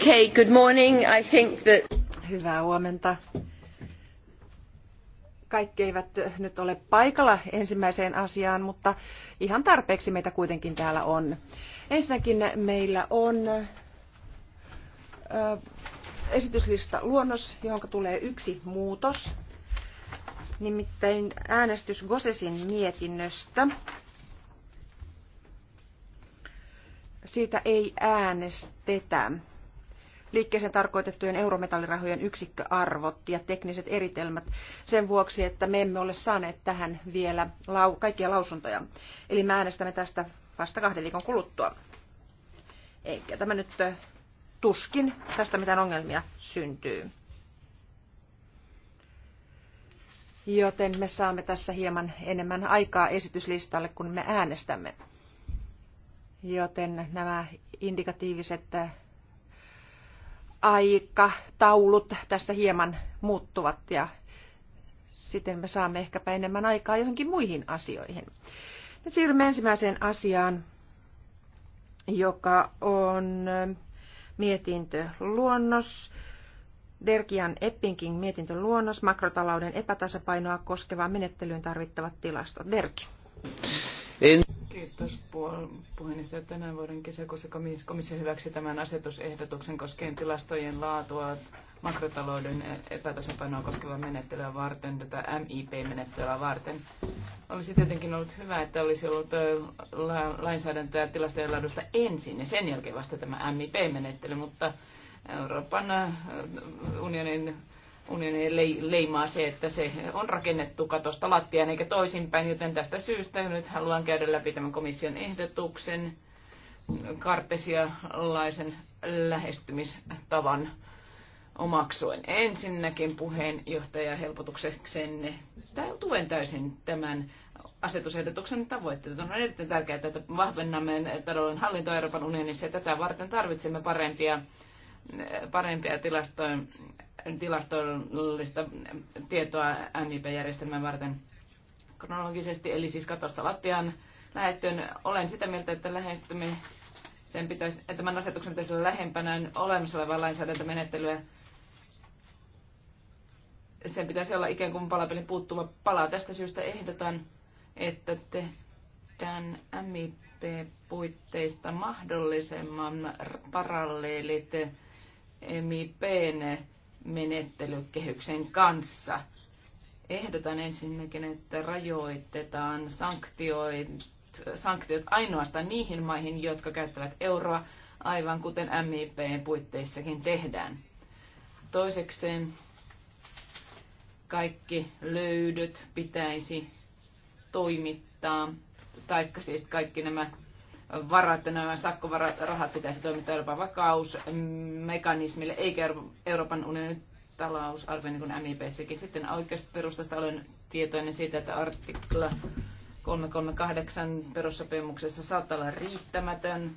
Okay, good morning. I think that... Hyvää huomenta. Kaikki eivät nyt ole paikalla ensimmäiseen asiaan, mutta ihan tarpeeksi meitä kuitenkin täällä on. Ensinnäkin meillä on ö, esityslista luonnos, johon tulee yksi muutos, nimittäin äänestys Gosesin mietinnöstä. siitä ei äänestetä liikkeeseen tarkoitettujen eurometallirahojen yksikköarvot ja tekniset eritelmät sen vuoksi, että me emme ole saaneet tähän vielä lau- kaikkia lausuntoja. Eli me äänestämme tästä vasta kahden viikon kuluttua. Eikä tämä nyt tuskin tästä mitään ongelmia syntyy. Joten me saamme tässä hieman enemmän aikaa esityslistalle, kun me äänestämme. Joten nämä indikatiiviset aikataulut tässä hieman muuttuvat ja siten me saamme ehkäpä enemmän aikaa johonkin muihin asioihin. Nyt siirrymme ensimmäiseen asiaan, joka on mietintöluonnos Derkian Eppinkin mietintöluonnos makrotalouden epätasapainoa koskevaan menettelyyn tarvittavat tilastot. Derki. En... Kiitos puheenjohtaja. Tänään vuoden kesäkuussa komissio hyväksyi tämän asetusehdotuksen koskien tilastojen laatua makrotalouden e- epätasapainoa koskevaa menettelyä varten, tätä MIP-menettelyä varten. Olisi tietenkin ollut hyvä, että olisi ollut lainsäädäntöä tilastojen laadusta ensin ja sen jälkeen vasta tämä MIP-menettely, mutta Euroopan unionin unionin leimaa se, että se on rakennettu katosta lattiaan eikä toisinpäin, joten tästä syystä nyt haluan käydä läpi tämän komission ehdotuksen kartesialaisen lähestymistavan omaksuen. Ensinnäkin puheenjohtaja tämä tuen täysin tämän asetusehdotuksen tavoitteet. On erittäin tärkeää, että vahvennamme talouden hallintoa Euroopan unionissa ja tätä varten tarvitsemme parempia parempia tilastoin, tilastollista tietoa MIP-järjestelmän varten kronologisesti, eli siis katosta lattiaan lähestyn. Olen sitä mieltä, että lähestymme sen pitäisi, tämän asetuksen pitäisi olla lähempänä olemassa olevaa lainsäädäntömenettelyä. Sen pitäisi olla ikään kuin palapelin puuttuva pala. Tästä syystä ehdotan, että tehdään MIP-puitteista mahdollisimman paralleelit MIPn menettelykehyksen kanssa. Ehdotan ensinnäkin, että rajoitetaan sanktioit, sanktiot ainoastaan niihin maihin, jotka käyttävät euroa, aivan kuten MIPn puitteissakin tehdään. Toisekseen kaikki löydöt pitäisi toimittaa, taikka siis kaikki nämä varat, nämä rahat pitäisi toimittaa Euroopan vakausmekanismille, eikä Euroopan unionin talousarvio, niin kuin MIPssäkin. Sitten oikeusperustasta olen tietoinen siitä, että artikla 338 perussopimuksessa saattaa olla riittämätön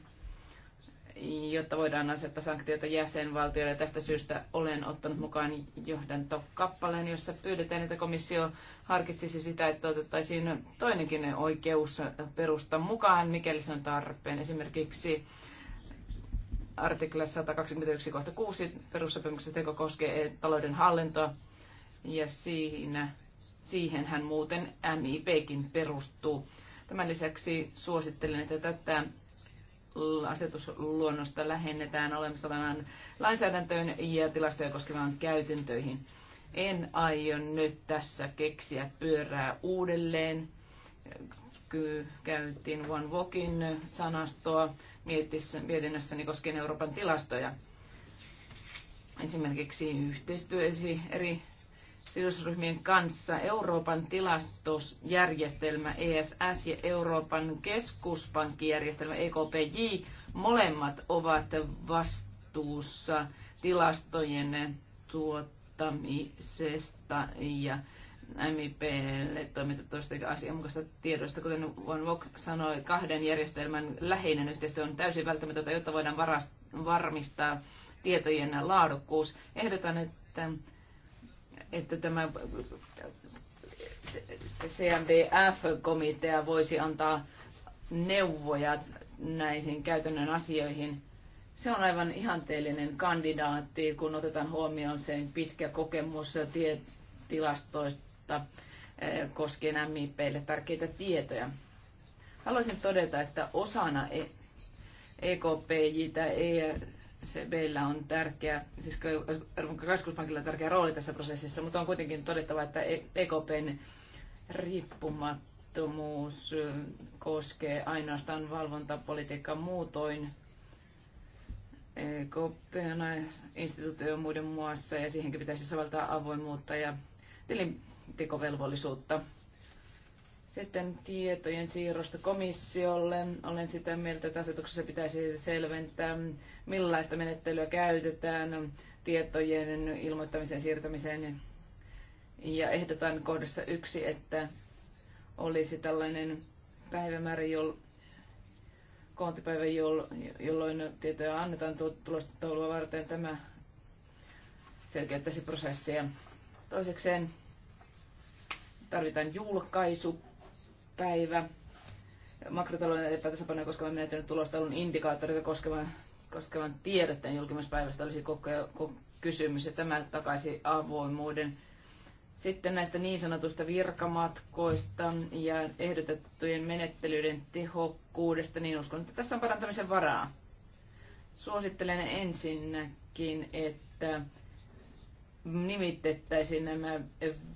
jotta voidaan asettaa sanktioita jäsenvaltioille. Tästä syystä olen ottanut mukaan johdantokappaleen, jossa pyydetään, että komissio harkitsisi sitä, että otettaisiin toinenkin oikeus perusta mukaan, mikäli se on tarpeen. Esimerkiksi artikla 121.6 perussopimuksessa teko koskee talouden hallintoa, ja siinä, siihenhän muuten MIPkin perustuu. Tämän lisäksi suosittelen, että tätä asetusluonnosta lähennetään olemassa olevan lainsäädäntöön ja tilastoja koskevaan käytäntöihin. En aio nyt tässä keksiä pyörää uudelleen. Käytiin One Walkin sanastoa mietinnässäni koskien Euroopan tilastoja. Esimerkiksi yhteistyö eri sidosryhmien kanssa Euroopan tilastusjärjestelmä ESS ja Euroopan keskuspankkijärjestelmä EKPJ molemmat ovat vastuussa tilastojen tuottamisesta ja MIPlle toimitettavasta asianmukaista tiedoista. Kuten Von Vogt sanoi, kahden järjestelmän läheinen yhteistyö on täysin välttämätöntä, jotta voidaan varast- varmistaa tietojen laadukkuus. Ehdotan, että että tämä CMDF-komitea voisi antaa neuvoja näihin käytännön asioihin. Se on aivan ihanteellinen kandidaatti, kun otetaan huomioon sen pitkä kokemus tietilastoista tilastoista eh, koskien MIPille tärkeitä tietoja. Haluaisin todeta, että osana EKPJ e tai e- ECBllä on tärkeä, siis keskuspankilla on tärkeä rooli tässä prosessissa, mutta on kuitenkin todettava, että EKPn e riippumattomuus koskee ainoastaan valvontapolitiikkaa muutoin. EKP on instituutio muiden muassa ja siihenkin pitäisi soveltaa avoimuutta ja tilintekovelvollisuutta sitten tietojen siirrosta komissiolle. Olen sitä mieltä, että asetuksessa pitäisi selventää, millaista menettelyä käytetään tietojen ilmoittamisen siirtämiseen. Ja ehdotan kohdassa yksi, että olisi tällainen päivämäärä, jol, koontipäivä, jolloin tietoja annetaan tulostaulua varten. Tämä selkeyttäisi prosessia. Toisekseen tarvitaan julkaisu päivä makrotalouden epätasapainoa koskeva menetelmän tulostelun indikaattoreita koskevan, koskevan tiedotteen julkimispäivästä olisi koko, koko kysymys, ja tämä takaisi avoimuuden. Sitten näistä niin sanotusta virkamatkoista ja ehdotettujen menettelyiden tehokkuudesta, niin uskon, että tässä on parantamisen varaa. Suosittelen ensinnäkin, että nimitettäisiin nämä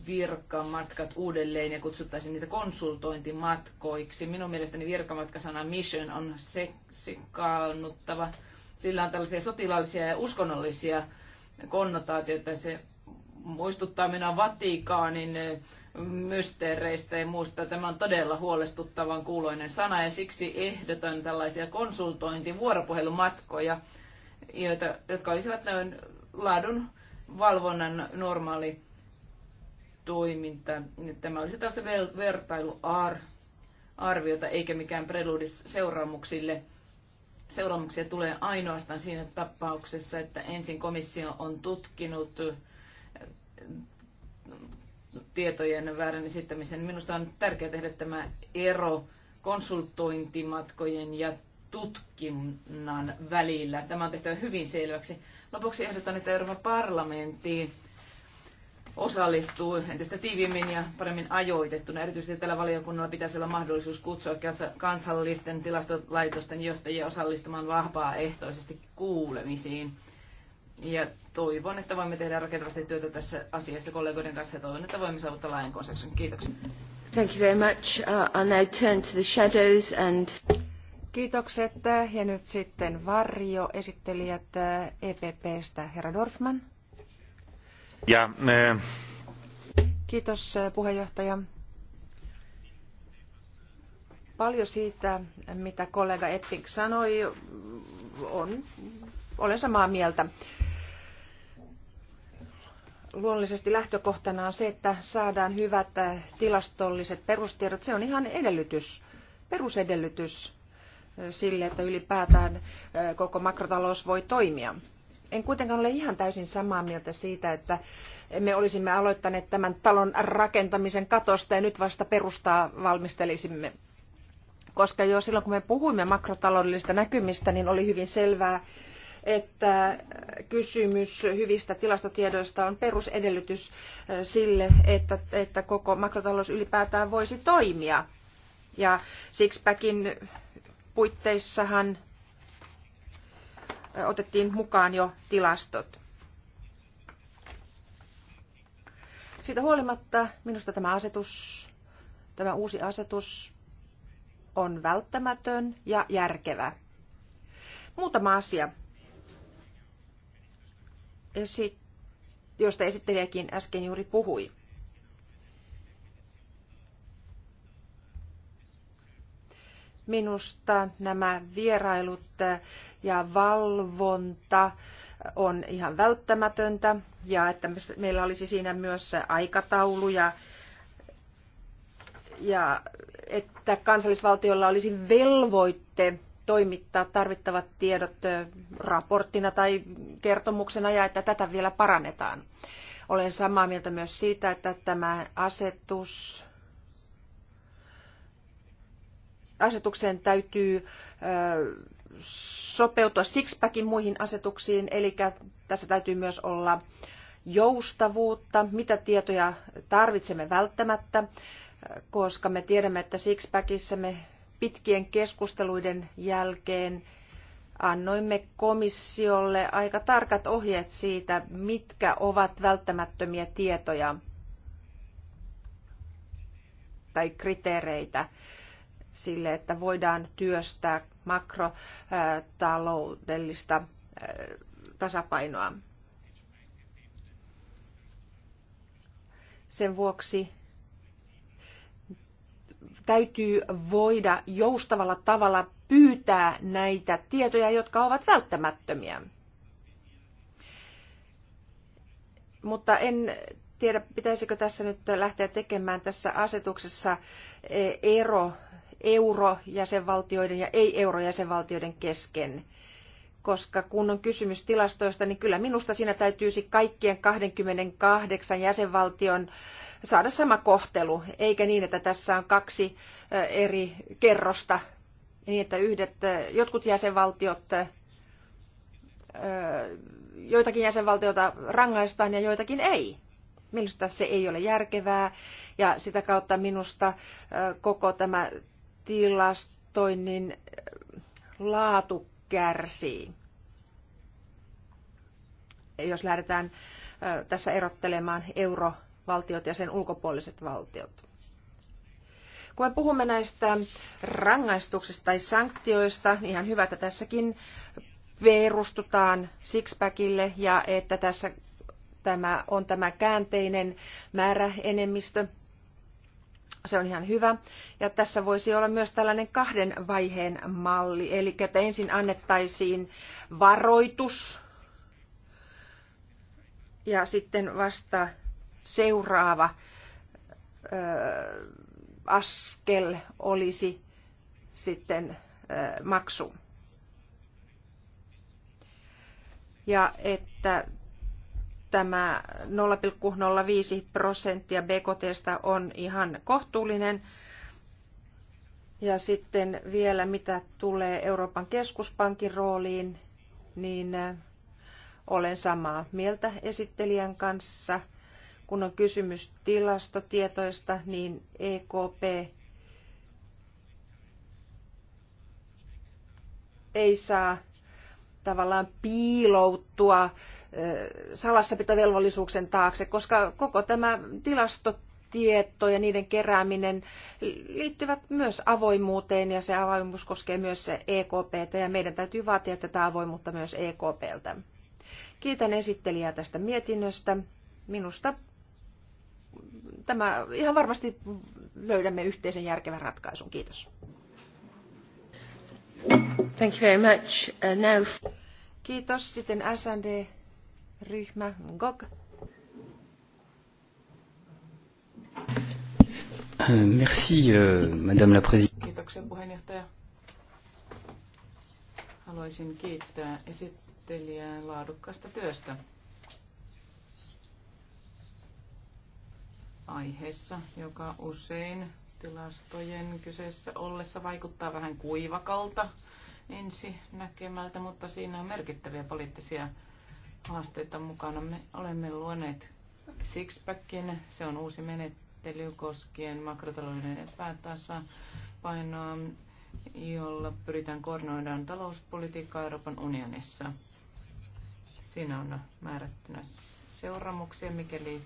virkamatkat uudelleen ja kutsuttaisiin niitä konsultointimatkoiksi. Minun mielestäni virkamatkasana mission on seksikaannuttava. Sillä on tällaisia sotilaallisia ja uskonnollisia konnotaatioita. Se muistuttaa minua Vatikaanin mysteereistä ja muista. Tämä on todella huolestuttavan kuuloinen sana ja siksi ehdotan tällaisia konsultointivuoropuhelumatkoja, joita, jotka olisivat noin laadun valvonnan normaali toiminta. Tämä olisi tällaista vertailuarviota eikä mikään preludis seuraamuksille. Seuraamuksia tulee ainoastaan siinä tapauksessa, että ensin komissio on tutkinut eh, tietojen väärän esittämisen. Minusta on tärkeää tehdä tämä ero konsultointimatkojen ja tutkinnan välillä. Tämä on tehtävä hyvin selväksi. Lopuksi ehdotan, että Euroopan parlamentti osallistuu entistä tiiviimmin ja paremmin ajoitettuna. Erityisesti tällä valiokunnalla pitäisi olla mahdollisuus kutsua kansallisten tilastolaitosten johtajia osallistumaan vapaaehtoisesti kuulemisiin. Ja toivon, että voimme tehdä rakentavasti työtä tässä asiassa kollegoiden kanssa ja toivon, että voimme saavuttaa laajan konsensuksen. Kiitoksia. Thank you very much. Uh, I'll now turn to the shadows and... Kiitokset. Ja nyt sitten Varjo, esittelijät EPPstä, herra Dorfman. Ja, äh... Kiitos puheenjohtaja. Paljon siitä, mitä kollega Epping sanoi, on, olen samaa mieltä. Luonnollisesti lähtökohtana on se, että saadaan hyvät tilastolliset perustiedot. Se on ihan edellytys, perusedellytys sille, että ylipäätään koko makrotalous voi toimia. En kuitenkaan ole ihan täysin samaa mieltä siitä, että me olisimme aloittaneet tämän talon rakentamisen katosta ja nyt vasta perustaa valmistelisimme. Koska jo silloin, kun me puhuimme makrotaloudellisista näkymistä, niin oli hyvin selvää, että kysymys hyvistä tilastotiedoista on perusedellytys sille, että, että koko makrotalous ylipäätään voisi toimia. Ja Sixpackin puitteissahan otettiin mukaan jo tilastot. Siitä huolimatta minusta tämä asetus, tämä uusi asetus on välttämätön ja järkevä. Muutama asia, josta esittelijäkin äsken juuri puhui. Minusta nämä vierailut ja valvonta on ihan välttämätöntä ja että meillä olisi siinä myös aikatauluja ja että kansallisvaltiolla olisi velvoitte toimittaa tarvittavat tiedot raporttina tai kertomuksena ja että tätä vielä parannetaan. Olen samaa mieltä myös siitä, että tämä asetus asetukseen täytyy sopeutua sixpackin muihin asetuksiin, eli tässä täytyy myös olla joustavuutta, mitä tietoja tarvitsemme välttämättä, koska me tiedämme, että sixpackissa me pitkien keskusteluiden jälkeen annoimme komissiolle aika tarkat ohjeet siitä, mitkä ovat välttämättömiä tietoja tai kriteereitä sille, että voidaan työstää makrotaloudellista äh, tasapainoa. Sen vuoksi täytyy voida joustavalla tavalla pyytää näitä tietoja, jotka ovat välttämättömiä. Mutta en tiedä, pitäisikö tässä nyt lähteä tekemään tässä asetuksessa eh, ero eurojäsenvaltioiden ja ei-eurojäsenvaltioiden kesken. Koska kun on kysymys tilastoista, niin kyllä minusta siinä täytyisi kaikkien 28 jäsenvaltion saada sama kohtelu, eikä niin, että tässä on kaksi eri kerrosta, niin että yhdet, jotkut jäsenvaltiot joitakin jäsenvaltioita rangaistaan ja joitakin ei. Minusta se ei ole järkevää ja sitä kautta minusta koko tämä tilastoinnin äh, laatu kärsii. Jos lähdetään äh, tässä erottelemaan eurovaltiot ja sen ulkopuoliset valtiot. Kun me puhumme näistä rangaistuksista tai sanktioista, niin ihan hyvä, että tässäkin perustutaan sixpackille ja että tässä tämä on tämä käänteinen määräenemmistö se on ihan hyvä. Ja tässä voisi olla myös tällainen kahden vaiheen malli, eli että ensin annettaisiin varoitus ja sitten vasta seuraava ö, askel olisi sitten ö, maksu. Ja että tämä 0,05 prosenttia BKTstä on ihan kohtuullinen. Ja sitten vielä mitä tulee Euroopan keskuspankin rooliin, niin äh, olen samaa mieltä esittelijän kanssa. Kun on kysymys tilastotietoista, niin EKP ei saa tavallaan piiloutua salassapitovelvollisuuksen taakse, koska koko tämä tilastotieto ja niiden kerääminen liittyvät myös avoimuuteen ja se avoimuus koskee myös EKPtä ja meidän täytyy vaatia tätä avoimuutta myös EKPltä. Kiitän esittelijää tästä mietinnöstä. Minusta tämä ihan varmasti löydämme yhteisen järkevän ratkaisun. Kiitos. Thank you very much. Uh, now... Kiitos. Sitten SND ryhmä GOG. Merci, euh, Madame la Présidente. Kiitoksia puheenjohtaja. Haluaisin kiittää esittelijää laadukkaasta työstä. Aiheessa, joka usein tilastojen kyseessä ollessa vaikuttaa vähän kuivakalta ensi näkemältä, mutta siinä on merkittäviä poliittisia haasteita mukana. Me olemme luoneet Sixpackin, se on uusi menettely koskien makrotalouden epätasapainoa, jolla pyritään koordinoidaan talouspolitiikkaa Euroopan unionissa. Siinä on määrättynä seuraamuksia, mikäli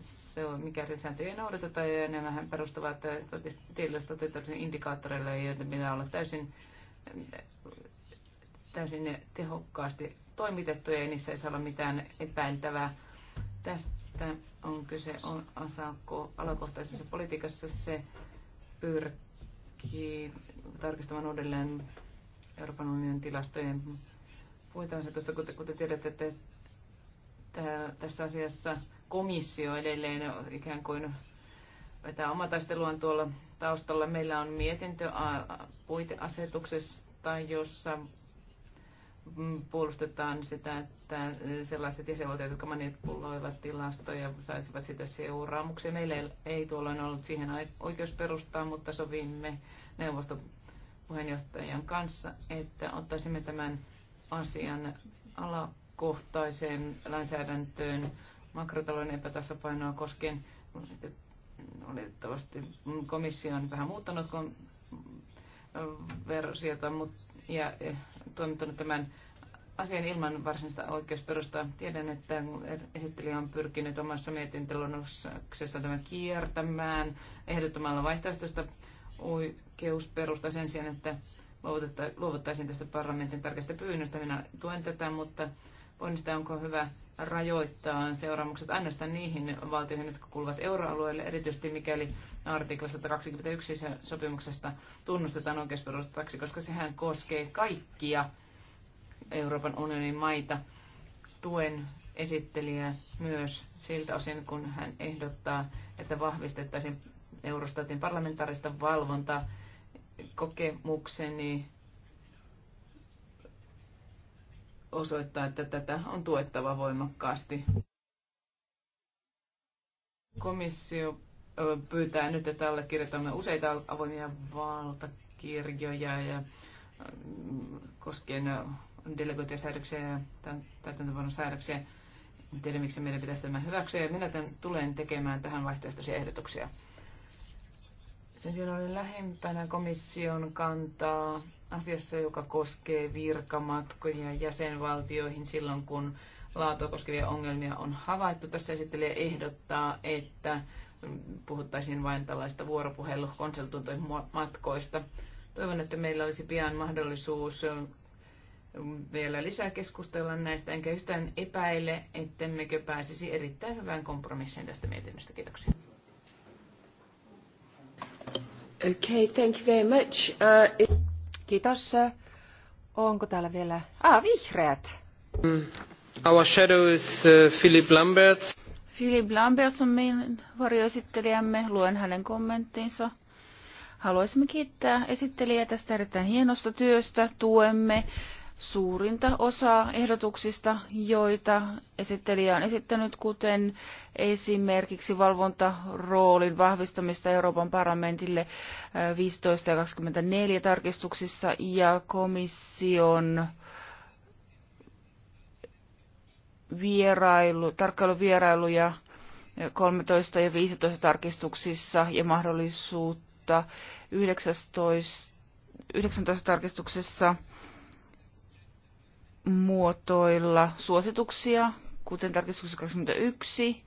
se on, mikä sääntöjä noudatetaan ja ja vähän perustuvat statistille indikaattoreille, joita pitää olla täysin, täysin tehokkaasti toimitettu ja niissä ei saa olla mitään epäiltävää. Tästä on kyse on asako, alakohtaisessa politiikassa. Se pyrkii tarkistamaan uudelleen Euroopan unionin tilastojen se tuosta, kuten tiedätte, että tässä asiassa komissio edelleen ikään kuin vetää oma taisteluaan tuolla taustalla. Meillä on mietintö puiteasetuksesta, jossa Mm, puolustetaan sitä, että sellaiset jäsenvaltiot, jotka manipuloivat tilastoja, saisivat sitä seuraamuksia. Meillä ei tuolloin ollut siihen perustaa, mutta sovimme neuvoston puheenjohtajan kanssa, että ottaisimme tämän asian alakohtaiseen lainsäädäntöön makrotalouden epätasapainoa koskien. Oletettavasti komissio on vähän muuttanut versiota, mutta ja eh, toimittanut tämän asian ilman varsinaista oikeusperustaa. Tiedän, että esittelijä on pyrkinyt omassa mietintelunnoksessa tämän kiertämään ehdottomalla vaihtoehtoista oikeusperusta sen sijaan, että luovuttaisiin tästä parlamentin tarkasta pyynnöstä. Minä tuen tätä, mutta onnistaa onko hyvä rajoittaa seuraamukset ainoastaan niihin valtioihin, jotka kuuluvat euroalueelle, erityisesti mikäli artikla 121 sopimuksesta tunnustetaan oikeusperustaksi, koska sehän koskee kaikkia Euroopan unionin maita. Tuen esittelijä myös siltä osin, kun hän ehdottaa, että vahvistettaisiin Eurostatin parlamentaarista valvontaa. Kokemukseni osoittaa, että tätä on tuettava voimakkaasti. Komissio pyytää nyt, että allekirjoitamme useita avoimia valtakirjoja ja koskien delegointisäädöksiä ja täytäntövuoron säädöksiä. En tiedä, miksi meidän pitäisi tämä hyväksyä. Ja minä tämän, tulen tekemään tähän vaihtoehtoisia ehdotuksia. Sen sijaan oli lähempänä komission kantaa asiassa, joka koskee virkamatkoja jäsenvaltioihin silloin, kun laatua koskevia ongelmia on havaittu. Tässä esittelijä ehdottaa, että puhuttaisiin vain tällaista matkoista. Toivon, että meillä olisi pian mahdollisuus vielä lisää keskustella näistä, enkä yhtään epäile, ettemmekö pääsisi erittäin hyvään kompromissiin tästä mietinnöstä. Kiitoksia. Okay, thank you very much. Uh, it... Kiitos. Onko täällä vielä... Ah, vihreät. Mm. Our shadow is uh, Philip Lambert. Philip Lambert on meidän varjoesittelijämme. Luen hänen kommenttinsa. Haluaisimme kiittää esittelijää tästä erittäin hienosta työstä. Tuemme suurinta osaa ehdotuksista, joita esittelijä on esittänyt, kuten esimerkiksi valvontaroolin vahvistamista Euroopan parlamentille 15 äh, ja 24 tarkistuksissa ja komission vierailu, tarkkailuvierailuja 13 äh, ja 15 tarkistuksissa ja mahdollisuutta 19, 19 tarkistuksessa muotoilla suosituksia, kuten tarkistuksessa 21,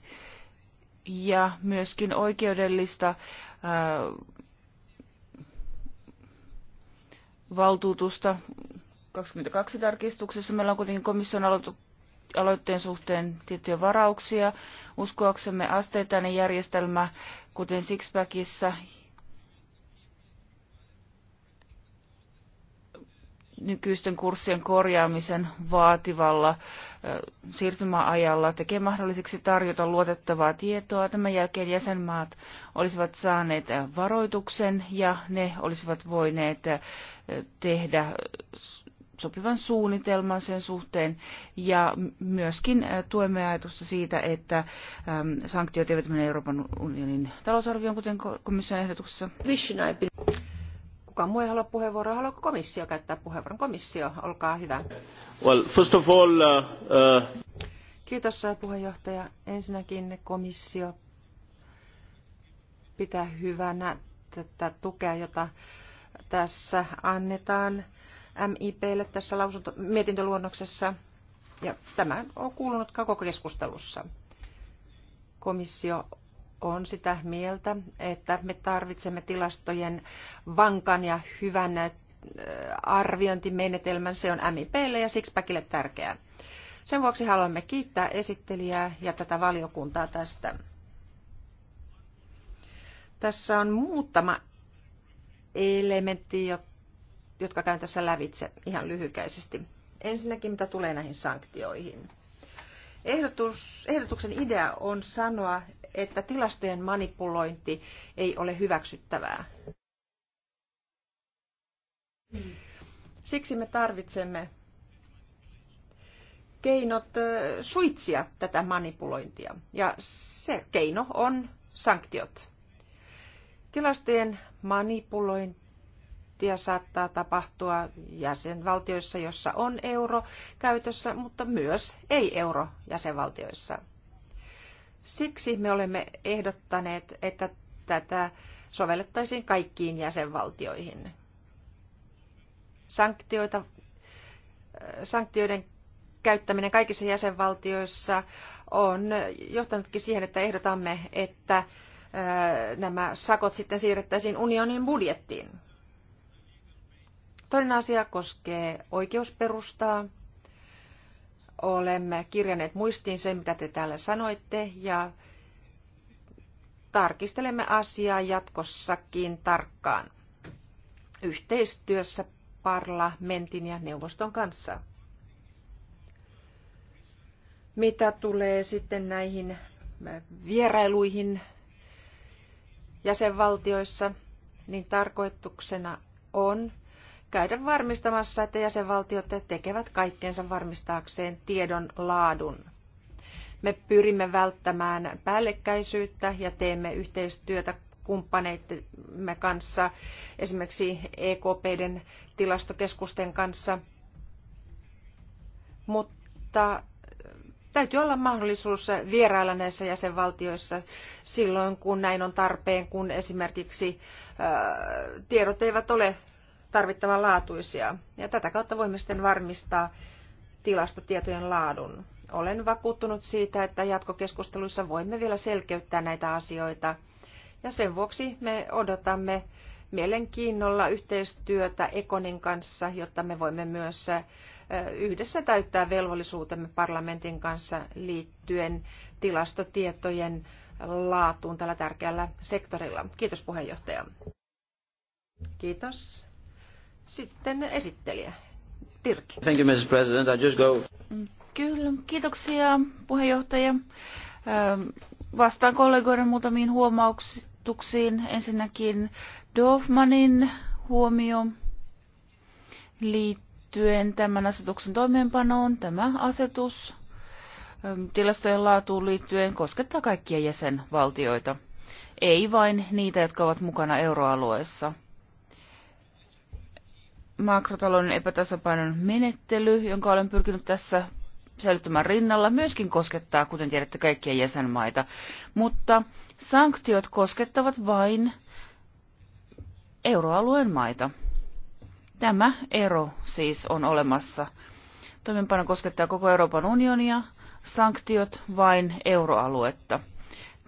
ja myöskin oikeudellista ää, valtuutusta 22 tarkistuksessa. Meillä on kuitenkin komission aloitteen suhteen tiettyjä varauksia. Uskoaksemme asteittainen järjestelmä, kuten Sixpackissa nykyisten kurssien korjaamisen vaativalla siirtymäajalla tekee mahdolliseksi tarjota luotettavaa tietoa. Tämän jälkeen jäsenmaat olisivat saaneet varoituksen ja ne olisivat voineet tehdä sopivan suunnitelman sen suhteen ja myöskin tuemme ajatusta siitä, että sanktiot eivät mene Euroopan unionin talousarvioon, kuten komission ehdotuksessa. Kukaan muu ei halua puheenvuoroa. Haluaako komissio käyttää puheenvuoron? Komissio, olkaa hyvä. Well, first of all, uh, uh... Kiitos puheenjohtaja. Ensinnäkin komissio pitää hyvänä tätä tukea, jota tässä annetaan MIPlle tässä lausunto, mietintöluonnoksessa. Ja tämä on kuulunut koko keskustelussa. Komissio on sitä mieltä, että me tarvitsemme tilastojen vankan ja hyvän äh, arviointimenetelmän. Se on MIPlle ja Sixpackille tärkeää. Sen vuoksi haluamme kiittää esittelijää ja tätä valiokuntaa tästä. Tässä on muutama elementti, jotka käyn tässä lävitse ihan lyhykäisesti. Ensinnäkin mitä tulee näihin sanktioihin. Ehdotus, ehdotuksen idea on sanoa, että tilastojen manipulointi ei ole hyväksyttävää. Siksi me tarvitsemme keinot suitsia tätä manipulointia. Ja se keino on sanktiot. Tilastojen manipulointia saattaa tapahtua jäsenvaltioissa, jossa on euro käytössä, mutta myös ei-euro jäsenvaltioissa. Siksi me olemme ehdottaneet, että tätä sovellettaisiin kaikkiin jäsenvaltioihin. Sanktioita, äh, sanktioiden käyttäminen kaikissa jäsenvaltioissa on johtanutkin siihen, että ehdotamme, että äh, nämä sakot sitten siirrettäisiin unionin budjettiin. Toinen asia koskee oikeusperustaa olemme kirjanneet muistiin sen, mitä te täällä sanoitte, ja tarkistelemme asiaa jatkossakin tarkkaan yhteistyössä parlamentin ja neuvoston kanssa. Mitä tulee sitten näihin vierailuihin jäsenvaltioissa, niin tarkoituksena on, käydä varmistamassa, että jäsenvaltiot tekevät kaikkeensa varmistaakseen tiedon laadun. Me pyrimme välttämään päällekkäisyyttä ja teemme yhteistyötä kumppaneittemme kanssa, esimerkiksi EKPden tilastokeskusten kanssa. Mutta eh, täytyy olla mahdollisuus vierailla näissä jäsenvaltioissa silloin, kun näin on tarpeen, kun esimerkiksi eh, tiedot eivät ole tarvittavan laatuisia. Ja tätä kautta voimme sitten varmistaa tilastotietojen laadun. Olen vakuuttunut siitä, että jatkokeskusteluissa voimme vielä selkeyttää näitä asioita. Ja sen vuoksi me odotamme mielenkiinnolla yhteistyötä Ekonin kanssa, jotta me voimme myös yhdessä täyttää velvollisuutemme parlamentin kanssa liittyen tilastotietojen laatuun tällä tärkeällä sektorilla. Kiitos puheenjohtaja. Kiitos. Sitten esittelijä. Tirki. Thank you, Mrs. President. I just go. Mm, kyllä, kiitoksia puheenjohtaja. Ähm, vastaan kollegoiden muutamiin huomautuksiin. Ensinnäkin Dorfmanin huomio liittyen tämän asetuksen toimeenpanoon. Tämä asetus ähm, tilastojen laatuun liittyen koskettaa kaikkia jäsenvaltioita, ei vain niitä, jotka ovat mukana euroalueessa – makrotalouden epätasapainon menettely, jonka olen pyrkinyt tässä säilyttämään rinnalla, myöskin koskettaa, kuten tiedätte, kaikkia jäsenmaita. Mutta sanktiot koskettavat vain euroalueen maita. Tämä ero siis on olemassa. Toimenpano koskettaa koko Euroopan unionia, sanktiot vain euroaluetta.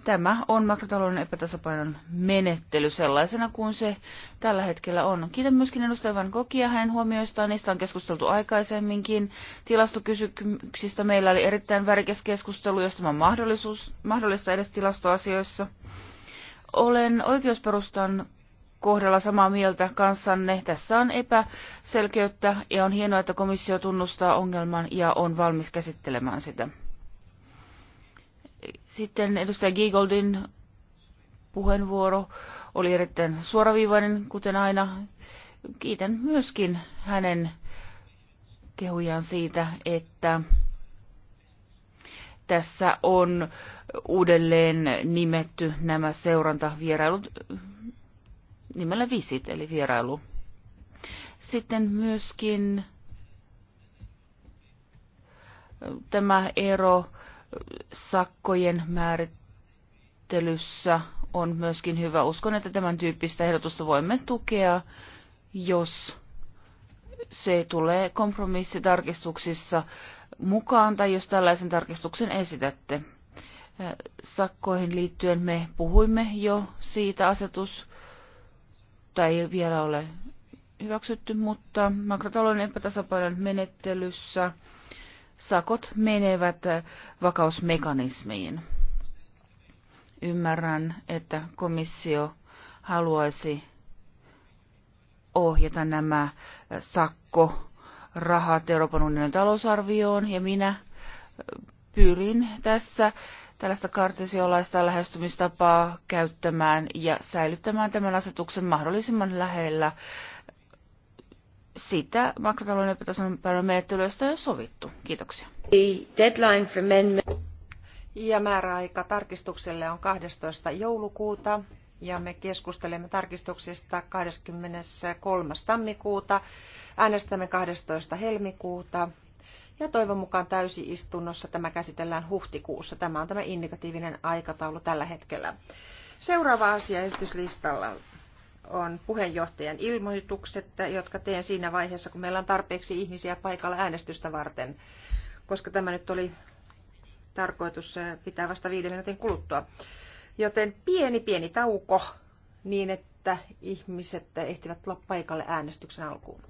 Tämä on makrotalouden epätasapainon menettely sellaisena kuin se tällä hetkellä on. Kiitän myöskin edustaja Van Kokia hänen huomioistaan. Niistä on keskusteltu aikaisemminkin. Tilastokysymyksistä meillä oli erittäin värikäs keskustelu, jos tämä on mahdollisuus, mahdollista edes tilastoasioissa. Olen oikeusperustan kohdalla samaa mieltä kanssanne. Tässä on epäselkeyttä ja on hienoa, että komissio tunnustaa ongelman ja on valmis käsittelemään sitä. Sitten edustaja Giegoldin puheenvuoro oli erittäin suoraviivainen, kuten aina. Kiitän myöskin hänen kehujaan siitä, että tässä on uudelleen nimetty nämä seurantavierailut nimellä visit, eli vierailu. Sitten myöskin tämä ero sakkojen määrittelyssä on myöskin hyvä. Uskon, että tämän tyyppistä ehdotusta voimme tukea, jos se tulee kompromissitarkistuksissa mukaan tai jos tällaisen tarkistuksen esitätte. Sakkoihin liittyen me puhuimme jo siitä asetus, tai ei vielä ole hyväksytty, mutta makrotalouden epätasapainon menettelyssä sakot menevät äh, vakausmekanismiin. Ymmärrän, että komissio haluaisi ohjata nämä äh, sakkorahat Euroopan unionin talousarvioon, ja minä äh, pyrin tässä tällaista kartesiolaista lähestymistapaa käyttämään ja säilyttämään tämän asetuksen mahdollisimman lähellä sitä makrotalouden epätason menettelyistä on sovittu. Kiitoksia. deadline for amendment. Ja määräaika tarkistukselle on 12. joulukuuta ja me keskustelemme tarkistuksista 23. tammikuuta. Äänestämme 12. helmikuuta ja toivon mukaan täysiistunnossa tämä käsitellään huhtikuussa. Tämä on tämä indikatiivinen aikataulu tällä hetkellä. Seuraava asia esityslistalla on puheenjohtajan ilmoitukset, jotka teen siinä vaiheessa, kun meillä on tarpeeksi ihmisiä paikalla äänestystä varten, koska tämä nyt oli tarkoitus eh, pitää vasta viiden minuutin kuluttua. Joten pieni pieni tauko niin, että ihmiset ehtivät tulla paikalle äänestyksen alkuun.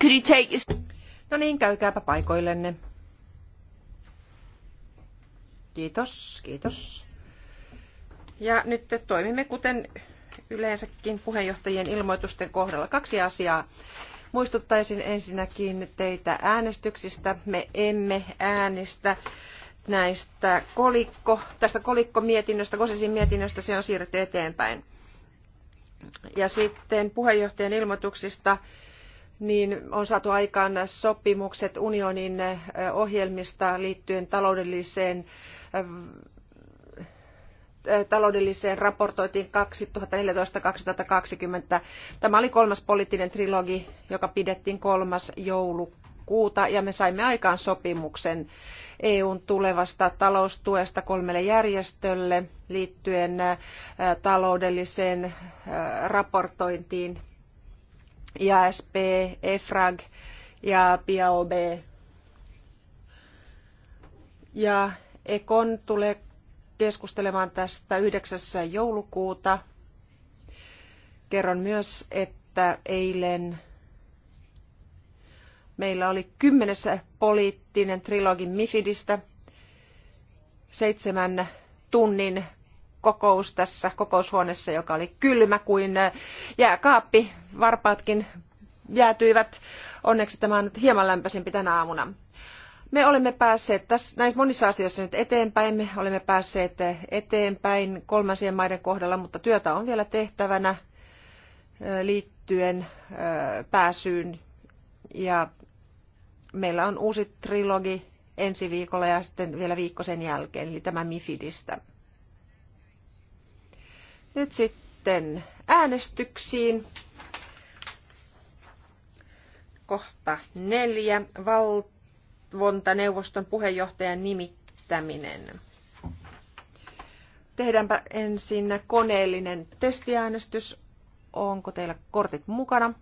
Could you take your... No niin, käykääpä paikoillenne. Kiitos, kiitos. Ja nyt toimimme kuten yleensäkin puheenjohtajien ilmoitusten kohdalla. Kaksi asiaa. Muistuttaisin ensinnäkin teitä äänestyksistä. Me emme äänestä näistä kolikko, tästä kolikkomietinnöstä, Kosesin mietinnöstä, se on siirretty eteenpäin. Ja sitten puheenjohtajan ilmoituksista niin on saatu aikaan sopimukset unionin eh, ohjelmista liittyen taloudelliseen eh, eh, taloudelliseen raportointiin 2014-2020. Tämä oli kolmas poliittinen trilogi, joka pidettiin kolmas joulukuuta ja me saimme aikaan sopimuksen EUn tulevasta taloustuesta kolmelle järjestölle liittyen taloudelliseen raportointiin IASP, EFRAG ja PAOB. E ja Ekon tulee keskustelemaan tästä 9. joulukuuta. Kerron myös, että eilen meillä oli kymmenessä poliittinen trilogi Mifidistä seitsemän tunnin kokous tässä kokoushuoneessa, joka oli kylmä kuin äh, jääkaappi. Varpaatkin jäätyivät. Onneksi tämä on nyt hieman lämpöisempi tänä aamuna. Me olemme päässeet tässä, näissä monissa asioissa nyt eteenpäin. Me olemme päässeet äh, eteenpäin kolmansien maiden kohdalla, mutta työtä on vielä tehtävänä äh, liittyen pääsyyn. Ja meillä on uusi trilogi ensi viikolla ja sitten vielä viikko sen jälkeen, eli tämä Mifidistä. Nyt sitten äänestyksiin. Kohta neljä. Valvontaneuvoston puheenjohtajan nimittäminen. Tehdäänpä ensin koneellinen testiäänestys. Onko teillä kortit mukana?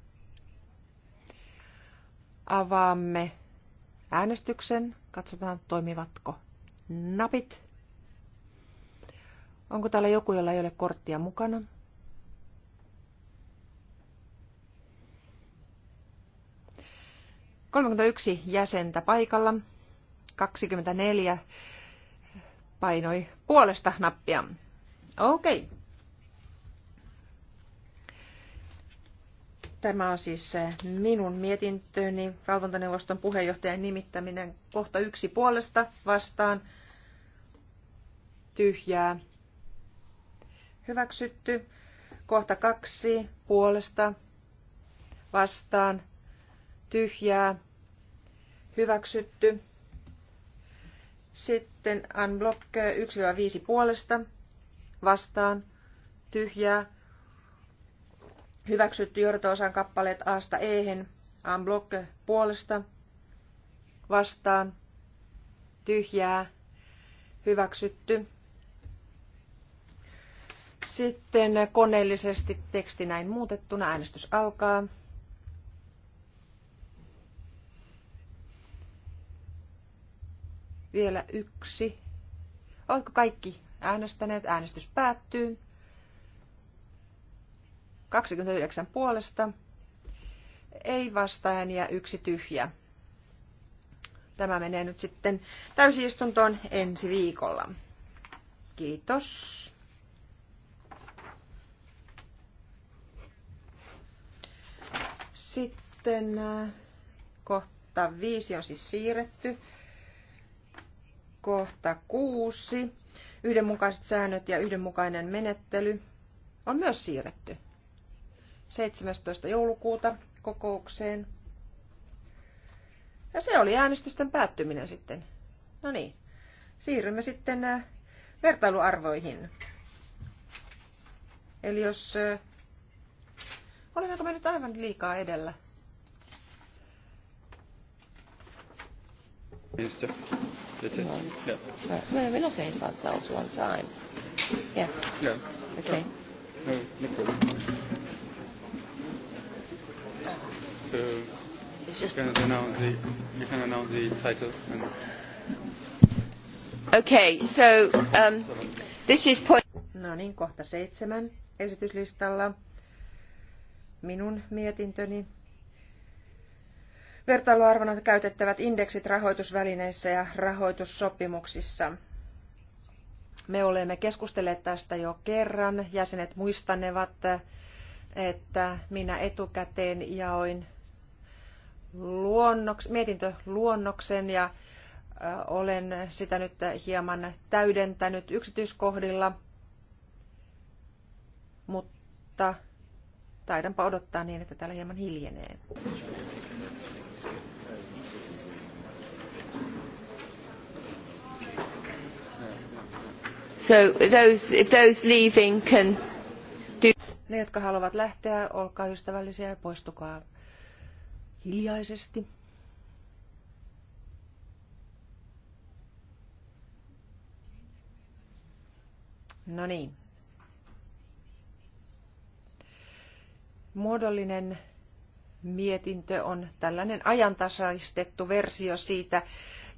Avaamme äänestyksen. Katsotaan toimivatko napit. Onko täällä joku, jolla ei ole korttia mukana? yksi jäsentä paikalla. 24 painoi puolesta nappia. Okei. Okay. Tämä on siis minun mietintöni, valvontaneuvoston puheenjohtajan nimittäminen kohta yksi puolesta vastaan tyhjää hyväksytty. Kohta kaksi puolesta vastaan tyhjää hyväksytty. Sitten unblock 1-5 puolesta vastaan tyhjää hyväksytty johdato-osan kappaleet Asta Ehen unblock puolesta vastaan tyhjää hyväksytty. Sitten koneellisesti teksti näin muutettuna. Äänestys alkaa. Vielä yksi. Oletko kaikki äänestäneet? Äänestys päättyy. 29 puolesta. Ei ja yksi tyhjä. Tämä menee nyt sitten täysistuntoon ensi viikolla. Kiitos. Sitten äh, kohta viisi on siis siirretty. Kohta kuusi. Yhdenmukaiset säännöt ja yhdenmukainen menettely on myös siirretty 17. joulukuuta kokoukseen. Ja se oli äänestysten päättyminen sitten. No niin, siirrymme sitten äh, vertailuarvoihin. Eli jos äh, Olemmeko me nyt aivan liikaa edellä? Yes, sir. That's it. No. Yeah. No, no ourselves one time. Yeah. Yeah. Okay. No, no problem. So, It's just... you, can announce the, you can announce the title. And... Okay, so um, this is point... No niin, kohta seitsemän esityslistalla minun mietintöni. Vertailuarvona käytettävät indeksit rahoitusvälineissä ja rahoitussopimuksissa. Me olemme keskustelleet tästä jo kerran. Jäsenet muistanevat, että minä etukäteen jaoin luonnoks, mietintöluonnoksen ja olen sitä nyt hieman täydentänyt yksityiskohdilla, mutta taidanpa odottaa niin, että täällä hieman hiljenee. So those, if those leaving can do... Ne, jotka haluavat lähteä, olkaa ystävällisiä ja poistukaa hiljaisesti. No niin. Muodollinen mietintö on tällainen ajantasaistettu versio siitä,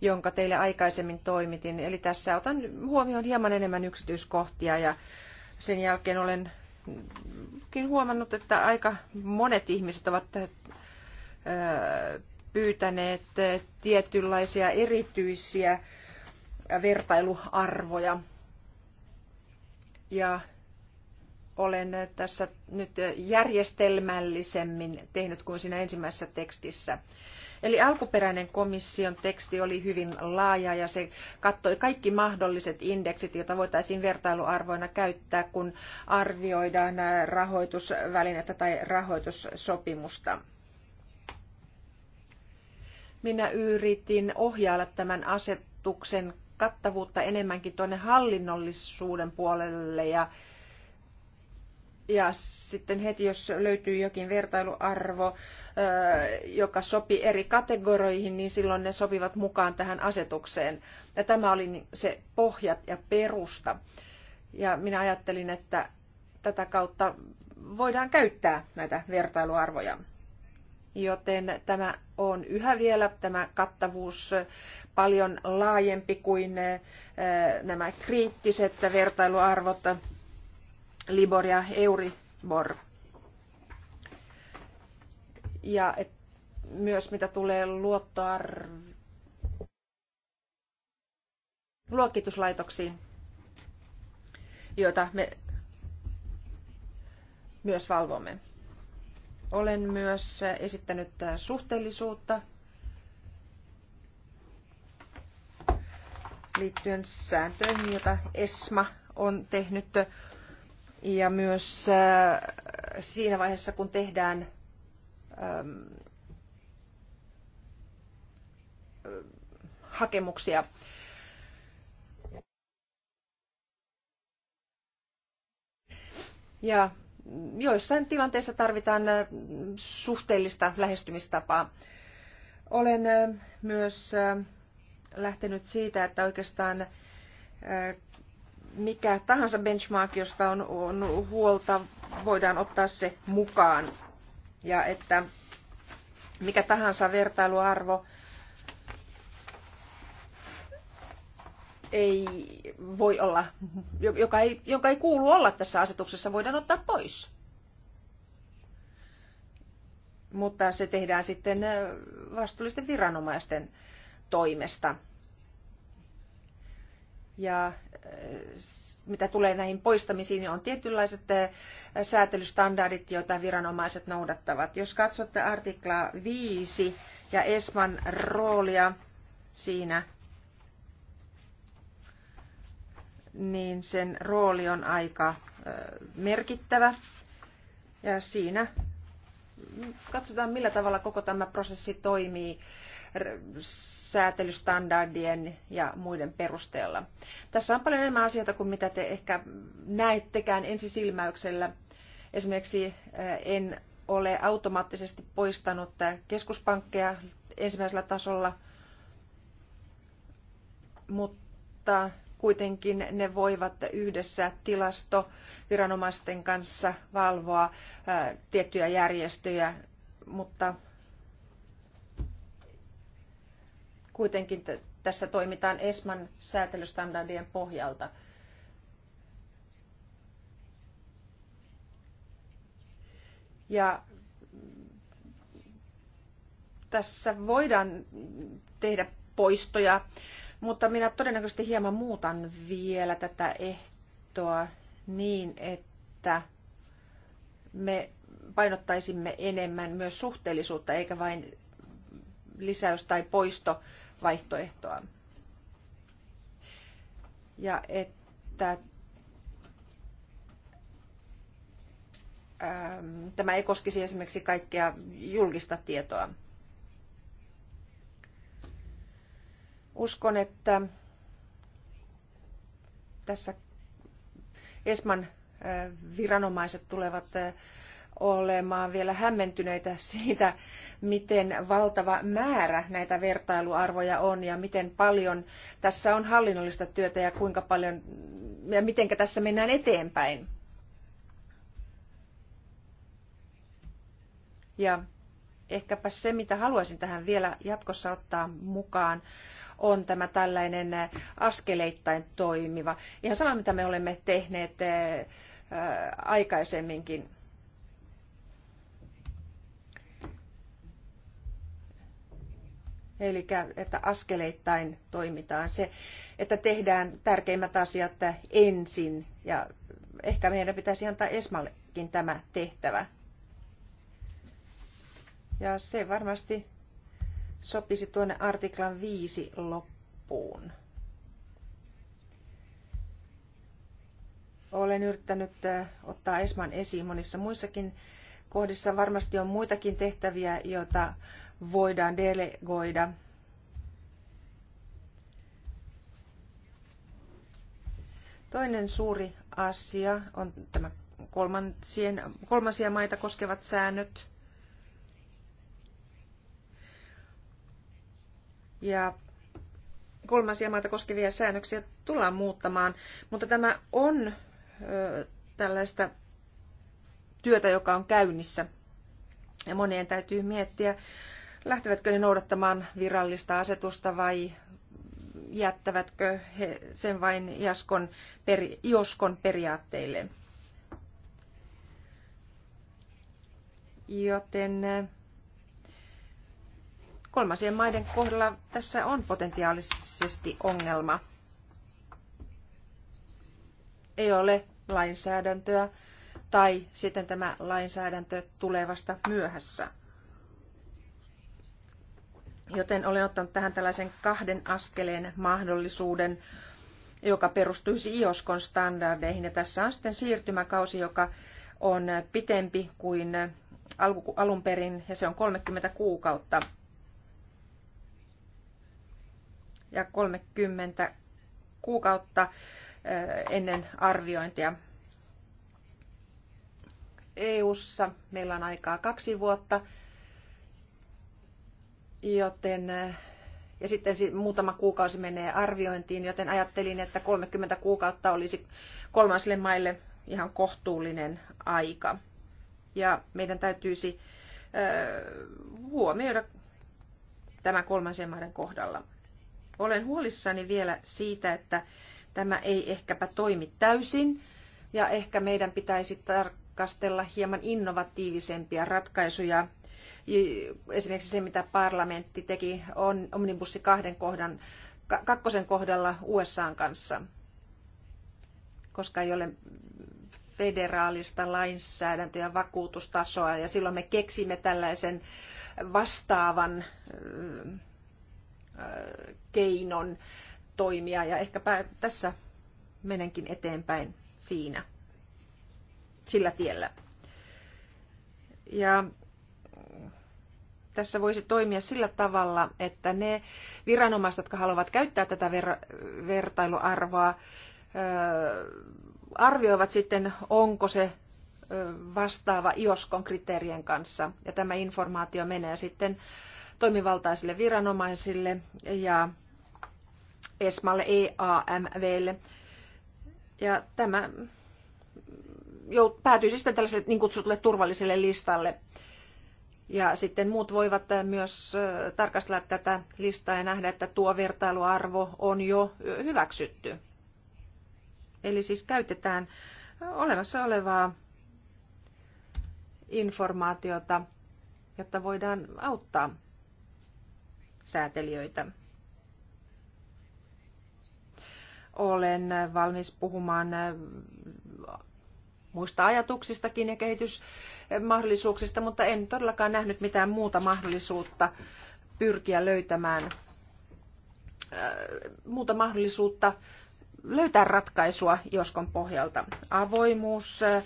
jonka teille aikaisemmin toimitin. Eli tässä otan huomioon hieman enemmän yksityiskohtia ja sen jälkeen olenkin huomannut, että aika monet ihmiset ovat pyytäneet tietynlaisia erityisiä vertailuarvoja. Ja olen tässä nyt järjestelmällisemmin tehnyt kuin siinä ensimmäisessä tekstissä. Eli alkuperäinen komission teksti oli hyvin laaja ja se kattoi kaikki mahdolliset indeksit, joita voitaisiin vertailuarvoina käyttää, kun arvioidaan rahoitusvälinettä tai rahoitussopimusta. Minä yritin ohjailla tämän asetuksen kattavuutta enemmänkin tuonne hallinnollisuuden puolelle ja ja sitten heti, jos löytyy jokin vertailuarvo, joka sopii eri kategorioihin, niin silloin ne sopivat mukaan tähän asetukseen. Ja tämä oli niin se pohja ja perusta. Ja minä ajattelin, että tätä kautta voidaan käyttää näitä vertailuarvoja. Joten tämä on yhä vielä tämä kattavuus paljon laajempi kuin nämä kriittiset vertailuarvot, Libor ja Euribor. Ja et, myös mitä tulee luottoar... luokituslaitoksiin, joita me myös valvomme. Olen myös esittänyt suhteellisuutta liittyen sääntöihin, joita ESMA on tehnyt ja myös äh, siinä vaiheessa, kun tehdään ähm, äh, hakemuksia. Ja joissain tilanteissa tarvitaan äh, suhteellista lähestymistapaa. Olen myös lähtenyt siitä, että oikeastaan mikä tahansa benchmark, josta on, on huolta, voidaan ottaa se mukaan. Ja että mikä tahansa vertailuarvo ei voi olla, joka ei, joka ei kuulu olla tässä asetuksessa, voidaan ottaa pois. Mutta se tehdään sitten äh, vastuullisten viranomaisten toimesta. Ja äh, mitä tulee näihin poistamisiin, niin on tietynlaiset äh, säätelystandardit, joita viranomaiset noudattavat. Jos katsotte artiklaa 5 ja ESMAn roolia siinä, niin sen rooli on aika äh, merkittävä. Ja siinä katsotaan, millä tavalla koko tämä prosessi toimii säätelystandardien ja muiden perusteella. Tässä on paljon enemmän asioita kuin mitä te ehkä näettekään ensisilmäyksellä. Esimerkiksi en ole automaattisesti poistanut keskuspankkeja ensimmäisellä tasolla, mutta kuitenkin ne voivat yhdessä tilastoviranomaisten kanssa valvoa tiettyjä järjestöjä, mutta Kuitenkin tässä toimitaan ESMAN säätelystandardien pohjalta. Ja tässä voidaan tehdä poistoja, mutta minä todennäköisesti hieman muutan vielä tätä ehtoa niin, että me painottaisimme enemmän myös suhteellisuutta eikä vain lisäys- tai poistovaihtoehtoa. Ja että ähm, tämä ei koskisi esimerkiksi kaikkea julkista tietoa. Uskon, että tässä ESMAN äh, viranomaiset tulevat äh, olemaan vielä hämmentyneitä siitä, miten valtava määrä näitä vertailuarvoja on ja miten paljon tässä on hallinnollista työtä ja kuinka paljon ja miten tässä mennään eteenpäin. Ja ehkäpä se, mitä haluaisin tähän vielä jatkossa ottaa mukaan, on tämä tällainen askeleittain toimiva. Ihan sama, mitä me olemme tehneet eh, aikaisemminkin Eli että askeleittain toimitaan se, että tehdään tärkeimmät asiat ensin ja ehkä meidän pitäisi antaa Esmallekin tämä tehtävä. Ja se varmasti sopisi tuonne artiklan 5 loppuun. Olen yrittänyt ottaa Esman esiin monissa muissakin kohdissa. Varmasti on muitakin tehtäviä, joita voidaan delegoida Toinen suuri asia on tämä kolmansien, kolmansia maita koskevat säännöt. Ja kolmansia maita koskevia säännöksiä tullaan muuttamaan, mutta tämä on ö, tällaista työtä, joka on käynnissä. Ja monien täytyy miettiä, lähtevätkö ne noudattamaan virallista asetusta vai jättävätkö he sen vain jaskon, joskon periaatteille. Joten eh, kolmansien maiden kohdalla tässä on potentiaalisesti ongelma. Ei ole lainsäädäntöä tai sitten tämä lainsäädäntö tulevasta myöhässä. Joten olen ottanut tähän tällaisen kahden askeleen mahdollisuuden, joka perustuisi IOSKon standardeihin. Ja tässä on sitten siirtymäkausi, joka on pitempi kuin alun perin, ja se on 30 kuukautta. Ja 30 kuukautta eh, ennen arviointia. EU:ssa meillä on aikaa kaksi vuotta Joten, eh, ja sitten muutama kuukausi menee arviointiin, joten ajattelin, että 30 kuukautta olisi kolmansille maille ihan kohtuullinen aika. Ja meidän täytyisi eh, huomioida tämä kolmansien maiden kohdalla. Olen huolissani vielä siitä, että tämä ei ehkäpä toimi täysin ja ehkä meidän pitäisi tarkastella hieman innovatiivisempia ratkaisuja Esimerkiksi se, mitä parlamentti teki on Omnibussi kahden kohdan, kakkosen kohdalla USAn kanssa, koska ei ole federaalista lainsäädäntöä ja vakuutustasoa, ja silloin me keksimme tällaisen vastaavan keinon toimia, ja ehkäpä tässä menenkin eteenpäin siinä, sillä tiellä. Ja tässä voisi toimia sillä tavalla, että ne viranomaiset, jotka haluavat käyttää tätä ver- vertailuarvoa, arvioivat sitten, onko se vastaava IOSKon kriteerien kanssa. Ja tämä informaatio menee sitten toimivaltaisille viranomaisille ja ESMAlle, EAMVlle. Ja tämä päätyy sitten tällaiselle niin kutsutulle turvalliselle listalle. Ja sitten muut voivat äh, myös äh, tarkastella tätä listaa ja nähdä, että tuo vertailuarvo on jo hyväksytty. Eli siis käytetään äh, olemassa olevaa informaatiota, jotta voidaan auttaa säätelijöitä. Olen valmis puhumaan muista ajatuksistakin ja kehitys mahdollisuuksista, mutta en todellakaan nähnyt mitään muuta mahdollisuutta pyrkiä löytämään äh, muuta mahdollisuutta löytää ratkaisua joskon pohjalta. Avoimuus äh,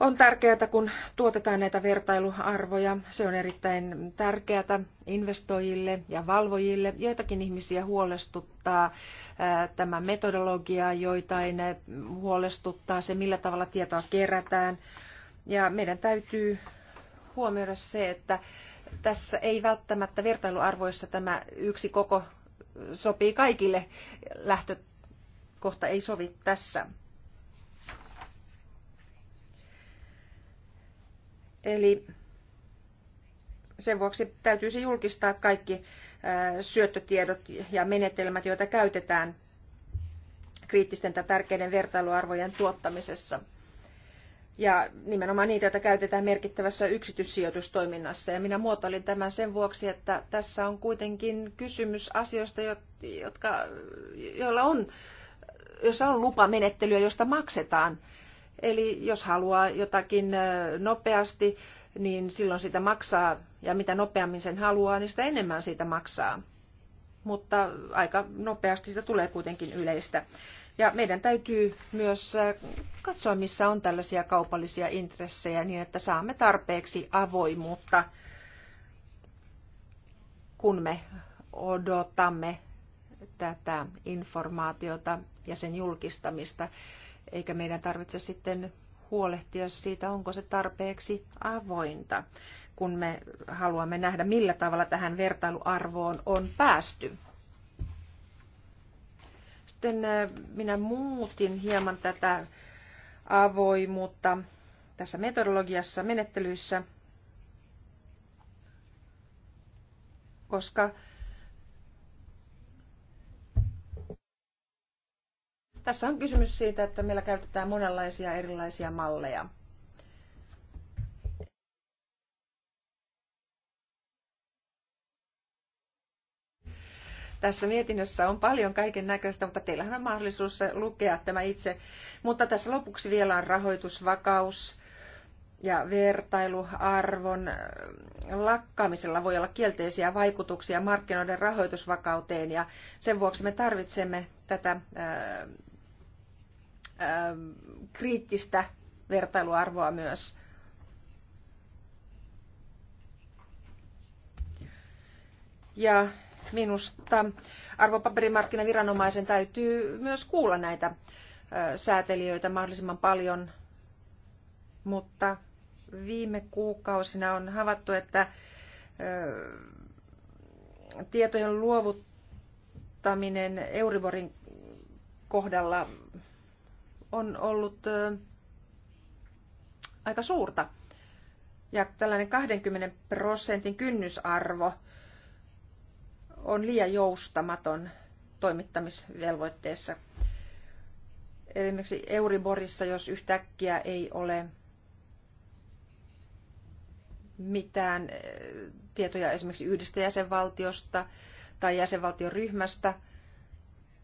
on tärkeää, kun tuotetaan näitä vertailuarvoja. Se on erittäin tärkeää investoijille ja valvojille. Joitakin ihmisiä huolestuttaa äh, tämä metodologia, joitain huolestuttaa se, millä tavalla tietoa kerätään. Ja meidän täytyy huomioida se, että tässä ei välttämättä vertailuarvoissa tämä yksi koko sopii kaikille. Lähtökohta ei sovi tässä. Eli sen vuoksi täytyisi julkistaa kaikki syöttötiedot ja menetelmät, joita käytetään kriittisten tai tärkeiden vertailuarvojen tuottamisessa ja nimenomaan niitä, joita käytetään merkittävässä yksityissijoitustoiminnassa. Ja minä muotoilin tämän sen vuoksi, että tässä on kuitenkin kysymys asioista, jotka, joilla on, jossa on lupamenettelyä, josta maksetaan. Eli jos haluaa jotakin nopeasti, niin silloin sitä maksaa, ja mitä nopeammin sen haluaa, niin sitä enemmän siitä maksaa. Mutta aika nopeasti sitä tulee kuitenkin yleistä. Ja meidän täytyy myös äh, katsoa, missä on tällaisia kaupallisia intressejä niin, että saamme tarpeeksi avoimuutta, kun me odotamme tätä informaatiota ja sen julkistamista, eikä meidän tarvitse sitten huolehtia siitä, onko se tarpeeksi avointa, kun me haluamme nähdä, millä tavalla tähän vertailuarvoon on päästy. Sitten minä muutin hieman tätä avoimuutta tässä metodologiassa, menettelyissä, koska tässä on kysymys siitä, että meillä käytetään monenlaisia erilaisia malleja. Tässä mietinnössä on paljon kaiken näköistä, mutta teillähän on mahdollisuus lukea tämä itse. Mutta tässä lopuksi vielä on rahoitusvakaus ja vertailuarvon lakkaamisella voi olla kielteisiä vaikutuksia markkinoiden rahoitusvakauteen ja sen vuoksi me tarvitsemme tätä ää, ää, kriittistä vertailuarvoa myös. Ja Minusta arvopaperimarkkinaviranomaisen täytyy myös kuulla näitä säätelijöitä mahdollisimman paljon, mutta viime kuukausina on havaittu, että tietojen luovuttaminen Euriborin kohdalla on ollut aika suurta. Ja tällainen 20 prosentin kynnysarvo on liian joustamaton toimittamisvelvoitteessa. Esimerkiksi Euriborissa, jos yhtäkkiä ei ole mitään eh, tietoja esimerkiksi yhdestä jäsenvaltiosta tai jäsenvaltion ryhmästä,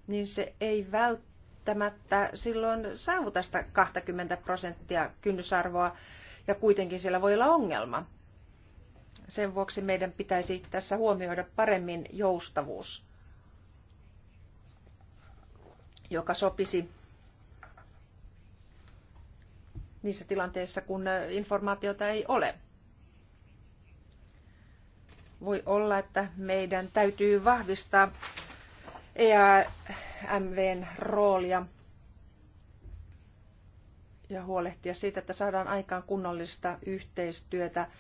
niin se ei välttämättä silloin saavuta sitä 20 prosenttia kynnysarvoa, ja kuitenkin siellä voi olla ongelma. Sen vuoksi meidän pitäisi tässä huomioida paremmin joustavuus, joka sopisi niissä tilanteissa, kun informaatiota ei ole. Voi olla, että meidän täytyy vahvistaa EAMVn roolia ja huolehtia siitä, että saadaan aikaan kunnollista yhteistyötä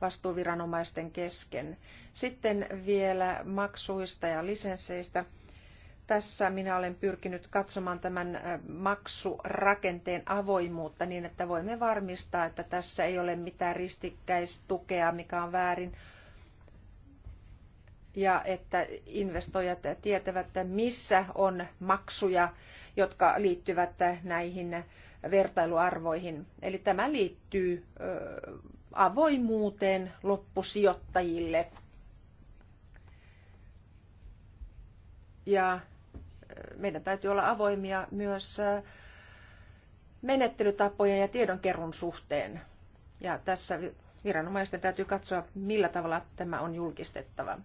vastuuviranomaisten kesken. Sitten vielä maksuista ja lisensseistä. Tässä minä olen pyrkinyt katsomaan tämän maksurakenteen avoimuutta niin, että voimme varmistaa, että tässä ei ole mitään ristikkäistukea, mikä on väärin ja että investoijat tietävät, että missä on maksuja, jotka liittyvät näihin vertailuarvoihin. Eli tämä liittyy avoimuuteen loppusijoittajille. Ja meidän täytyy olla avoimia myös menettelytapojen ja tiedonkerun suhteen. Ja tässä viranomaisten täytyy katsoa, millä tavalla tämä on julkistettava.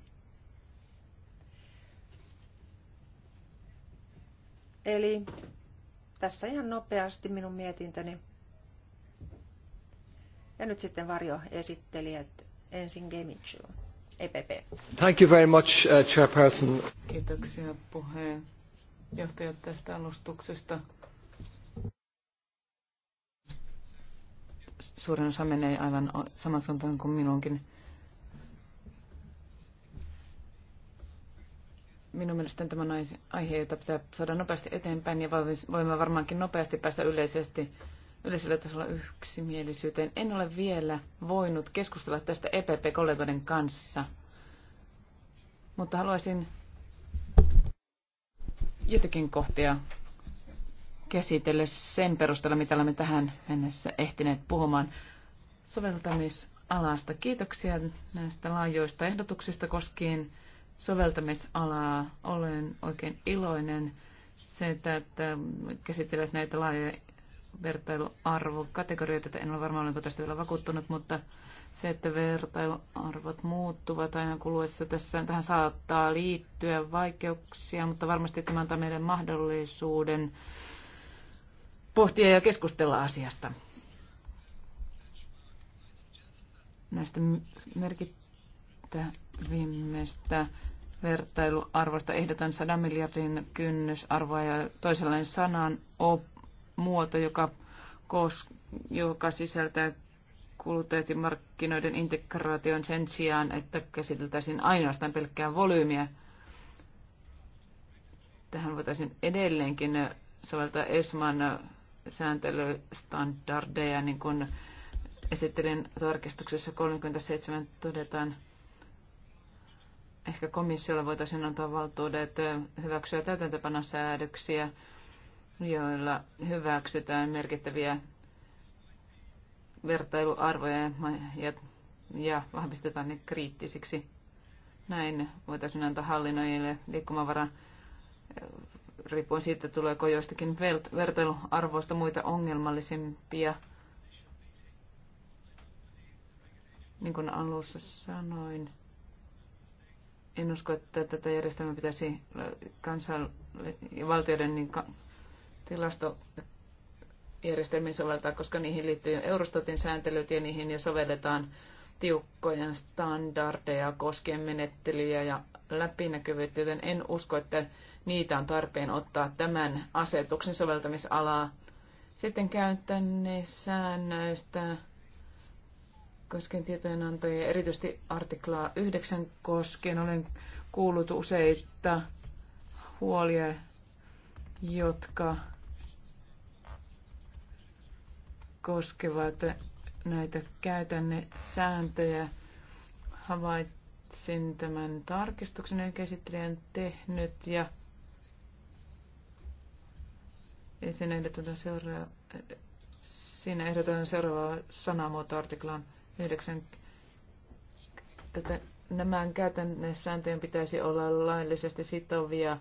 Eli tässä ihan nopeasti minun mietintöni. Ja nyt sitten varjo että ensin Gemichu, EPP. Thank you very much, uh, Chairperson. Kiitoksia puheenjohtaja tästä alustuksesta. Suurin osa menee aivan saman suuntaan kuin minunkin. minun mielestäni tämä on aihe, jota pitää saada nopeasti eteenpäin ja voimme varmaankin nopeasti päästä yleisesti yleisellä tasolla yksimielisyyteen. En ole vielä voinut keskustella tästä EPP-kollegoiden kanssa, mutta haluaisin jotakin kohtia käsitellä sen perusteella, mitä olemme tähän mennessä ehtineet puhumaan soveltamisalasta. Kiitoksia näistä laajoista ehdotuksista koskien soveltamisalaa. Olen oikein iloinen se, että käsittelet näitä laajoja vertailuarvokategorioita. En ole varma, olenko tästä vielä vakuuttunut, mutta se, että vertailuarvot muuttuvat ajan kuluessa. Tässä, tähän saattaa liittyä vaikeuksia, mutta varmasti tämä antaa meille mahdollisuuden pohtia ja keskustella asiasta. Näistä merkittävimmistä vertailuarvoista ehdotan 100 miljardin kynnysarvoa ja toisenlainen sanan op muoto, joka, kos, joka sisältää kuluttajat ja markkinoiden integraation sen sijaan, että käsiteltäisiin ainoastaan pelkkää volyymiä. Tähän voitaisiin edelleenkin soveltaa ESMAN sääntelystandardeja, niin kuin esittelin tarkistuksessa 37 todetaan, ehkä komissiolla voitaisiin antaa valtuudet hyväksyä täytäntöpanosäädöksiä säädöksiä joilla hyväksytään merkittäviä vertailuarvoja ja, ja vahvistetaan ne kriittisiksi. Näin voitaisiin antaa hallinnoijille liikkumavara riippuen siitä, tuleeko joistakin vertailuarvoista muita ongelmallisempia. Niin kuin alussa sanoin, en usko, että tätä järjestelmää pitäisi kansan ja valtioiden niin tilastojärjestelmiin soveltaa, koska niihin liittyy Eurostatin sääntelyt ja niihin jo sovelletaan tiukkoja standardeja koskien menettelyjä ja läpinäkyvyyttä, joten en usko, että niitä on tarpeen ottaa tämän asetuksen soveltamisalaa. Sitten käytänne säännöistä koskien tietojenantajia, erityisesti artiklaa 9 koskien. Olen kuullut useita huolia, jotka koskevat näitä käytänne sääntöjä. Havaitsin tämän tarkistuksen, jonka käsittelijän tehnyt ja sen ehdotetaan seuraava. siinä ehdotetaan seuraavaa sanamuoto artiklan 9. Tätä, nämä sääntöjen pitäisi olla laillisesti sitovia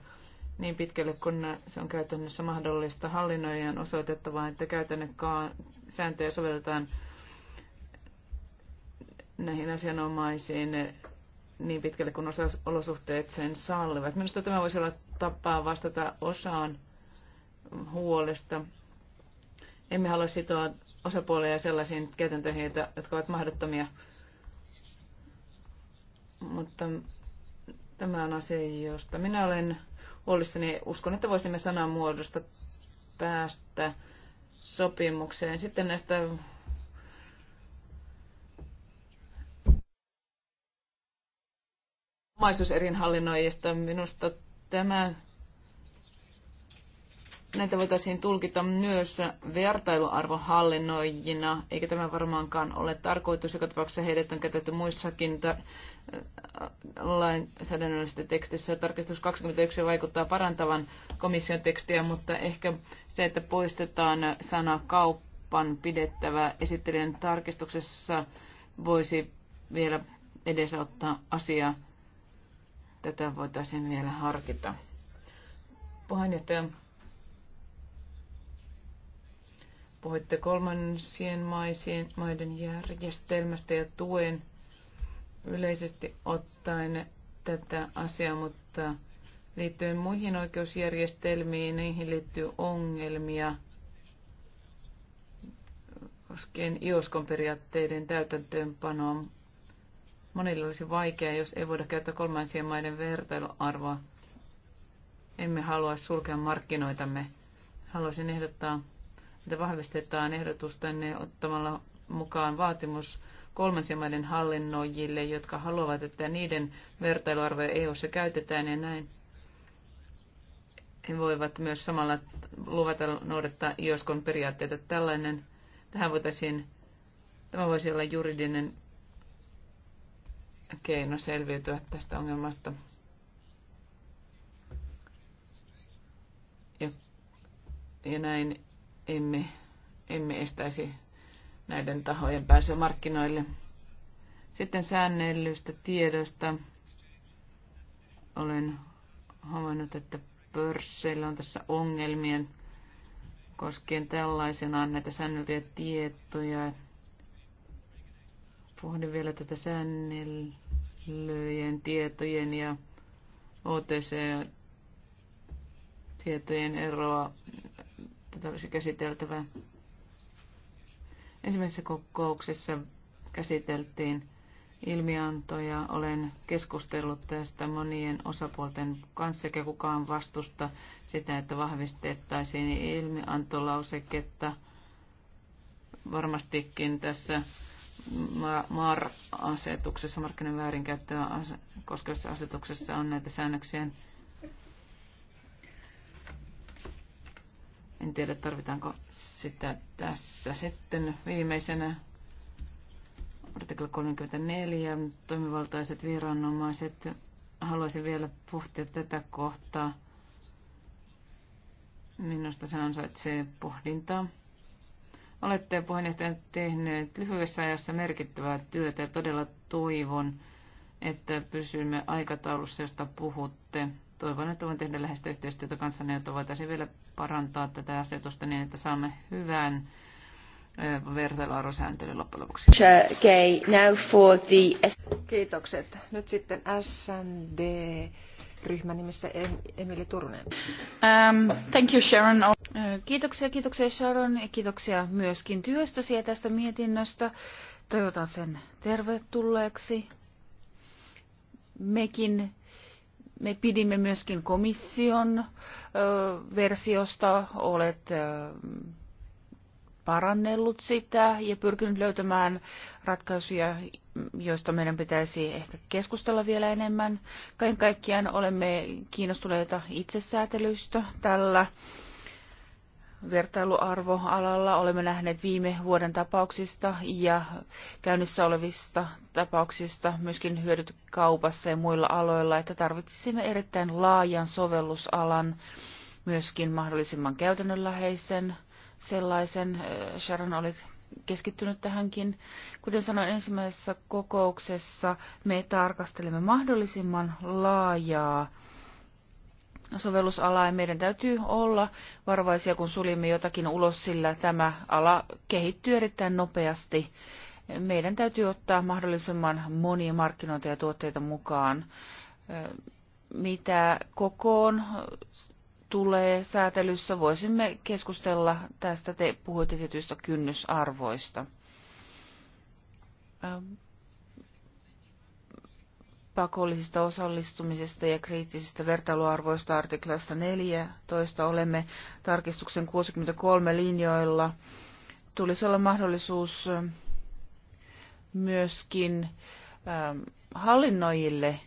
niin pitkälle kun se on käytännössä mahdollista. Hallinnoijan osoitettava, että käytännössä sääntöjä sovelletaan näihin asianomaisiin niin pitkälle kun osa olosuhteet sen sallivat. Minusta tämä voisi olla tapaa vastata osaan huolesta. Emme halua sitoa osapuolia sellaisiin käytäntöihin, jotka ovat mahdottomia. Mutta tämä on asia, josta minä olen huolissani. Uskon, että voisimme sanamuodosta päästä sopimukseen. Sitten näistä omaisuuserinhallinnoijista minusta tämä näitä voitaisiin tulkita myös vertailuarvohallinnoijina, eikä tämä varmaankaan ole tarkoitus. Joka tapauksessa heidät on käytetty muissakin äh, lainsäädännöllisessä tekstissä. Tarkistus 21 vaikuttaa parantavan komission tekstiä, mutta ehkä se, että poistetaan sana kauppan pidettävä esittelijän tarkistuksessa voisi vielä edesauttaa asiaa. Tätä voitaisiin vielä harkita. Puheenjohtaja Puhuitte kolmansien maisien, maiden järjestelmästä ja tuen yleisesti ottaen tätä asiaa, mutta liittyen muihin oikeusjärjestelmiin, niihin liittyy ongelmia koskien IOSKon periaatteiden täytäntöönpanoa. Monille olisi vaikeaa, jos ei voida käyttää kolmansien maiden vertailuarvoa. Emme halua sulkea markkinoitamme. Haluaisin ehdottaa että vahvistetaan ehdotustanne ottamalla mukaan vaatimus kolmansien maiden hallinnoijille, jotka haluavat, että niiden vertailuarvoja EU-ssa käytetään ja näin. He voivat myös samalla luvata noudattaa IOSKon periaatteita. Tällainen, tähän voitaisiin, tämä voisi olla juridinen keino selviytyä tästä ongelmasta. Ja, ja näin emme, emme estäisi näiden tahojen pääsyä markkinoille. Sitten säännellystä tiedosta. Olen havainnut, että pörsseillä on tässä ongelmia koskien tällaisenaan näitä säänneltyjä tietoja. Pohdin vielä tätä säännellyjen tietojen ja OTC-tietojen eroa tätä olisi käsiteltävä. Ensimmäisessä kokouksessa käsiteltiin ilmiantoja. Olen keskustellut tästä monien osapuolten kanssa, eikä kukaan vastusta sitä, että vahvistettaisiin ilmiantolauseketta. Varmastikin tässä MAR-asetuksessa, markkinan väärinkäyttöä koskevassa asetuksessa on näitä säännöksiä En tiedä, tarvitaanko sitä tässä. Sitten viimeisenä artikla 34, toimivaltaiset viranomaiset. Haluaisin vielä pohtia tätä kohtaa. Minusta se ansaitsee pohdintaa. Olette puheenjohtaja tehneet lyhyessä ajassa merkittävää työtä ja todella toivon, että pysymme aikataulussa, josta puhutte. Toivon, että voin tehdä läheistä yhteistyötä kanssanne, jotta voitaisiin vielä parantaa tätä asetusta niin, että saamme hyvän vertailuarvosääntelyn loppujen lopuksi. Kiitokset. Nyt sitten SND ryhmän nimissä Emili Turunen. Um, thank you Sharon. Kiitoksia, kiitoksia Sharon ja kiitoksia myöskin työstäsi ja tästä mietinnöstä. Toivotan sen tervetulleeksi. Mekin me pidimme myöskin komission versiosta, olet parannellut sitä ja pyrkinyt löytämään ratkaisuja, joista meidän pitäisi ehkä keskustella vielä enemmän. Kaiken kaikkiaan olemme kiinnostuneita itsesäätelystä tällä vertailuarvoalalla. Olemme nähneet viime vuoden tapauksista ja käynnissä olevista tapauksista myöskin hyödyt kaupassa ja muilla aloilla, että tarvitsisimme erittäin laajan sovellusalan, myöskin mahdollisimman käytännönläheisen sellaisen. Sharon, olit keskittynyt tähänkin. Kuten sanoin ensimmäisessä kokouksessa, me tarkastelemme mahdollisimman laajaa sovellusalaa ja meidän täytyy olla varovaisia, kun suljemme jotakin ulos, sillä tämä ala kehittyy erittäin nopeasti. Meidän täytyy ottaa mahdollisimman monia markkinoita ja tuotteita mukaan. Mitä kokoon tulee säätelyssä, voisimme keskustella tästä. Te puhuitte tietyistä kynnysarvoista pakollisesta osallistumisesta ja kriittisistä vertailuarvoista artiklasta 14 olemme tarkistuksen 63 linjoilla. Tulisi olla mahdollisuus ähm, myöskin ähm, hallinnoijille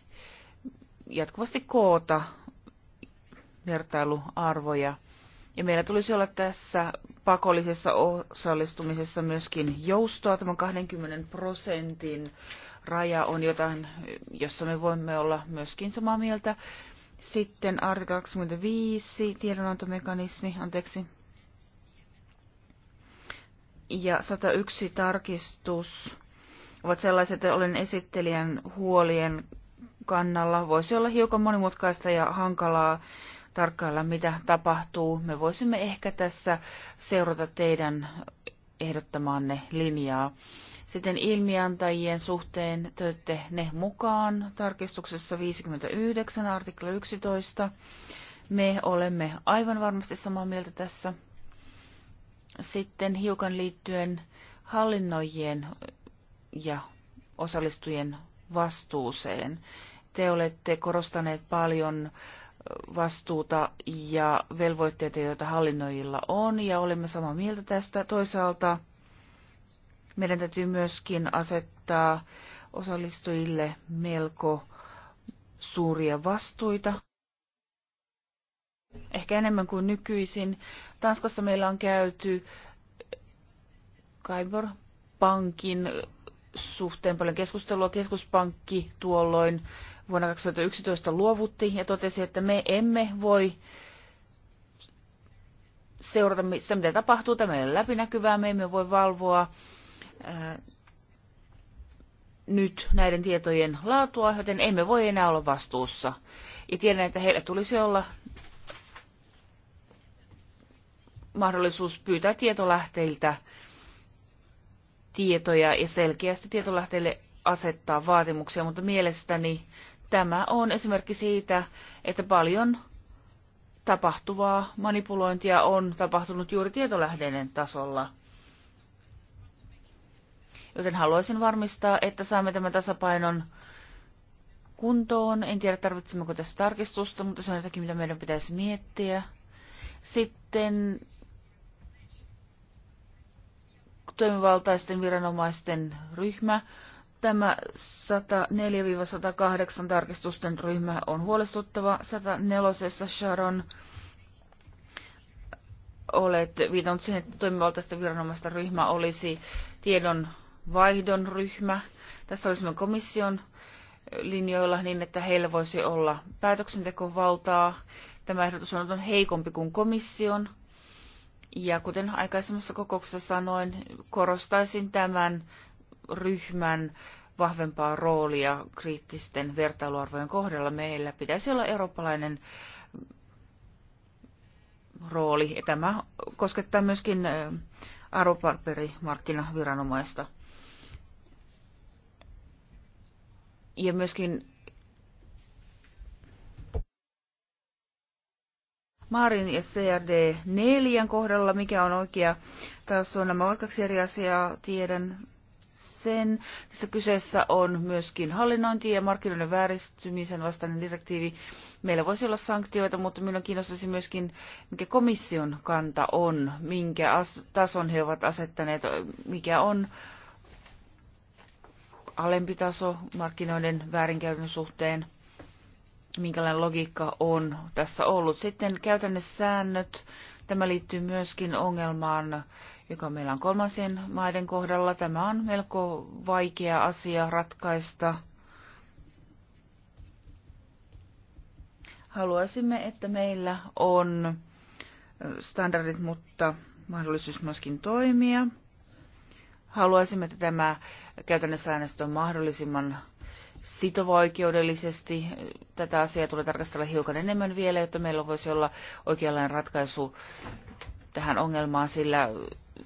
jatkuvasti koota vertailuarvoja. Ja meillä tulisi olla tässä pakollisessa osallistumisessa myöskin joustoa tämän 20 prosentin äh, raja on jotain, jossa me voimme olla myöskin samaa mieltä. Sitten artikla 25, tiedonantomekanismi, anteeksi. Ja 101 tarkistus ovat sellaiset, että olen esittelijän huolien kannalla. Voisi olla hiukan monimutkaista ja hankalaa tarkkailla, mitä tapahtuu. Me voisimme ehkä tässä seurata teidän ehdottamaanne linjaa. Sitten ilmiantajien suhteen töitte ne mukaan tarkistuksessa 59 artikla 11. Me olemme aivan varmasti samaa mieltä tässä. Sitten hiukan liittyen hallinnoijien ja osallistujien vastuuseen. Te olette korostaneet paljon vastuuta ja velvoitteita, joita hallinnoijilla on, ja olemme samaa mieltä tästä. Toisaalta meidän täytyy myöskin asettaa osallistujille melko suuria vastuita. Ehkä enemmän kuin nykyisin. Tanskassa meillä on käyty Kaibor Pankin suhteen paljon keskustelua. Keskuspankki tuolloin vuonna 2011 luovutti ja totesi, että me emme voi seurata sitä, mitä tapahtuu. Tämä ei ole läpinäkyvää, me emme voi valvoa nyt näiden tietojen laatua, joten emme voi enää olla vastuussa. Ja tiedän, että heillä tulisi olla mahdollisuus pyytää tietolähteiltä tietoja ja selkeästi tietolähteille asettaa vaatimuksia, mutta mielestäni tämä on esimerkki siitä, että paljon tapahtuvaa manipulointia on tapahtunut juuri tietolähteiden tasolla – Joten haluaisin varmistaa, että saamme tämän tasapainon kuntoon. En tiedä, tarvitsemmeko tässä tarkistusta, mutta se on jotakin, mitä meidän pitäisi miettiä. Sitten toimivaltaisten viranomaisten ryhmä. Tämä 104-108 tarkistusten ryhmä on huolestuttava. 104. Sharon, olet viitannut siihen, että toimivaltaisten viranomaisten ryhmä olisi tiedon vaihdon ryhmä. Tässä olisimme komission linjoilla niin, että heillä voisi olla päätöksentekovaltaa. Tämä ehdotus on heikompi kuin komission. Ja kuten aikaisemmassa kokouksessa sanoin, korostaisin tämän ryhmän vahvempaa roolia kriittisten vertailuarvojen kohdalla. Meillä pitäisi olla eurooppalainen rooli. tämä koskettaa myöskin arvopaperimarkkinaviranomaista. ja myöskin Maarin ja CRD4 kohdalla, mikä on oikea taso. Nämä ovat kaksi eri asiaa, tiedän sen. Tässä kyseessä on myöskin hallinnointi ja markkinoiden vääristymisen vastainen direktiivi. Meillä voisi olla sanktioita, mutta minun kiinnostaisi myöskin, mikä komission kanta on, minkä tason he ovat asettaneet, mikä on alempi taso markkinoiden väärinkäytön suhteen, minkälainen logiikka on tässä ollut. Sitten säännöt. tämä liittyy myöskin ongelmaan, joka meillä on kolmansien maiden kohdalla. Tämä on melko vaikea asia ratkaista. Haluaisimme, että meillä on standardit, mutta mahdollisuus myöskin toimia. Haluaisimme, että tämä käytännössä äänestö on mahdollisimman sitova oikeudellisesti. Tätä asiaa tulee tarkastella hiukan enemmän vielä, jotta meillä voisi olla oikeanlainen ratkaisu tähän ongelmaan, sillä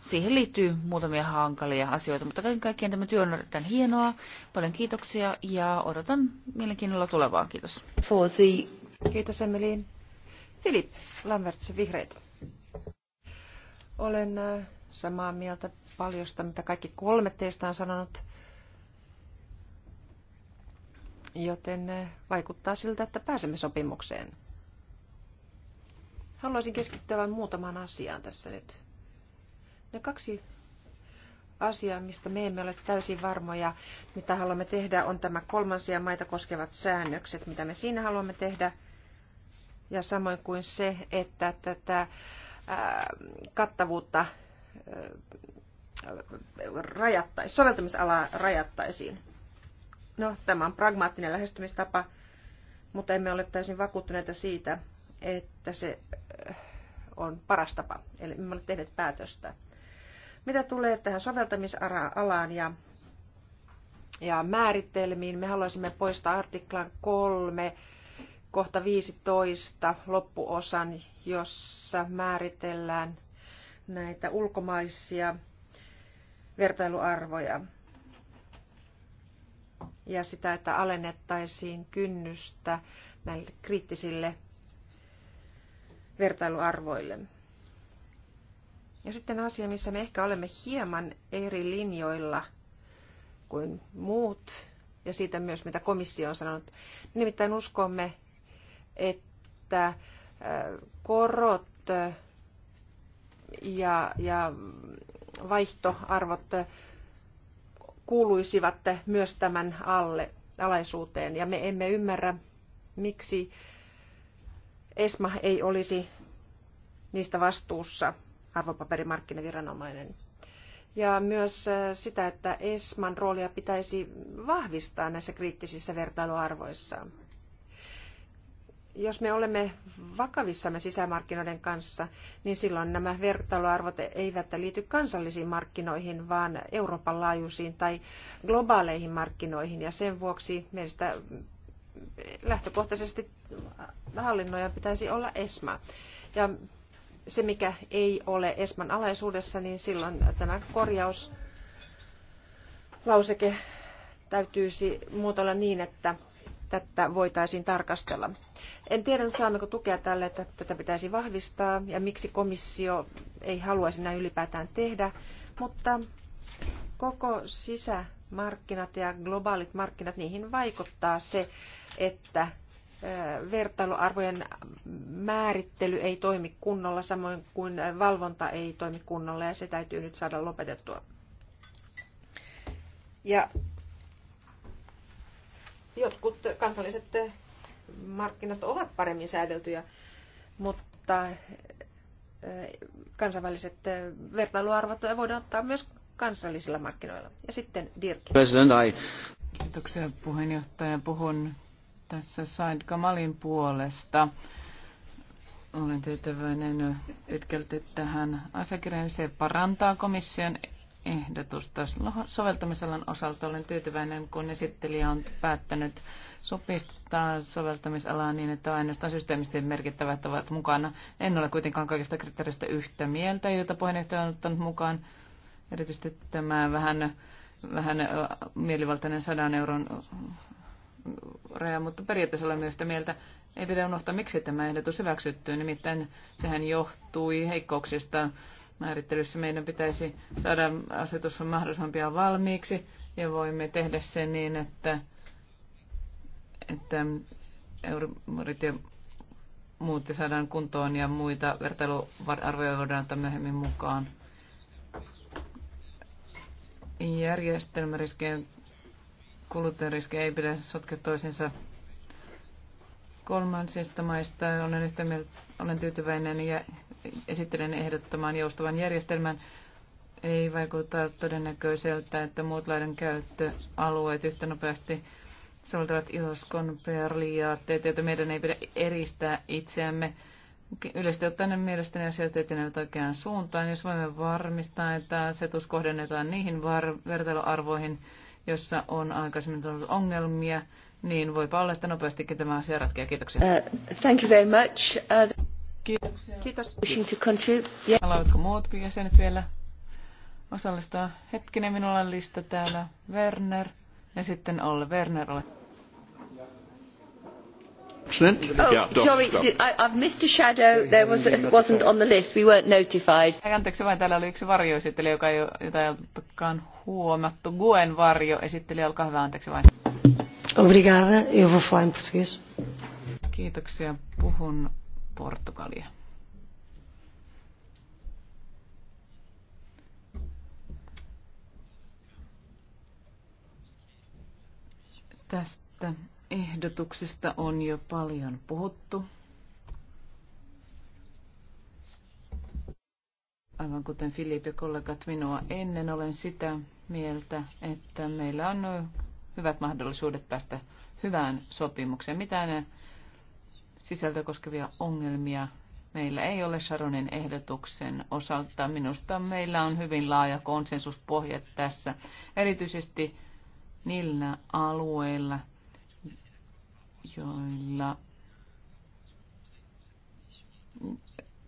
siihen liittyy muutamia hankalia asioita, mutta kaiken kaikkiaan tämä työ on erittäin hienoa. Paljon kiitoksia ja odotan mielenkiinnolla tulevaa. Kiitos. Kiitos Emeliin. Filip Lamberts, vihreitä. Olen äh, samaa mieltä paljosta, mitä kaikki kolme teistä on sanonut. Joten eh, vaikuttaa siltä, että pääsemme sopimukseen. Haluaisin keskittyä vain muutamaan asiaan tässä nyt. Ne kaksi asiaa, mistä me emme ole täysin varmoja, mitä haluamme tehdä, on tämä kolmansia maita koskevat säännökset, mitä me siinä haluamme tehdä. Ja samoin kuin se, että tätä kattavuutta rajattaisiin, soveltamisalaa rajattaisiin. No, tämä on pragmaattinen lähestymistapa, mutta emme ole täysin vakuuttuneita siitä, että se eh, on paras tapa. Eli emme ole tehneet päätöstä. Mitä tulee tähän soveltamisalaan ja, ja määritelmiin, me haluaisimme poistaa artiklan 3 kohta 15 loppuosan, jossa määritellään näitä ulkomaisia vertailuarvoja ja sitä, että alennettaisiin kynnystä näille kriittisille vertailuarvoille. Ja sitten asia, missä me ehkä olemme hieman eri linjoilla kuin muut, ja siitä myös, mitä komissio on sanonut. nimittäin uskomme, että äh, korot äh, ja, ja vaihtoarvot kuuluisivat myös tämän alle, alaisuuteen. Ja me emme ymmärrä, miksi ESMA ei olisi niistä vastuussa arvopaperimarkkinaviranomainen. Ja myös äh, sitä, että ESMAn roolia pitäisi vahvistaa näissä kriittisissä vertailuarvoissa jos me olemme vakavissamme sisämarkkinoiden kanssa, niin silloin nämä vertailuarvot eivät liity kansallisiin markkinoihin, vaan Euroopan laajuisiin tai globaaleihin markkinoihin. Ja sen vuoksi meistä lähtökohtaisesti hallinnoja pitäisi olla ESMA. Ja se, mikä ei ole ESMAn alaisuudessa, niin silloin tämä korjauslauseke täytyisi muotoilla niin, että tätä voitaisiin tarkastella. En tiedä nyt saammeko tukea tälle, että tätä pitäisi vahvistaa ja miksi komissio ei haluaisi näin ylipäätään tehdä, mutta koko sisämarkkinat ja globaalit markkinat, niihin vaikuttaa se, että vertailuarvojen määrittely ei toimi kunnolla, samoin kuin valvonta ei toimi kunnolla ja se täytyy nyt saada lopetettua. Ja jotkut kansalliset eh, markkinat ovat paremmin säädeltyjä, mutta eh, kansainväliset eh, vertailuarvot voidaan ottaa myös kansallisilla markkinoilla. Ja sitten Dirk. I... Kiitoksia puheenjohtaja. Puhun tässä Said Kamalin puolesta. Olen tyytyväinen pitkälti tähän asiakirjaan. Se parantaa komission ehdotusta. Soveltamisalan osalta olen tyytyväinen, kun esittelijä on päättänyt supistaa soveltamisalaa niin, että ainoastaan systeemisesti merkittävät ovat mukana. En ole kuitenkaan kaikista kriteereistä yhtä mieltä, joita puheenjohtaja on ottanut mukaan. Erityisesti tämä vähän, vähän mielivaltainen 100 euron raja, mutta periaatteessa olemme yhtä mieltä. Ei pidä unohtaa, miksi tämä ehdotus hyväksyttyy. Nimittäin sehän johtui heikkouksista määrittelyssä meidän pitäisi saada asetus mahdollisimman pian valmiiksi ja voimme tehdä sen niin, että, että euromorit ja muut saadaan kuntoon ja muita vertailuarvoja voidaan ottaa myöhemmin mukaan. Järjestelmäriskejä ja kuluttajariskejä ei pidä sotkea toisensa kolmansista maista. Olen, yhtä mieltä, olen tyytyväinen ja esittelen ehdottoman joustavan järjestelmän. Ei vaikuta todennäköiseltä, että muut laidan käyttöalueet yhtä nopeasti soltavat iloskon periaatteet, joita meidän ei pidä eristää itseämme. Yleisesti ottaen mielestäni asiat etenevät oikeaan suuntaan, jos voimme varmistaa, että asetus kohdennetaan niihin var- vertailuarvoihin, jossa on aikaisemmin tullut ongelmia, niin voipa olla, että nopeastikin tämä asia ratkeaa. Kiitoksia. Uh, thank you very much. Uh... Kiitoksia. Kiitos. Haluatko muut jäsenet vielä osallistua? Hetkinen, minulla on lista täällä. Werner ja sitten Olle. Werner, ole. Oh, yeah, sorry, I, I've missed a shadow. There was, wasn't on the list. We weren't notified. Anteeksi vain, täällä oli yksi varjoesittelijä, joka ei, jota ei huomattu. Guen varjoesittelijä, olkaa hyvä, anteeksi vain. Obrigada, eu vou falar em português. Kiitoksia, puhun Portugalia. Tästä ehdotuksesta on jo paljon puhuttu. Aivan kuten Filip ja kollegat minua ennen, olen sitä mieltä, että meillä on hyvät mahdollisuudet päästä hyvään sopimukseen. mitä ne sisältöä koskevia ongelmia meillä ei ole Sharonin ehdotuksen osalta. Minusta meillä on hyvin laaja konsensuspohja tässä, erityisesti niillä alueilla, joilla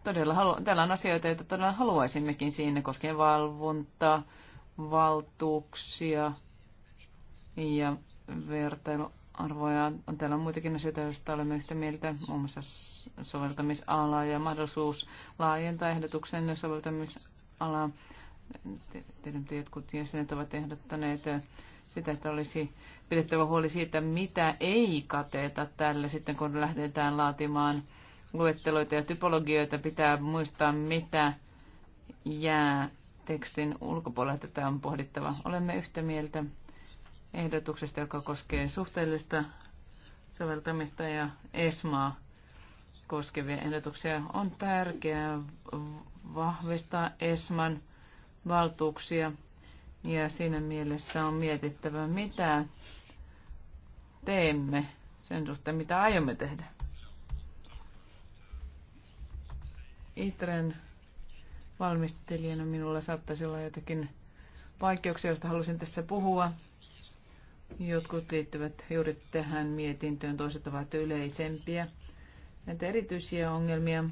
todella halu- täällä on asioita, joita todella haluaisimmekin siinä koskien valvontaa, valtuuksia ja vertailu arvoja. On muitakin asioita, joista olemme yhtä mieltä, muun muassa soveltamisala ja mahdollisuus laajentaa ehdotuksen soveltamisalaa. Tiedän, että jotkut jäsenet ovat ehdottaneet sitä, että olisi pidettävä huoli siitä, mitä ei kateta tällä sitten, kun lähdetään laatimaan luetteloita ja typologioita. Pitää muistaa, mitä jää tekstin ulkopuolella. Tätä on pohdittava. Olemme yhtä mieltä ehdotuksesta, joka koskee suhteellista soveltamista ja ESMAa koskevia ehdotuksia. On tärkeää vahvistaa ESMAn valtuuksia ja siinä mielessä on mietittävä, mitä teemme sen suhteen, mitä aiomme tehdä. Itren valmistelijana minulla saattaisi olla jotakin vaikeuksia, joista halusin tässä puhua. Jotkut liittyvät juuri tähän mietintöön, toiset ovat yleisempiä. Näitä erityisiä ongelmia,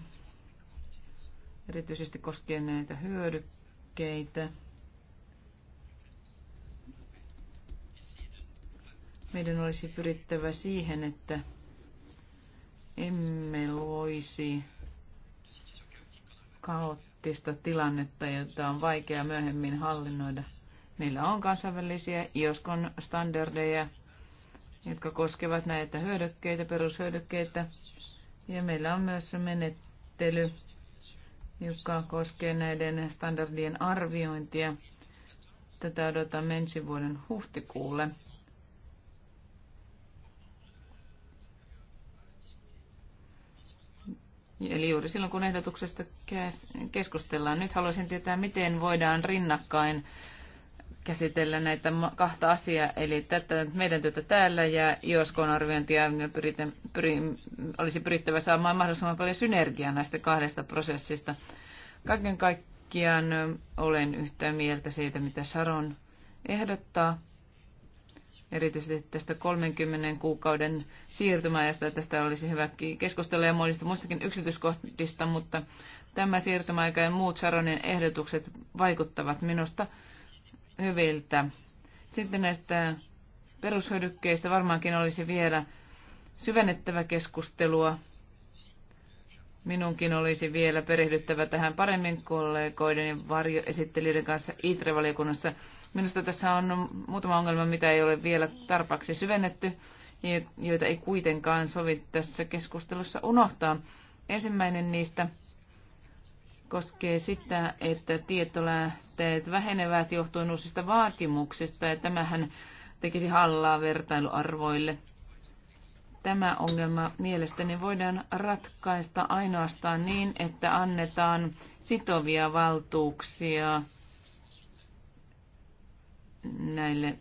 erityisesti koskien näitä hyödykkeitä. Meidän olisi pyrittävä siihen, että emme loisi kaoottista tilannetta, jota on vaikea myöhemmin hallinnoida – Meillä on kansainvälisiä IOSKON standardeja, jotka koskevat näitä hyödykkeitä, perushyödykkeitä. Ja meillä on myös menettely, joka koskee näiden standardien arviointia. Tätä odotamme ensi vuoden huhtikuulle. Eli juuri silloin, kun ehdotuksesta keskustellaan. Nyt haluaisin tietää, miten voidaan rinnakkain käsitellä näitä kahta asiaa, eli tätä meidän työtä täällä ja IOSKon arviointia pyritän, pyrin, olisi pyrittävä saamaan mahdollisimman paljon synergiaa näistä kahdesta prosessista. Kaiken kaikkiaan olen yhtä mieltä siitä, mitä Sharon ehdottaa, erityisesti tästä 30 kuukauden siirtymäajasta. Tästä olisi hyvä keskustella ja monista muistakin yksityiskohdista, mutta tämä siirtymäaika ja muut Sharonin ehdotukset vaikuttavat minusta – hyviltä. Sitten näistä perushyödykkeistä varmaankin olisi vielä syvennettävä keskustelua. Minunkin olisi vielä perehdyttävä tähän paremmin kollegoiden ja varjoesittelijöiden kanssa ITRE-valiokunnassa. Minusta tässä on muutama ongelma, mitä ei ole vielä tarpeeksi syvennetty, joita ei kuitenkaan sovi tässä keskustelussa unohtaa. Ensimmäinen niistä koskee sitä, että tietolähteet vähenevät johtuen uusista vaatimuksista ja tämähän tekisi hallaa vertailuarvoille. Tämä ongelma mielestäni voidaan ratkaista ainoastaan niin, että annetaan sitovia valtuuksia näille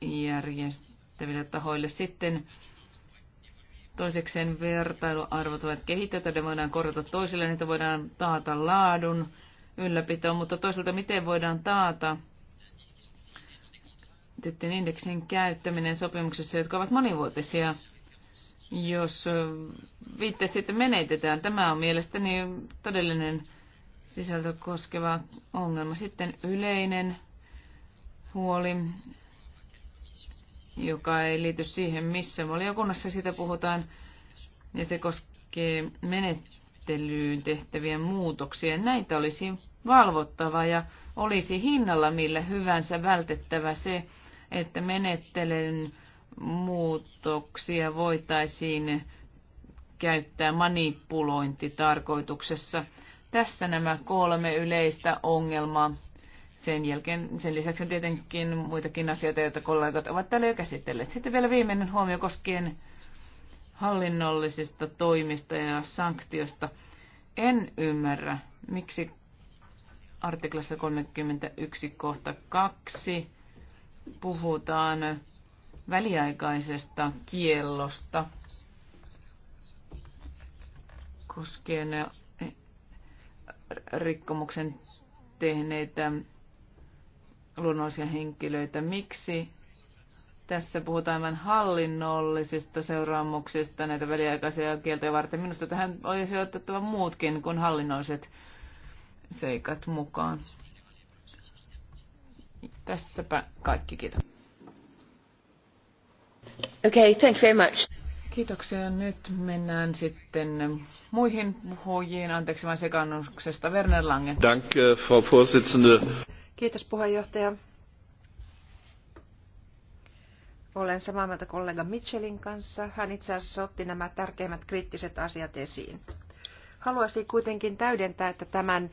järjestäville tahoille. Sitten Toisekseen vertailuarvot ovat kehittyä, ne voidaan korjata toisille, niitä voidaan taata laadun ylläpito, mutta toisaalta miten voidaan taata tyttöjen indeksin käyttäminen sopimuksessa, jotka ovat monivuotisia, jos viitteet sitten menetetään. Tämä on mielestäni todellinen sisältö koskeva ongelma. Sitten yleinen huoli joka ei liity siihen, missä valiokunnassa sitä puhutaan, ja se koskee menettelyyn tehtäviä muutoksia. Näitä olisi valvottava ja olisi hinnalla millä hyvänsä vältettävä se, että menettelyn muutoksia voitaisiin käyttää manipulointitarkoituksessa. Tässä nämä kolme yleistä ongelmaa sen jälkeen, sen lisäksi on tietenkin muitakin asioita, joita kollegat ovat täällä jo käsitelleet. Sitten vielä viimeinen huomio koskien hallinnollisista toimista ja sanktiosta. En ymmärrä, miksi artiklassa 31 kohta 2 puhutaan väliaikaisesta kiellosta koskien rikkomuksen tehneitä luonnollisia henkilöitä. Miksi tässä puhutaan vain hallinnollisista seuraamuksista näitä väliaikaisia kieltoja varten? Minusta tähän olisi otettava muutkin kuin hallinnolliset seikat mukaan. Tässäpä kaikki, kiitos. Okay, thank you very much. Kiitoksia. Nyt mennään sitten muihin puhujiin. Anteeksi vain sekannuksesta. Werner Lange. Danke, eh, Frau Vorsitzende. Kiitos puheenjohtaja. Olen samaa mieltä kollega Mitchellin kanssa. Hän itse asiassa otti nämä tärkeimmät kriittiset asiat esiin. Haluaisin kuitenkin täydentää, että tämän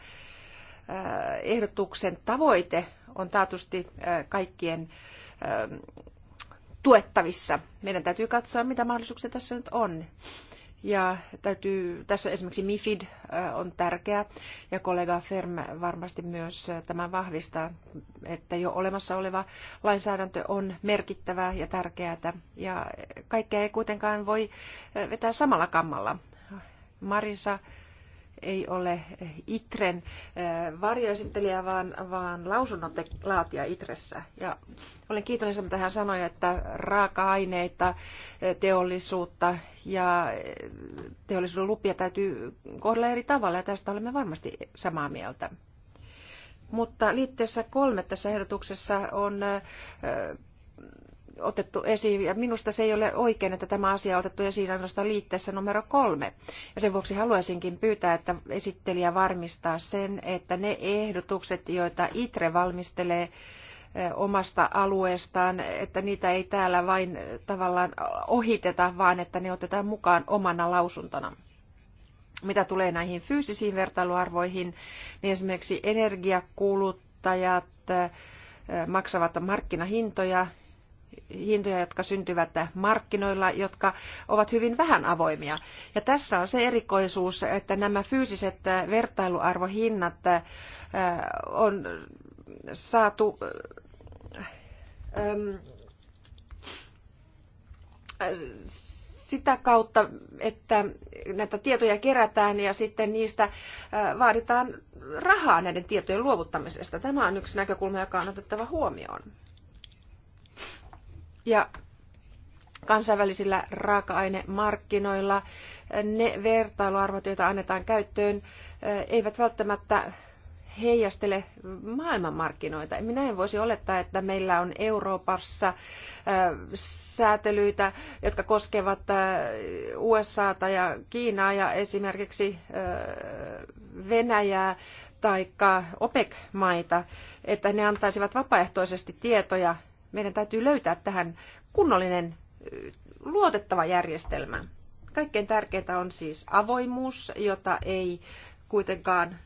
äh, ehdotuksen tavoite on taatusti äh, kaikkien ähm, tuettavissa. Meidän täytyy katsoa, mitä mahdollisuuksia tässä nyt on. Ja täytyy, tässä esimerkiksi MIFID on tärkeä ja kollega Ferm varmasti myös tämän vahvistaa, että jo olemassa oleva lainsäädäntö on merkittävää ja tärkeää. Ja kaikkea ei kuitenkaan voi vetää samalla kammalla. Marisa ei ole ITREN varjoesittelijä, vaan, vaan lausunnonlaatija ITRESSä. Ja olen kiitollinen, että hän sanoi, että raaka-aineita, teollisuutta ja teollisuuden lupia täytyy kohdella eri tavalla, ja tästä olemme varmasti samaa mieltä. Mutta liitteessä kolme tässä ehdotuksessa on otettu esiin, ja minusta se ei ole oikein, että tämä asia on otettu esiin ainoastaan liitteessä numero kolme. Ja sen vuoksi haluaisinkin pyytää, että esittelijä varmistaa sen, että ne ehdotukset, joita ITRE valmistelee eh, omasta alueestaan, että niitä ei täällä vain eh, tavallaan ohiteta, vaan että ne otetaan mukaan omana lausuntona. Mitä tulee näihin fyysisiin vertailuarvoihin, niin esimerkiksi energiakuluttajat eh, maksavat markkinahintoja hintoja, jotka syntyvät markkinoilla, jotka ovat hyvin vähän avoimia. Ja tässä on se erikoisuus, että nämä fyysiset vertailuarvohinnat äh, on saatu ähm, sitä kautta, että näitä tietoja kerätään ja sitten niistä äh, vaaditaan rahaa näiden tietojen luovuttamisesta. Tämä on yksi näkökulma, joka on otettava huomioon ja kansainvälisillä raaka-ainemarkkinoilla ne vertailuarvot, joita annetaan käyttöön, eh, eivät välttämättä heijastele maailmanmarkkinoita. Minä en voisi olettaa, että meillä on Euroopassa eh, säätelyitä, jotka koskevat eh, USAta ja Kiinaa ja esimerkiksi Venäjää tai OPEC-maita, että ne antaisivat vapaaehtoisesti tietoja meidän täytyy löytää tähän kunnollinen luotettava järjestelmä. Kaikkein tärkeintä on siis avoimuus, jota ei kuitenkaan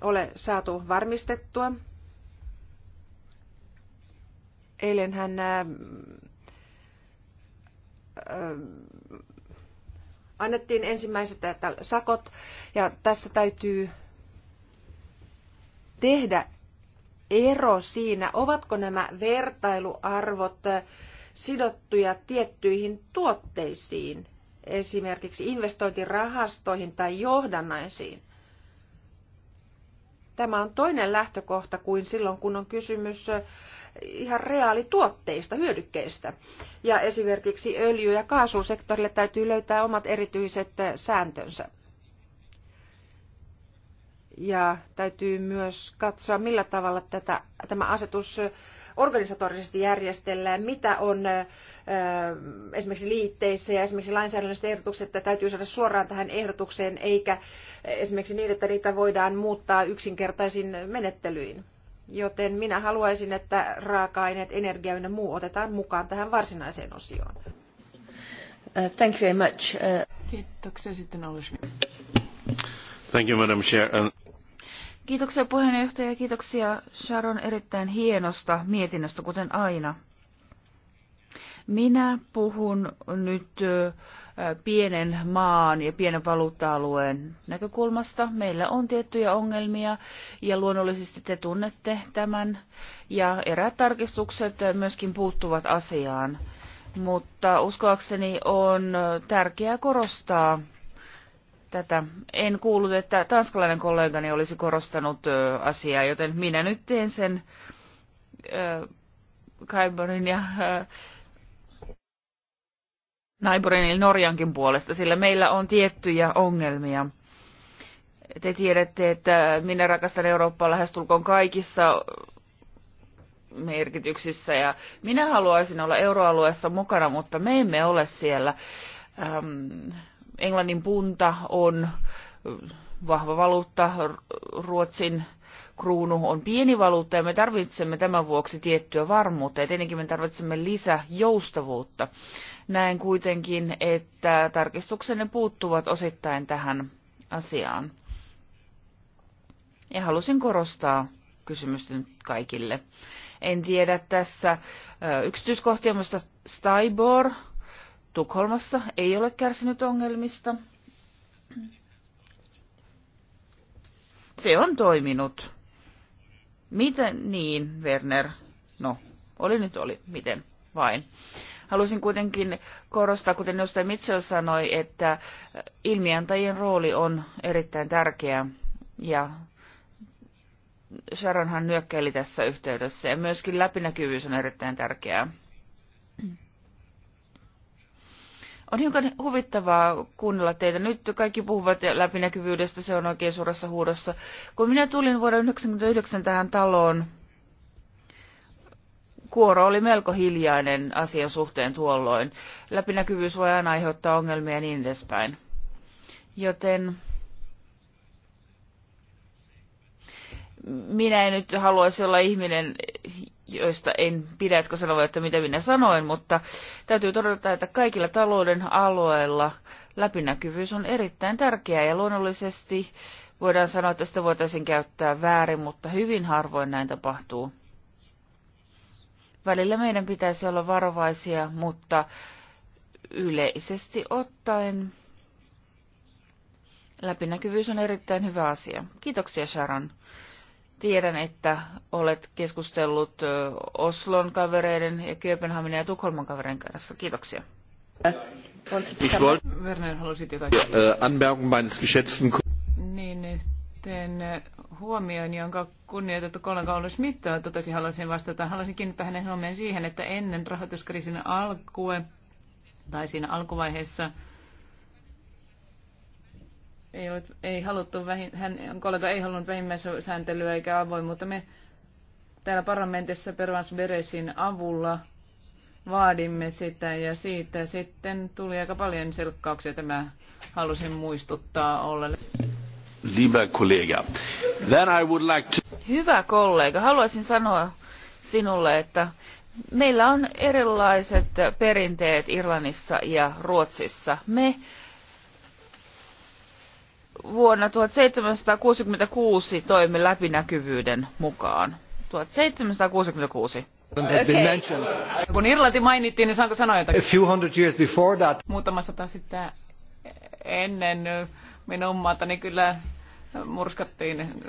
ole saatu varmistettua. Eilen hän annettiin ensimmäiset sakot ja tässä täytyy tehdä ero siinä, ovatko nämä vertailuarvot sidottuja tiettyihin tuotteisiin, esimerkiksi investointirahastoihin tai johdannaisiin. Tämä on toinen lähtökohta kuin silloin, kun on kysymys ihan reaalituotteista, hyödykkeistä. Ja esimerkiksi öljy- ja kaasusektorille täytyy löytää omat erityiset sääntönsä. Ja täytyy myös katsoa, millä tavalla tätä, tämä asetus organisatorisesti järjestellään, mitä on ö, esimerkiksi liitteissä ja esimerkiksi lainsäädännölliset ehdotukset, että täytyy saada suoraan tähän ehdotukseen, eikä esimerkiksi niin, että niitä voidaan muuttaa yksinkertaisin menettelyin. Joten minä haluaisin, että raaka-aineet, energia ja muu otetaan mukaan tähän varsinaiseen osioon. Uh, thank you very much. Uh... Kiitoksia sitten Thank you, Madam Chair. And... Kiitoksia puheenjohtaja ja kiitoksia Sharon erittäin hienosta mietinnöstä, kuten aina. Minä puhun nyt pienen maan ja pienen valuutta-alueen näkökulmasta. Meillä on tiettyjä ongelmia ja luonnollisesti te tunnette tämän ja eräät tarkistukset myöskin puuttuvat asiaan. Mutta uskoakseni on tärkeää korostaa tätä. En kuullut, että tanskalainen kollegani olisi korostanut asiaa, joten minä nyt teen sen Kaiborin ja Naiborin eli Norjankin puolesta, sillä meillä on tiettyjä ongelmia. Te tiedätte, että minä rakastan Eurooppaa lähestulkoon kaikissa merkityksissä ja minä haluaisin olla euroalueessa mukana, mutta me emme ole siellä. Ähm, Englannin punta on vahva valuutta, Ruotsin kruunu on pieni valuutta ja me tarvitsemme tämän vuoksi tiettyä varmuutta ja tietenkin me tarvitsemme lisää joustavuutta. Näen kuitenkin, että tarkistuksenne puuttuvat osittain tähän asiaan. Ja halusin korostaa kysymystä nyt kaikille. En tiedä tässä yksityiskohtia, mutta Stibor Tukholmassa ei ole kärsinyt ongelmista. Se on toiminut. Miten niin, Werner? No, oli nyt oli, miten vain. Haluaisin kuitenkin korostaa, kuten jostain Mitchell sanoi, että ilmiantajien rooli on erittäin tärkeä ja Sharonhan nyökkäili tässä yhteydessä ja myöskin läpinäkyvyys on erittäin tärkeää. On hiukan huvittavaa kuunnella teitä. Nyt kaikki puhuvat läpinäkyvyydestä, se on oikein suuressa huudossa. Kun minä tulin vuoden 1999 tähän taloon, kuoro oli melko hiljainen asian suhteen tuolloin. Läpinäkyvyys voi aina aiheuttaa ongelmia ja niin edespäin. Joten minä en nyt haluaisi olla ihminen, joista en pidä, etkö sanovat, että mitä minä sanoin, mutta täytyy todeta, että kaikilla talouden alueilla läpinäkyvyys on erittäin tärkeää ja luonnollisesti voidaan sanoa, että sitä voitaisiin käyttää väärin, mutta hyvin harvoin näin tapahtuu. Välillä meidän pitäisi olla varovaisia, mutta yleisesti ottaen läpinäkyvyys on erittäin hyvä asia. Kiitoksia Sharon. Tiedän, että olet keskustellut Oslon kavereiden ja Kööpenhaminen ja Tukholman kavereiden kanssa. Kiitoksia. Ich wollte Anmerkung meines geschätzten Niin, yhteen huomioon, jonka kunnioitettu kollega Olli Schmidt totesi, haluaisin vastata. Haluaisin kiinnittää hänen huomioon siihen, että ennen rahoituskriisin alkua tai siinä alkuvaiheessa – ei, ollut, ei haluttu, vähin, hän, kollega ei halunnut vähimmäisääntelyä eikä avoimuutta. Me täällä parlamentissa Pervans Beresin avulla vaadimme sitä ja siitä sitten tuli aika paljon selkkauksia. Tämä halusin muistuttaa olla. Lieber kollega, then I would like to... Hyvä kollega, haluaisin sanoa sinulle, että meillä on erilaiset perinteet Irlannissa ja Ruotsissa. Me vuonna 1766 toimi läpinäkyvyyden mukaan. 1766. Okay. Kun Irlanti mainittiin, niin saanko sanoa jotakin? A few hundred years before that. Muutama sata sitten ennen minun maata, niin kyllä murskattiin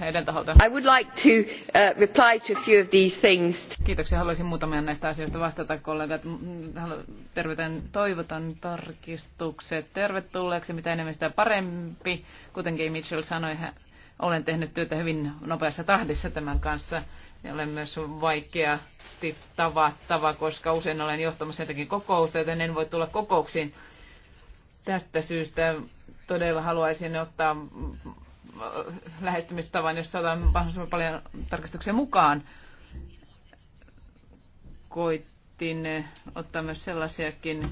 heidän taholta. I would like to uh, reply to a few of these things. Kiitoksia. Haluaisin muutamia näistä asioista vastata kollegat. Tervetän, toivotan tarkistukset tervetulleeksi. Mitä enemmän sitä parempi. Kuten Gay Mitchell sanoi, olen tehnyt työtä hyvin nopeassa tahdissa tämän kanssa. Ja olen myös vaikeasti tavattava, koska usein olen johtamassa jotakin kokousta, joten en voi tulla kokouksiin. Tästä syystä todella haluaisin ottaa lähestymistavan, jossa otan mahdollisimman paljon tarkastuksia mukaan. Koitin ottaa myös sellaisiakin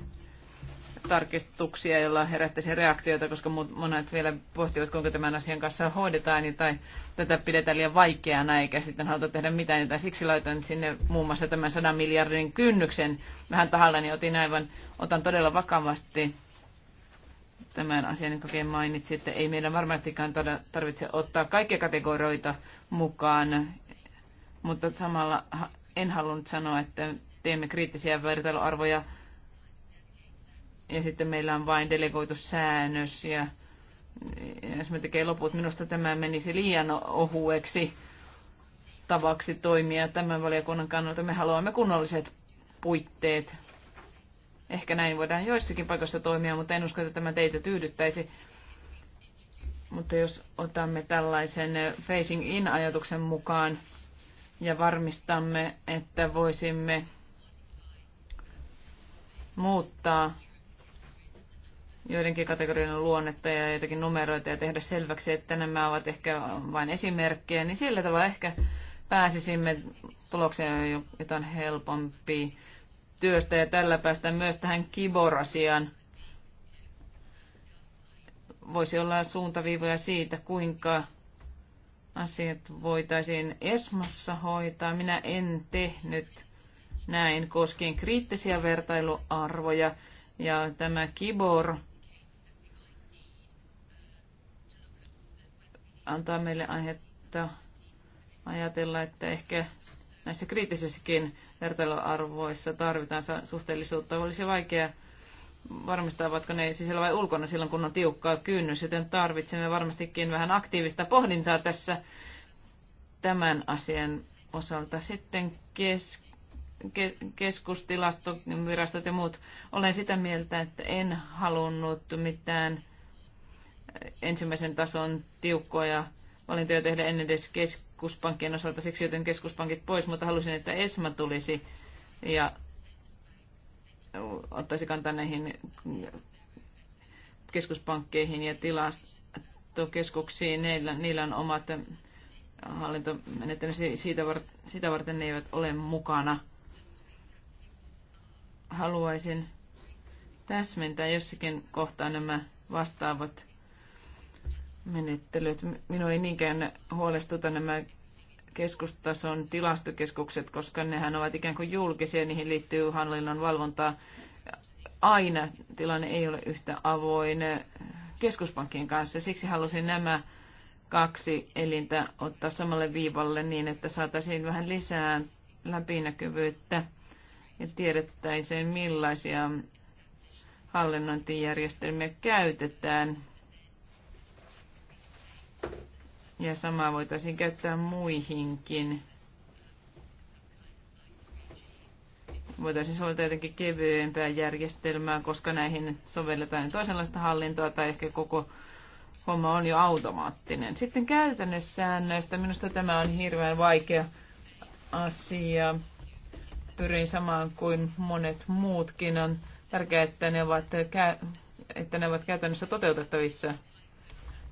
tarkistuksia, joilla herättäisi reaktioita, koska monet vielä pohtivat, kuinka tämän asian kanssa hoidetaan, niin tai tätä pidetään liian vaikeana, eikä sitten haluta tehdä mitään, niin Tai siksi laitan sinne muun muassa tämän 100 miljardin kynnyksen. Vähän tahallani otin aivan, otan todella vakavasti tämän asian, jonka vielä mainitsin, että ei meidän varmastikaan tarvitse ottaa kaikkia kategorioita mukaan, mutta samalla en halunnut sanoa, että teemme kriittisiä vertailuarvoja ja sitten meillä on vain delegoitu säännös ja jos me tekee loput, minusta tämä menisi liian ohueksi tavaksi toimia tämän valiokunnan kannalta. Me haluamme kunnolliset puitteet Ehkä näin voidaan joissakin paikoissa toimia, mutta en usko, että tämä teitä tyydyttäisi. Mutta jos otamme tällaisen facing in-ajatuksen mukaan ja varmistamme, että voisimme muuttaa joidenkin kategorian luonnetta ja joitakin numeroita ja tehdä selväksi, että nämä ovat ehkä vain esimerkkejä, niin sillä tavalla ehkä pääsisimme tulokseen, jota on helpompi työstä ja tällä päästään myös tähän kiborasian Voisi olla suuntaviivoja siitä, kuinka asiat voitaisiin Esmassa hoitaa. Minä en tehnyt näin koskien kriittisiä vertailuarvoja ja tämä Kibor antaa meille aihetta ajatella, että ehkä näissä kriittisissäkin vertailuarvoissa tarvitaan suhteellisuutta. Olisi vaikea varmistaa, ovatko ne sisällä vai ulkona silloin, kun on tiukkaa kynnys, joten tarvitsemme varmastikin vähän aktiivista pohdintaa tässä tämän asian osalta. Sitten kes, kes, keskustilastovirastot ja muut. Olen sitä mieltä, että en halunnut mitään ensimmäisen tason tiukkoja valintoja tehdä ennen edes kes, keskuspankkien osalta, siksi joten keskuspankit pois, mutta halusin, että ESMA tulisi ja ottaisi kantaa näihin keskuspankkeihin ja tilastokeskuksiin. Niillä, niillä on omat hallintomenettelyt, siitä, sitä varten ne eivät ole mukana. Haluaisin täsmentää jossakin kohtaa nämä vastaavat menettelyt. Minua ei niinkään huolestuta nämä keskustason tilastokeskukset, koska nehän ovat ikään kuin julkisia, niihin liittyy hallinnon valvontaa. Aina tilanne ei ole yhtä avoin keskuspankkien kanssa. Siksi halusin nämä kaksi elintä ottaa samalle viivalle niin, että saataisiin vähän lisää läpinäkyvyyttä ja tiedettäisiin millaisia hallinnointijärjestelmiä käytetään Ja samaa voitaisiin käyttää muihinkin. Voitaisiin soveltaa jotenkin kevyempää järjestelmää, koska näihin sovelletaan toisenlaista hallintoa tai ehkä koko homma on jo automaattinen. Sitten käytännössäännöistä. Minusta tämä on hirveän vaikea asia. Pyrin samaan kuin monet muutkin. On tärkeää, että ne ovat, että ne ovat käytännössä toteutettavissa.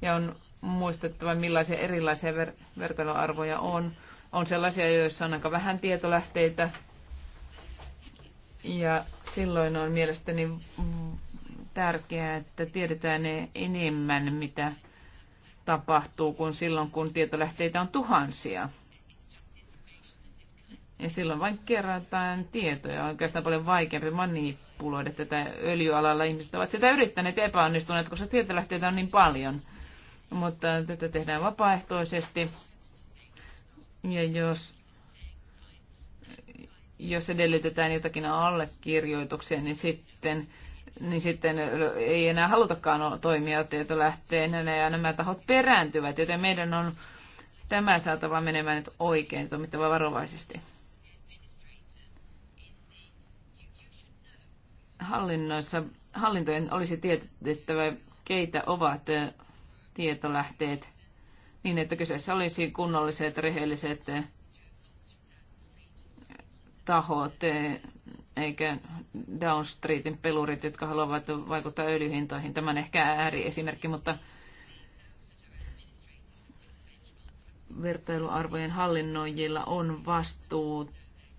Ja on muistettava, millaisia erilaisia ver- vertailuarvoja on. On sellaisia, joissa on aika vähän tietolähteitä. Ja silloin on mielestäni tärkeää, että tiedetään ne enemmän, mitä tapahtuu, kuin silloin, kun tietolähteitä on tuhansia. Ja silloin vain kerätään tietoja. On oikeastaan paljon vaikeampi manipuloida tätä öljyalalla. Ihmiset ovat sitä yrittäneet epäonnistuneet, koska tietolähteitä on niin paljon – mutta tätä tehdään vapaaehtoisesti. Ja jos, jos edellytetään jotakin allekirjoituksia, niin sitten, niin sitten ei enää halutakaan toimia tietolähteenä ja nämä tahot perääntyvät, joten meidän on tämä saatava menemään nyt oikein, toimittava varovaisesti. Hallinnoissa, hallintojen olisi tietettävä, keitä ovat tietolähteet niin, että kyseessä olisi kunnolliset, rehelliset eh, tahot, eh, eikä Downstreetin pelurit, jotka haluavat vaikuttaa öljyhintoihin. on ehkä ääriesimerkki, mutta vertailuarvojen hallinnoijilla on vastuu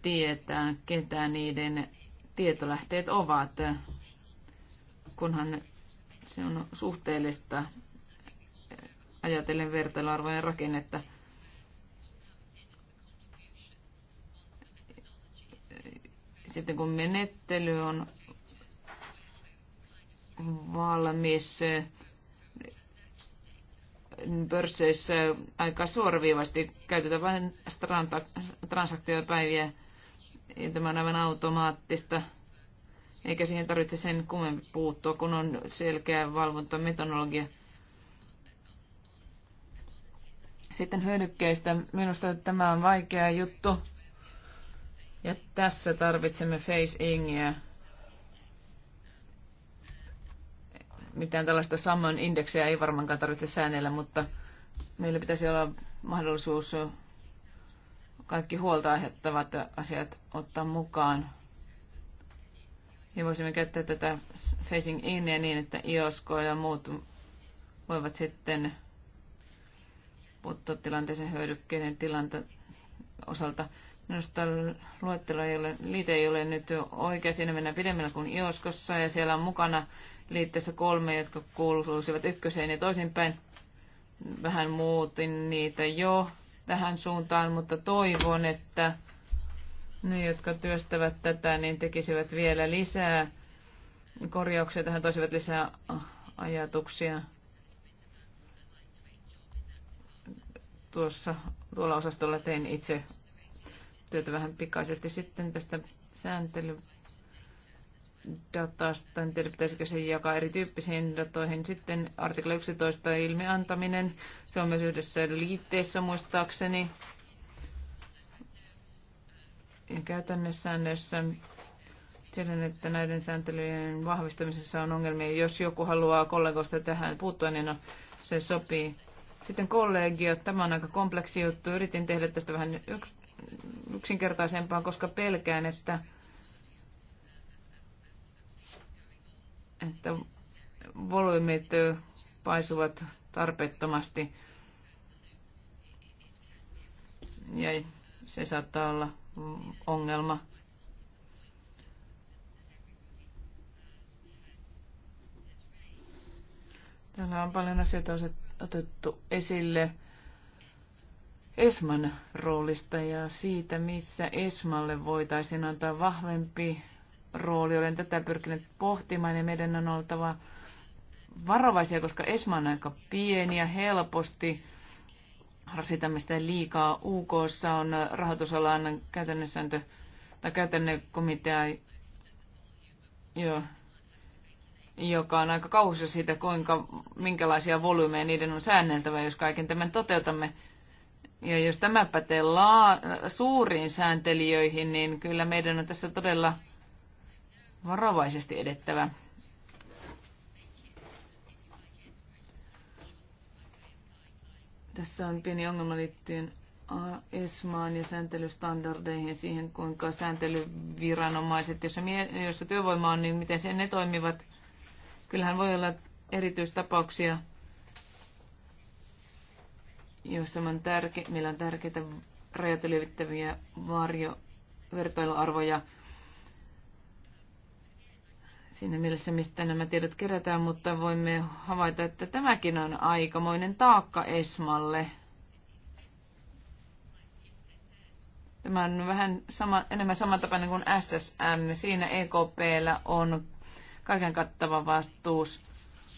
tietää, ketä niiden tietolähteet ovat, kunhan se on suhteellista ajatellen vertailuarvojen rakennetta. Sitten kun menettely on valmis, pörsseissä aika suoraviivasti käytetään vain transaktiopäiviä ja tämä on aivan automaattista. Eikä siihen tarvitse sen kummemmin puuttua, kun on selkeä valvontametodologia. Sitten hyödykkeistä. Minusta tämä on vaikea juttu. Ja tässä tarvitsemme face ingiä. Mitään tällaista saman indeksiä ei varmaankaan tarvitse säännellä, mutta meillä pitäisi olla mahdollisuus kaikki huolta aiheuttavat asiat ottaa mukaan. Ja voisimme käyttää tätä facing inia niin, että IOSKO ja muut voivat sitten puuttua tilanteeseen hyödykkeiden tilanta osalta. Minusta luettelo ei ole, liite ei ole nyt oikea. Siinä mennään pidemmällä kuin IOSKossa ja siellä on mukana liitteessä kolme, jotka kuuluisivat ykköseen ja toisinpäin. Vähän muutin niitä jo tähän suuntaan, mutta toivon, että ne, jotka työstävät tätä, niin tekisivät vielä lisää korjauksia tähän, toisivat lisää ajatuksia. tuossa, tuolla osastolla tein itse työtä vähän pikaisesti sitten tästä sääntelydatasta. En tiedä, pitäisikö se jakaa erityyppisiin datoihin. Sitten artikla 11 ilmiantaminen. Se on myös yhdessä liitteessä muistaakseni. Ja säännössä tiedän, että näiden sääntelyjen vahvistamisessa on ongelmia. Jos joku haluaa kollegoista tähän puuttua, niin no, se sopii sitten kollegiot, tämä on aika kompleksi juttu. Yritin tehdä tästä vähän yksinkertaisempaa, koska pelkään, että, että volyymit paisuvat tarpeettomasti. Ja se saattaa olla ongelma. Täällä on paljon asioita otettu esille Esman roolista ja siitä, missä Esmalle voitaisiin antaa vahvempi rooli. Olen tätä pyrkinyt pohtimaan ja meidän on oltava varovaisia, koska Esma on aika pieni ja helposti rasitamme sitä liikaa. UK on rahoitusalan käytännössääntö tai käytännön komitea, joo joka on aika kauhussa siitä, kuinka, minkälaisia volyymeja niiden on säänneltävä, jos kaiken tämän toteutamme. Ja jos tämä pätee laa, suuriin sääntelijöihin, niin kyllä meidän on tässä todella varovaisesti edettävä. Tässä on pieni ongelma liittyen ESMAan ja sääntelystandardeihin ja siihen, kuinka sääntelyviranomaiset, jossa, jossa työvoima on, niin miten ne toimivat – Kyllähän voi olla erityistapauksia, joissa on tärke, meillä on tärkeitä rajat ylittäviä varjo, vertailuarvoja siinä mielessä, mistä nämä tiedot kerätään, mutta voimme havaita, että tämäkin on aikamoinen taakka Esmalle. Tämä on vähän sama, enemmän samantapainen kuin SSM. Siinä EKPllä on kaiken kattava vastuus,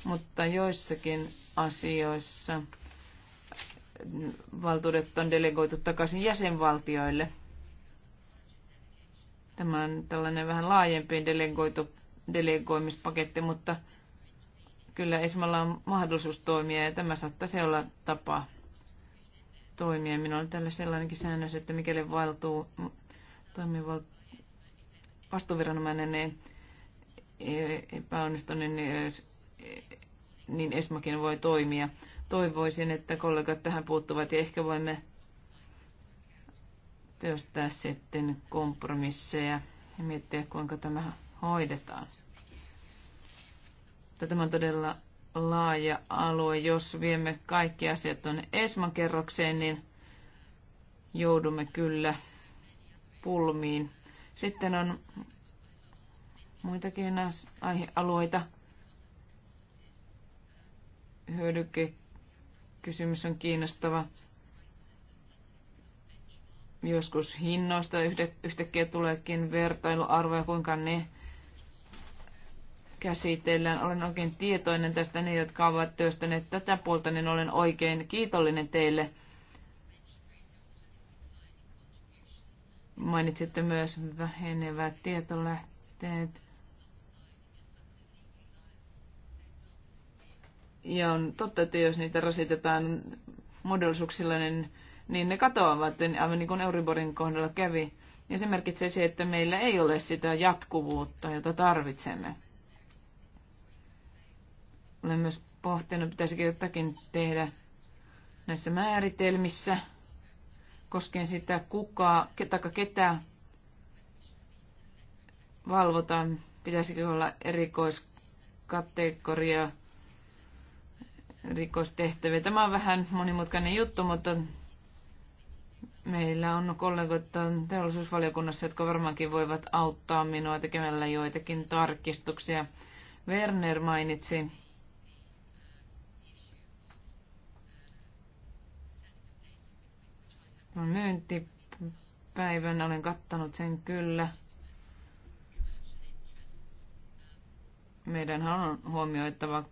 mutta joissakin asioissa valtuudet on delegoitu takaisin jäsenvaltioille. Tämä on tällainen vähän laajempi delegoitu, delegoimispaketti, mutta kyllä Esmalla on mahdollisuus toimia ja tämä saattaisi olla tapa toimia. Minulla on tällä sellainenkin säännös, että mikäli valtuu toimiva vastuuviranomainen, niin epäonnistuneen, niin, niin Esmakin voi toimia. Toivoisin, että kollegat tähän puuttuvat ja ehkä voimme työstää sitten kompromisseja ja miettiä, kuinka tämä hoidetaan. Tämä on todella laaja alue. Jos viemme kaikki asiat tuonne Esman kerrokseen, niin joudumme kyllä pulmiin. Sitten on muitakin aihealueita. Hyödykekysymys on kiinnostava. Joskus hinnoista yhtäkkiä tuleekin vertailuarvoja, kuinka ne käsitellään. Olen oikein tietoinen tästä, ne jotka ovat työstäneet tätä puolta, niin olen oikein kiitollinen teille. Mainitsitte myös vähenevät tietolähteet. Ja on totta, että jos niitä rasitetaan mahdollisuuksilla, niin, niin ne katoavat, aivan niin kuin Euriborin kohdalla kävi. Ja niin se merkitsee se, että meillä ei ole sitä jatkuvuutta, jota tarvitsemme. Olen myös pohtinut, pitäisikö jotakin tehdä näissä määritelmissä koskien sitä, kuka, ketä, ketä valvotaan, pitäisikö olla erikoiskategoria rikostehtäviä. Tämä on vähän monimutkainen juttu, mutta meillä on kollegoita teollisuusvaliokunnassa, jotka varmaankin voivat auttaa minua tekemällä joitakin tarkistuksia. Werner mainitsi myyntipäivän, olen kattanut sen kyllä. Meidän on huomioittava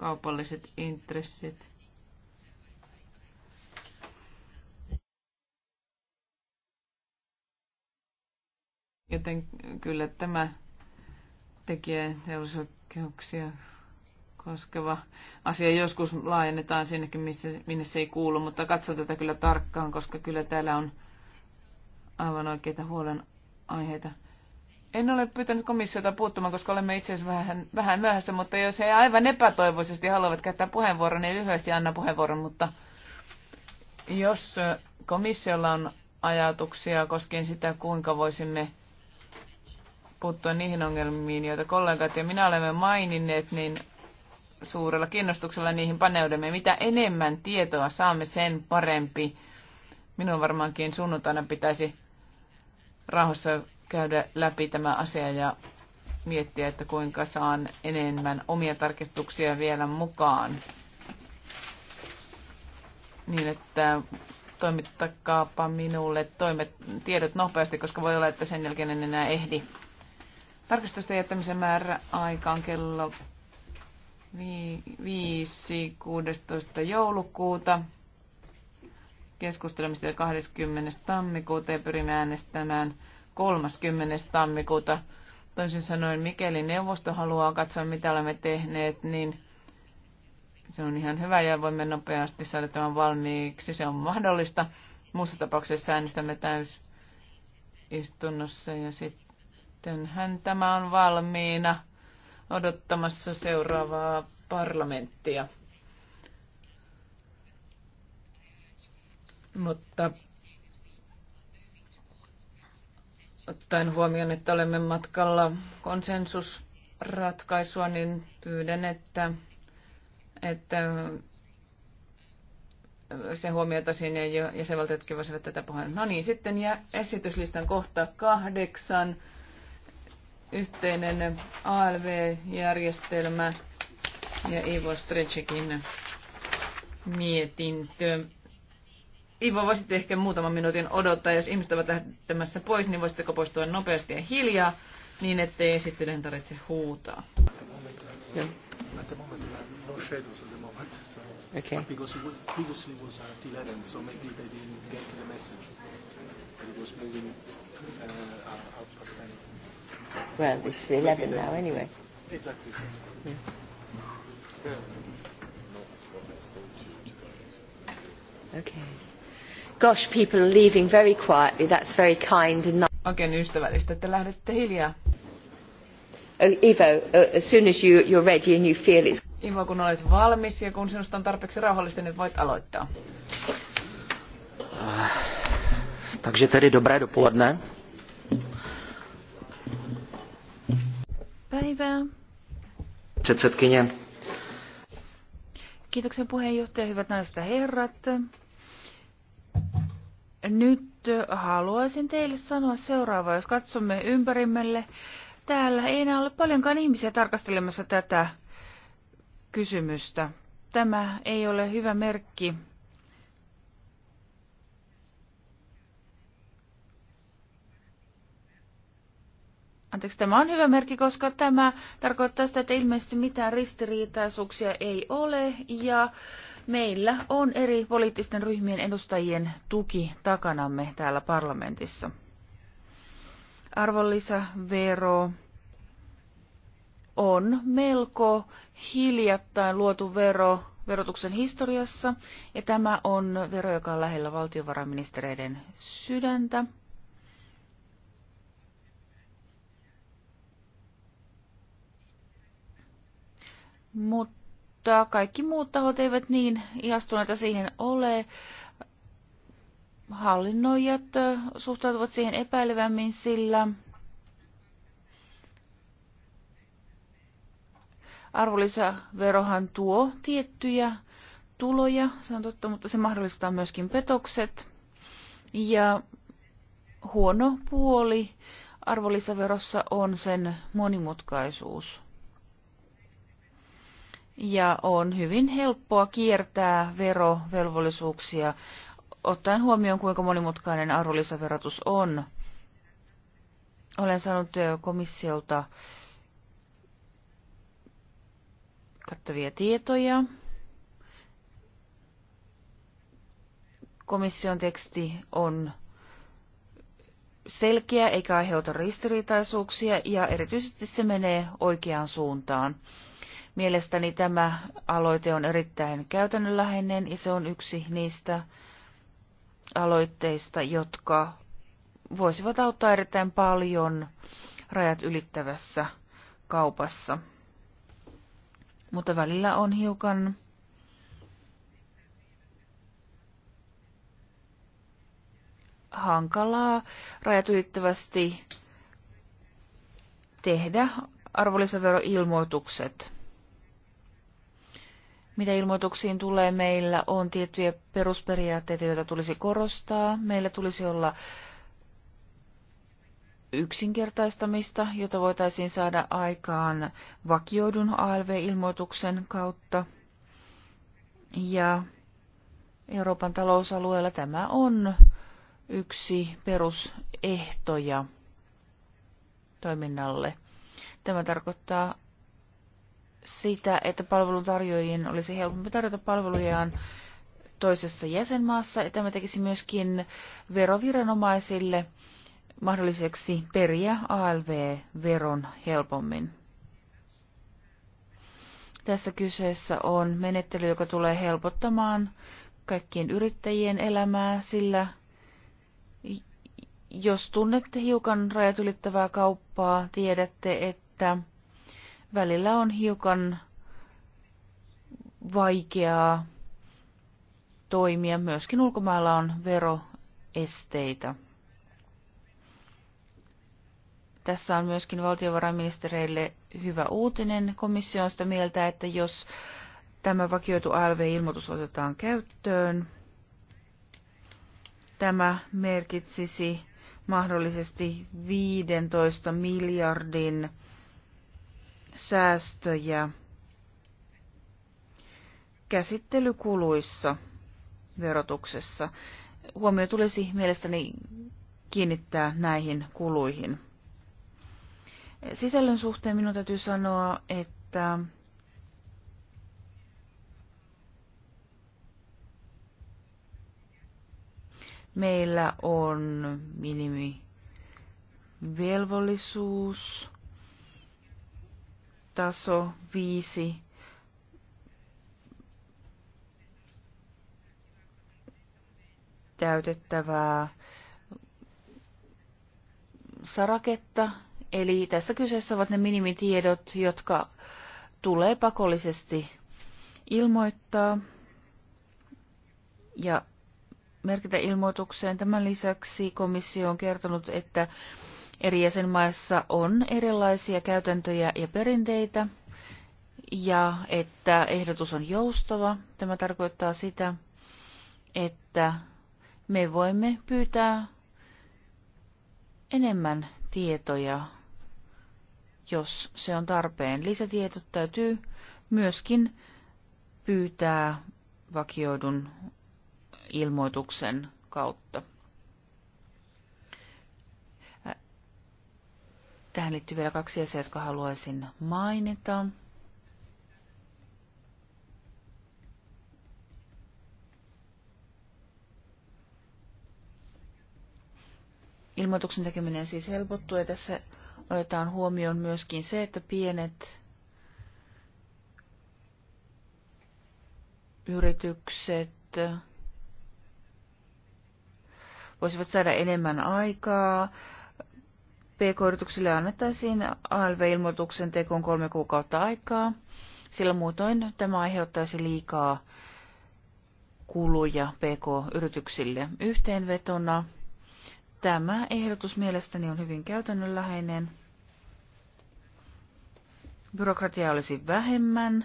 kaupalliset intressit. Joten kyllä tämä tekijä teollisuuksia koskeva asia joskus laajennetaan sinnekin, missä, minne se ei kuulu, mutta katso tätä kyllä tarkkaan, koska kyllä täällä on aivan oikeita huolenaiheita. aiheita. En ole pyytänyt komissiota puuttumaan, koska olemme itse asiassa vähän, vähän myöhässä, mutta jos he aivan epätoivoisesti haluavat käyttää puheenvuoron, niin lyhyesti anna puheenvuoron, mutta jos komissiolla on ajatuksia koskien sitä, kuinka voisimme puuttua niihin ongelmiin, joita kollegat ja minä olemme maininneet, niin suurella kiinnostuksella niihin paneudemme. Mitä enemmän tietoa saamme, sen parempi. Minun varmaankin sunnuntaina pitäisi rahoissa käydä läpi tämä asia ja miettiä, että kuinka saan enemmän omia tarkistuksia vielä mukaan. Niin, että toimittakaapa minulle toimet, tiedot nopeasti, koska voi olla, että sen jälkeen en enää ehdi. Tarkistusten jättämisen määrä aika on kello 5. 16. joulukuuta. Keskustelemista 20. tammikuuta ja pyrimme äänestämään 30. tammikuuta. Toisin sanoen, mikäli neuvosto haluaa katsoa, mitä olemme tehneet, niin se on ihan hyvä ja voimme nopeasti saada tämän valmiiksi. Se on mahdollista. Muussa tapauksessa säännistämme täysistunnossa ja sittenhän tämä on valmiina odottamassa seuraavaa parlamenttia. Mutta ottaen huomioon, että olemme matkalla konsensusratkaisua, niin pyydän, että, että se huomioitaisiin ja jäsenvaltiotkin voisivat tätä puhua. No niin, sitten ja esityslistan kohta kahdeksan. Yhteinen ALV-järjestelmä ja Ivo Strecikin mietintö. Ivo, voisitte ehkä muutaman minuutin odottaa, jos ihmiset ovat lähtemässä pois, niin voisitteko poistua nopeasti ja hiljaa, niin ettei esittelen tarvitse huutaa. No okay. Okay. Gosh, people are leaving very quietly. That's very kind and nice. Oikein ystävällistä, että lähdette hiljaa. Oh, Ivo, uh, as soon as you, you're ready and you feel it's... Ivo, kun olet valmis ja kun sinusta on tarpeeksi rauhallista, niin voit aloittaa. Ah, takže tedy dobré dopoledne. Päivää. Předsedkyně. Kiitoksen puheenjohtaja, hyvät naiset ja herrat. Nyt haluaisin teille sanoa seuraavaa. Jos katsomme ympärimmelle, täällä ei enää ole paljonkaan ihmisiä tarkastelemassa tätä kysymystä. Tämä ei ole hyvä merkki. Anteeksi, tämä on hyvä merkki, koska tämä tarkoittaa sitä, että ilmeisesti mitään ristiriitaisuuksia ei ole ja meillä on eri poliittisten ryhmien edustajien tuki takanamme täällä parlamentissa. Arvonlisävero on melko hiljattain luotu vero verotuksen historiassa, ja tämä on vero, joka on lähellä valtiovarainministereiden sydäntä. Mutta mutta kaikki muut tahot eivät niin ihastuneita siihen ole. Hallinnoijat suhtautuvat siihen epäilevämmin, sillä arvonlisäverohan tuo tiettyjä tuloja, se on totta, mutta se mahdollistaa myöskin petokset. Ja huono puoli arvonlisäverossa on sen monimutkaisuus ja on hyvin helppoa kiertää verovelvollisuuksia ottaen huomioon, kuinka monimutkainen arvonlisäverotus on. Olen saanut komissiolta kattavia tietoja. Komission teksti on selkeä eikä aiheuta ristiriitaisuuksia ja erityisesti se menee oikeaan suuntaan. Mielestäni tämä aloite on erittäin käytännönläheinen ja se on yksi niistä aloitteista, jotka voisivat auttaa erittäin paljon rajat ylittävässä kaupassa. Mutta välillä on hiukan hankalaa rajat ylittävästi tehdä arvonlisäveroilmoitukset. Mitä ilmoituksiin tulee, meillä on tiettyjä perusperiaatteita, joita tulisi korostaa. Meillä tulisi olla yksinkertaistamista, jota voitaisiin saada aikaan vakioidun ALV-ilmoituksen kautta. Ja Euroopan talousalueella tämä on yksi perusehtoja toiminnalle. Tämä tarkoittaa sitä, että palveluntarjoajien olisi helpompi tarjota palvelujaan toisessa jäsenmaassa, ja tämä tekisi myöskin veroviranomaisille mahdolliseksi periä ALV-veron helpommin. Tässä kyseessä on menettely, joka tulee helpottamaan kaikkien yrittäjien elämää, sillä jos tunnette hiukan rajat ylittävää kauppaa, tiedätte, että välillä on hiukan vaikeaa toimia. Myöskin ulkomailla on veroesteitä. Tässä on myöskin valtiovarainministereille hyvä uutinen. Komissio on sitä mieltä, että jos tämä vakioitu ALV-ilmoitus otetaan käyttöön, tämä merkitsisi mahdollisesti 15 miljardin säästöjä käsittelykuluissa verotuksessa. Huomio tulisi mielestäni kiinnittää näihin kuluihin. Sisällön suhteen minun täytyy sanoa, että meillä on minimivelvollisuus taso 5 täytettävää saraketta. Eli tässä kyseessä ovat ne minimitiedot, jotka tulee pakollisesti ilmoittaa ja merkitä ilmoitukseen. Tämän lisäksi komissio on kertonut, että Eri jäsenmaissa on erilaisia käytäntöjä ja perinteitä, ja että ehdotus on joustava. Tämä tarkoittaa sitä, että me voimme pyytää enemmän tietoja, jos se on tarpeen. Lisätietot täytyy myöskin pyytää vakioidun ilmoituksen kautta. Tähän liittyy vielä kaksi asiaa, jotka haluaisin mainita. Ilmoituksen tekeminen siis helpottuu ja tässä otetaan huomioon myöskin se, että pienet yritykset voisivat saada enemmän aikaa PK-yrityksille annettaisiin ALV-ilmoituksen tekoon kolme kuukautta aikaa, sillä muutoin tämä aiheuttaisi liikaa kuluja PK-yrityksille. Yhteenvetona tämä ehdotus mielestäni on hyvin käytännönläheinen. Byrokratia olisi vähemmän,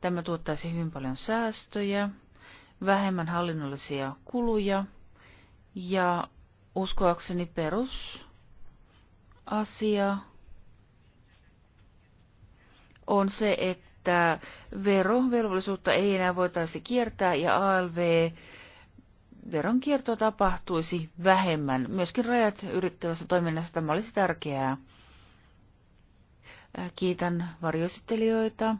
tämä tuottaisi hyvin paljon säästöjä, vähemmän hallinnollisia kuluja ja uskoakseni perus asia on se, että verovelvollisuutta ei enää voitaisi kiertää ja ALV veronkierto tapahtuisi vähemmän. Myöskin rajat yrittävässä toiminnassa tämä olisi tärkeää. Äh, kiitän varjoesittelijöitä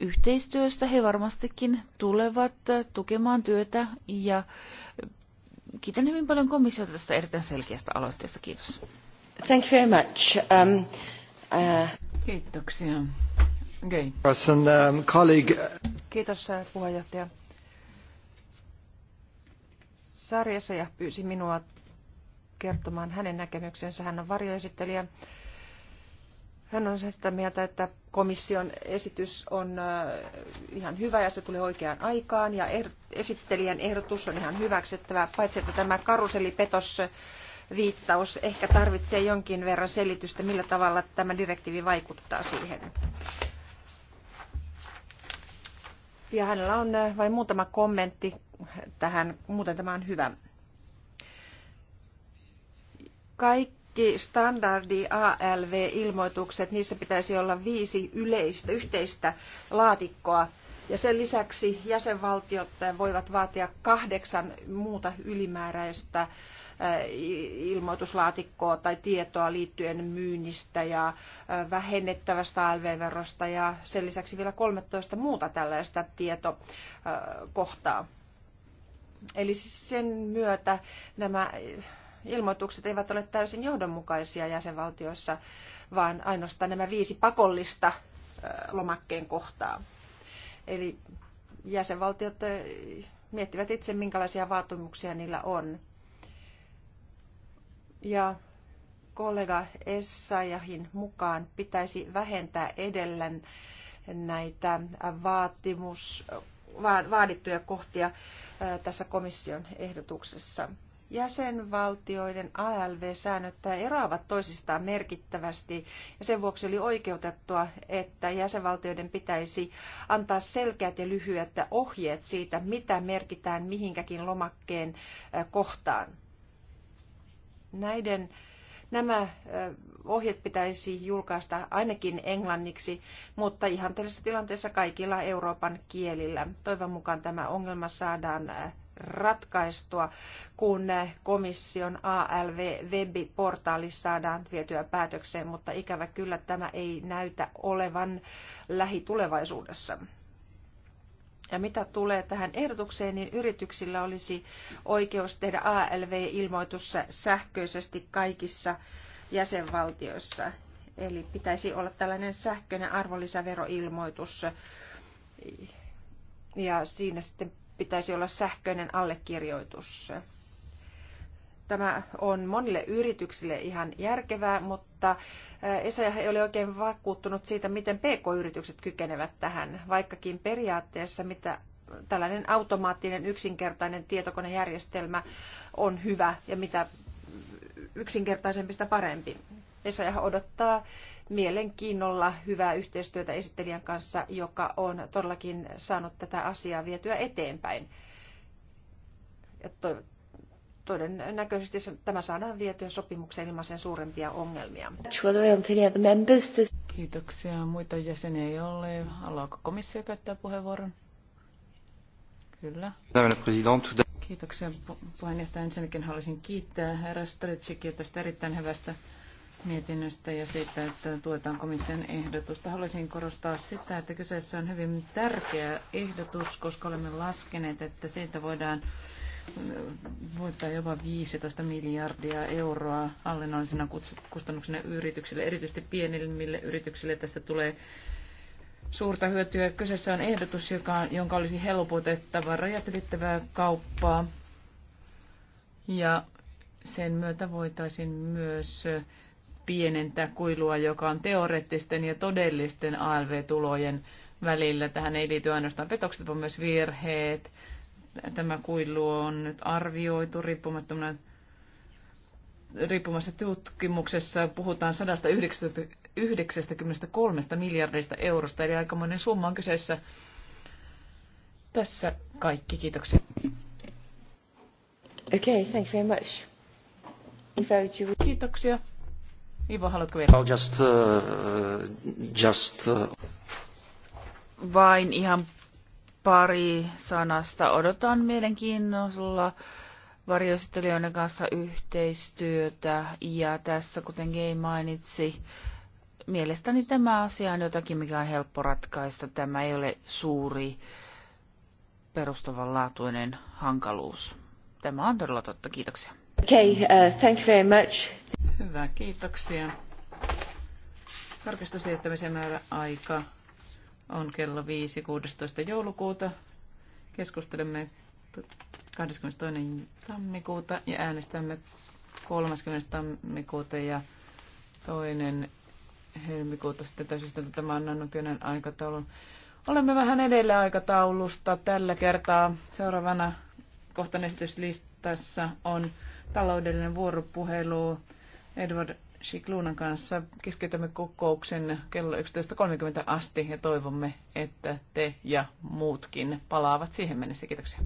yhteistyöstä. He varmastikin tulevat tukemaan työtä ja kiitän hyvin paljon komissiota tästä erittäin selkeästä aloitteesta. Kiitos. Thank you very much. Um, uh... Kiitoksia. Okay. Um, Kiitos äh, puheenjohtaja. Sarjassa ja pyysi minua kertomaan hänen näkemyksensä. Hän on varjoesittelijä hän on sitä mieltä, että komission esitys on ihan hyvä ja se tulee oikeaan aikaan ja er-, esittelijän ehdotus on ihan hyväksyttävä, paitsi että tämä karusellipetos viittaus ehkä tarvitsee jonkin verran selitystä, millä tavalla tämä direktiivi vaikuttaa siihen. Ja hänellä on vain muutama kommentti tähän, muuten tämä on hyvä. Kaikki kaikki standardi ALV-ilmoitukset, niissä pitäisi olla viisi yleistä, yhteistä laatikkoa. Ja sen lisäksi jäsenvaltiot voivat vaatia kahdeksan muuta ylimääräistä ilmoituslaatikkoa tai tietoa liittyen myynnistä ja vähennettävästä ALV-verosta ja sen lisäksi vielä 13 muuta tällaista tietokohtaa. Eli sen myötä nämä ilmoitukset eivät ole täysin johdonmukaisia jäsenvaltioissa, vaan ainoastaan nämä viisi pakollista lomakkeen kohtaa. Eli jäsenvaltiot miettivät itse, minkälaisia vaatimuksia niillä on. Ja kollega Essayahin mukaan pitäisi vähentää edellen näitä vaatimus, vaadittuja kohtia tässä komission ehdotuksessa jäsenvaltioiden ALV-säännöt eroavat toisistaan merkittävästi ja sen vuoksi oli oikeutettua, että jäsenvaltioiden pitäisi antaa selkeät ja lyhyet ohjeet siitä, mitä merkitään mihinkäkin lomakkeen kohtaan. Näiden Nämä ohjeet pitäisi julkaista ainakin englanniksi, mutta ihanteellisessa tilanteessa kaikilla Euroopan kielillä. Toivon mukaan tämä ongelma saadaan ratkaistua, kun komission ALV-webiportaali saadaan vietyä päätökseen, mutta ikävä kyllä tämä ei näytä olevan lähitulevaisuudessa. Ja mitä tulee tähän ehdotukseen, niin yrityksillä olisi oikeus tehdä ALV-ilmoitus sähköisesti kaikissa jäsenvaltioissa. Eli pitäisi olla tällainen sähköinen arvonlisäveroilmoitus. Ja siinä sitten pitäisi olla sähköinen allekirjoitus. Tämä on monille yrityksille ihan järkevää, mutta eh, Esa ei ole oikein vakuuttunut siitä, miten PK-yritykset kykenevät tähän, vaikkakin periaatteessa mitä tällainen automaattinen yksinkertainen tietokonejärjestelmä on hyvä ja mitä yksinkertaisempi sitä parempi. Esaja odottaa mielenkiinnolla hyvää yhteistyötä esittelijän kanssa, joka on todellakin saanut tätä asiaa vietyä eteenpäin. Ja to, todennäköisesti tämä saadaan vietyä sopimukseen ilman sen suurempia ongelmia. Kiitoksia. Muita jäseniä ei ole. Haluaako komissio käyttää puheenvuoron? Kyllä. Kiitoksia puheenjohtaja. Ensinnäkin haluaisin kiittää herra Strecikia tästä erittäin hyvästä mietinnöstä ja siitä, että tuetaan komission ehdotusta. Haluaisin korostaa sitä, että kyseessä on hyvin tärkeä ehdotus, koska olemme laskeneet, että siitä voidaan voittaa jopa 15 miljardia euroa hallinnollisena kustannuksena yrityksille, erityisesti pienimmille yrityksille. Tästä tulee suurta hyötyä. Kyseessä on ehdotus, joka, jonka olisi helpotettava rajat ylittävää kauppaa ja sen myötä voitaisiin myös pienentää kuilua, joka on teoreettisten ja todellisten ALV-tulojen välillä. Tähän ei liity ainoastaan petokset, vaan myös virheet. Tämä kuilu on nyt arvioitu riippumattomana riippumassa tutkimuksessa puhutaan 193 miljardista eurosta, eli aikamoinen summa on kyseessä. Tässä kaikki, kiitoksia. Okay, thank you very much. Kiitoksia. Ivo, haluatko vielä? I'll just, uh, uh, just, uh... Vain ihan pari sanasta. Odotan mielenkiinnolla varjoesittelijöiden kanssa yhteistyötä. Ja tässä, kuten Gei mainitsi, mielestäni tämä asia on jotakin, mikä on helppo ratkaista. Tämä ei ole suuri perustavanlaatuinen hankaluus. Tämä on todella totta. Kiitoksia. Okay, uh, thank you very much. Hyvä, kiitoksia. siirtämisen määrä aika on kello 5.16. joulukuuta. Keskustelemme 22. tammikuuta ja äänestämme 30. tammikuuta ja toinen helmikuuta sitten täysistunto. Tämä annan aikataulun. Olemme vähän edellä aikataulusta tällä kertaa. Seuraavana kohtan esityslistassa on taloudellinen vuoropuhelu Edward Shikluunan kanssa keskeytämme kokouksen kello 11.30 asti ja toivomme, että te ja muutkin palaavat siihen mennessä. Kiitoksia.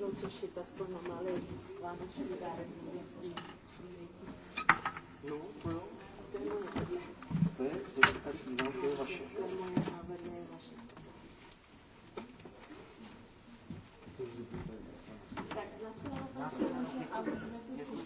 žolčešita aspoň na malé vánoční dárek. No, to jo. To je moje. To je, to je tak dívám, no, to je vaše. To je moje návrh, je vaše. Tak, na slovo, aby jsme si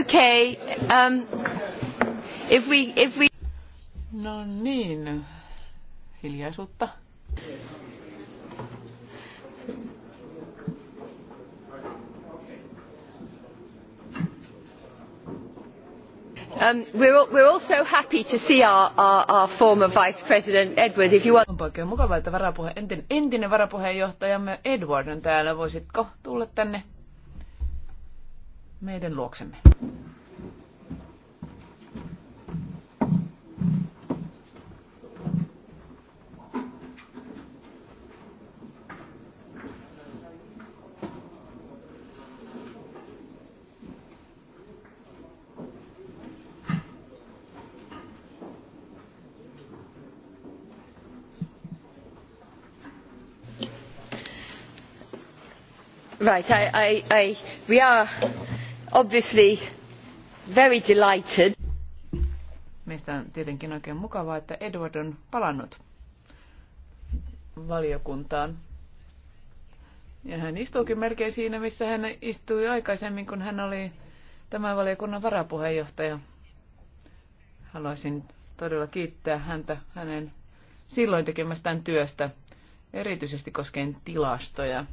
Okay. Um, if we, if we... No niin, hiljaisuutta. Um, we're, we're also happy to see our, our, our former vice president edward if you want. onpa oikein mukavaa että varapuhe, entinen, entinen varapuheenjohtajamme edward on täällä voisitko tulla tänne meidän luoksemme. right I, I, I, we are obviously very delighted. Meistä on tietenkin oikein mukavaa, että Edward on palannut valiokuntaan. Ja hän istuukin melkein siinä, missä hän istui aikaisemmin, kun hän oli tämän valiokunnan varapuheenjohtaja. Haluaisin todella kiittää häntä hänen silloin tekemästään työstä, erityisesti koskien tilastoja.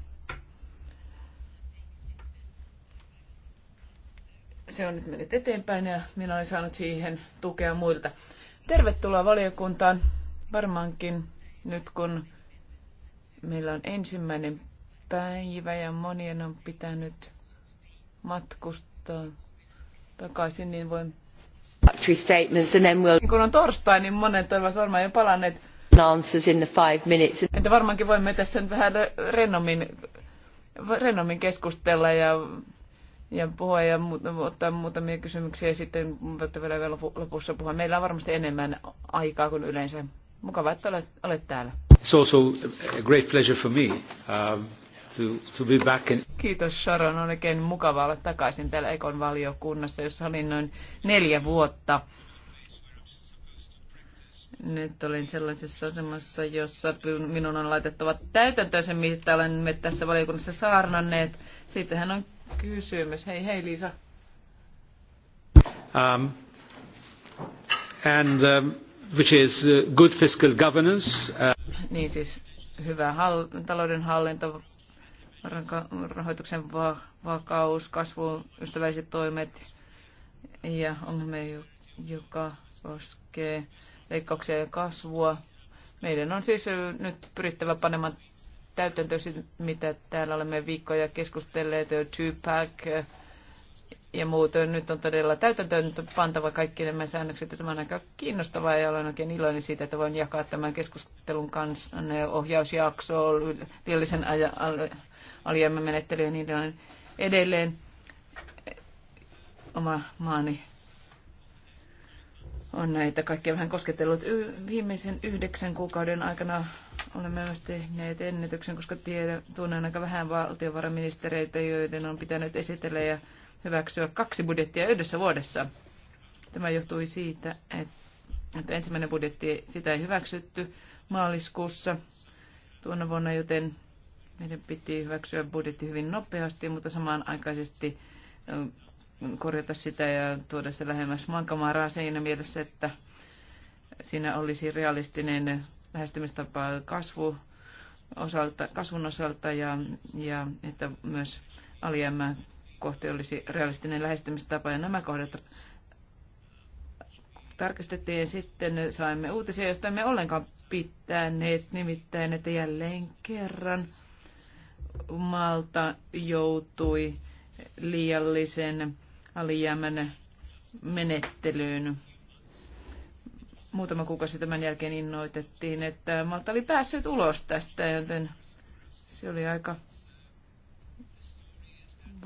Se on nyt mennyt eteenpäin ja minä olen saanut siihen tukea muilta. Tervetuloa valiokuntaan. Varmaankin nyt kun meillä on ensimmäinen päivä ja monien on pitänyt matkustaa takaisin, niin voin statements and then we'll... Niin kun on torstai, niin monet ovat varmaan jo palanneet. Answers in the five minutes. Entä varmaankin voimme tässä nyt vähän rennommin, rennommin keskustella ja ja puhua ja ottaa muutamia kysymyksiä ja sitten voitte vielä lopussa puhua. Meillä on varmasti enemmän aikaa kuin yleensä. Mukava, että olet, olet täällä. It's also a great pleasure for me um, to, to be back in... Kiitos Sharon, on oikein mukava olla takaisin täällä Ekon valiokunnassa, jossa olin noin neljä vuotta. Nyt olin sellaisessa asemassa, jossa minun on laitettava täytäntöön se, mistä olemme tässä valiokunnassa saarnanneet. Siitähän on kysymys. Hei, hei Liisa. Um, and, um, which is uh, good fiscal governance. Uh... Niin siis hyvä hall- talouden hallinta, rahoituksen va- vakaus, kasvu, ystävälliset toimet ja ongelmia, joka koskee leikkauksia ja kasvua. Meidän on siis nyt pyrittävä panemaan täytäntöön, mitä täällä olemme viikkoja keskustelleet, Tupac ja muut. Nyt on todella täytäntöön pantava kaikki nämä säännökset, tämä on aika kiinnostavaa, ja olen oikein iloinen siitä, että voin jakaa tämän keskustelun kanssa ohjausjakso, liiallisen alijäämämenettely ja niin Edelleen oma maani on näitä kaikkia vähän kosketellut. viimeisen yhdeksän kuukauden aikana olemme myös tehneet ennätyksen, koska tiedä, tunnen aika vähän valtiovarainministereitä, joiden on pitänyt esitellä ja hyväksyä kaksi budjettia yhdessä vuodessa. Tämä johtui siitä, että ensimmäinen budjetti sitä ei hyväksytty maaliskuussa tuona vuonna, joten meidän piti hyväksyä budjetti hyvin nopeasti, mutta samanaikaisesti korjata sitä ja tuoda se lähemmäs maankamaraa siinä mielessä, että siinä olisi realistinen lähestymistapa kasvu osalta, kasvun osalta ja, ja että myös alijäämä kohti olisi realistinen lähestymistapa ja nämä kohdat tarkistettiin ja sitten saimme uutisia, joista emme ollenkaan pitäneet, nimittäin, että jälleen kerran Malta joutui liiallisen alijäämän menettelyyn. Muutama kuukausi tämän jälkeen innoitettiin, että Malta oli päässyt ulos tästä, joten se oli aika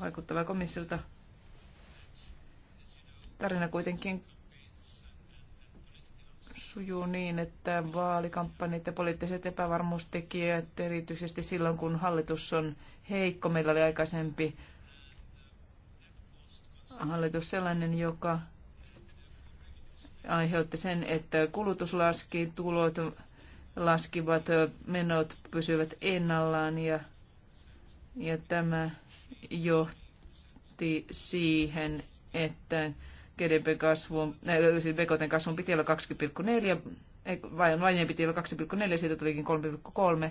vaikuttava komissilta. Tarina kuitenkin sujuu niin, että vaalikampanjat ja poliittiset epävarmuustekijät, erityisesti silloin kun hallitus on heikko, meillä oli aikaisempi hallitus sellainen, joka aiheutti sen, että kulutus laski, tulot laskivat, menot pysyvät ennallaan ja, ja tämä johti siihen, että GDP-kasvun, äh, siis BKTn kasvun piti olla 2,4, vai vajeen piti olla 2,4, siitä tulikin 3,3.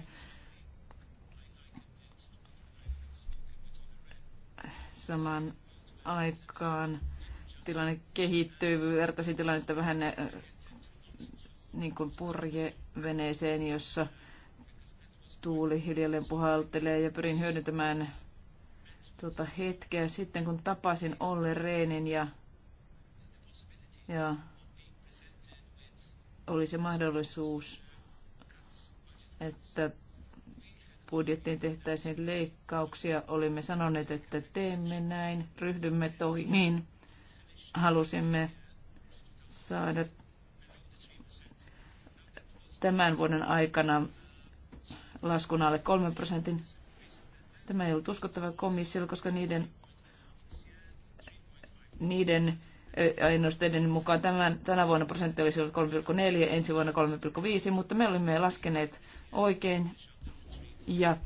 Saman aikaan tilanne kehittyy, vertaisin tilannetta vähän eh, niin kuin purjeveneeseen, jossa tuuli hiljalleen puhaltelee ja pyrin hyödyntämään tuota hetkeä sitten, kun tapasin Olle Reenin ja, ja oli se mahdollisuus, että budjettiin tehtäisiin leikkauksia. Olimme sanoneet, että teemme näin, ryhdymme toimiin. Halusimme saada tämän vuoden aikana laskun alle 3 prosentin. Tämä ei ollut uskottava komissio, koska niiden, niiden ennusteiden mukaan tämän, tänä vuonna prosentti olisi ollut 3,4, ensi vuonna 3,5, mutta me olimme laskeneet oikein ja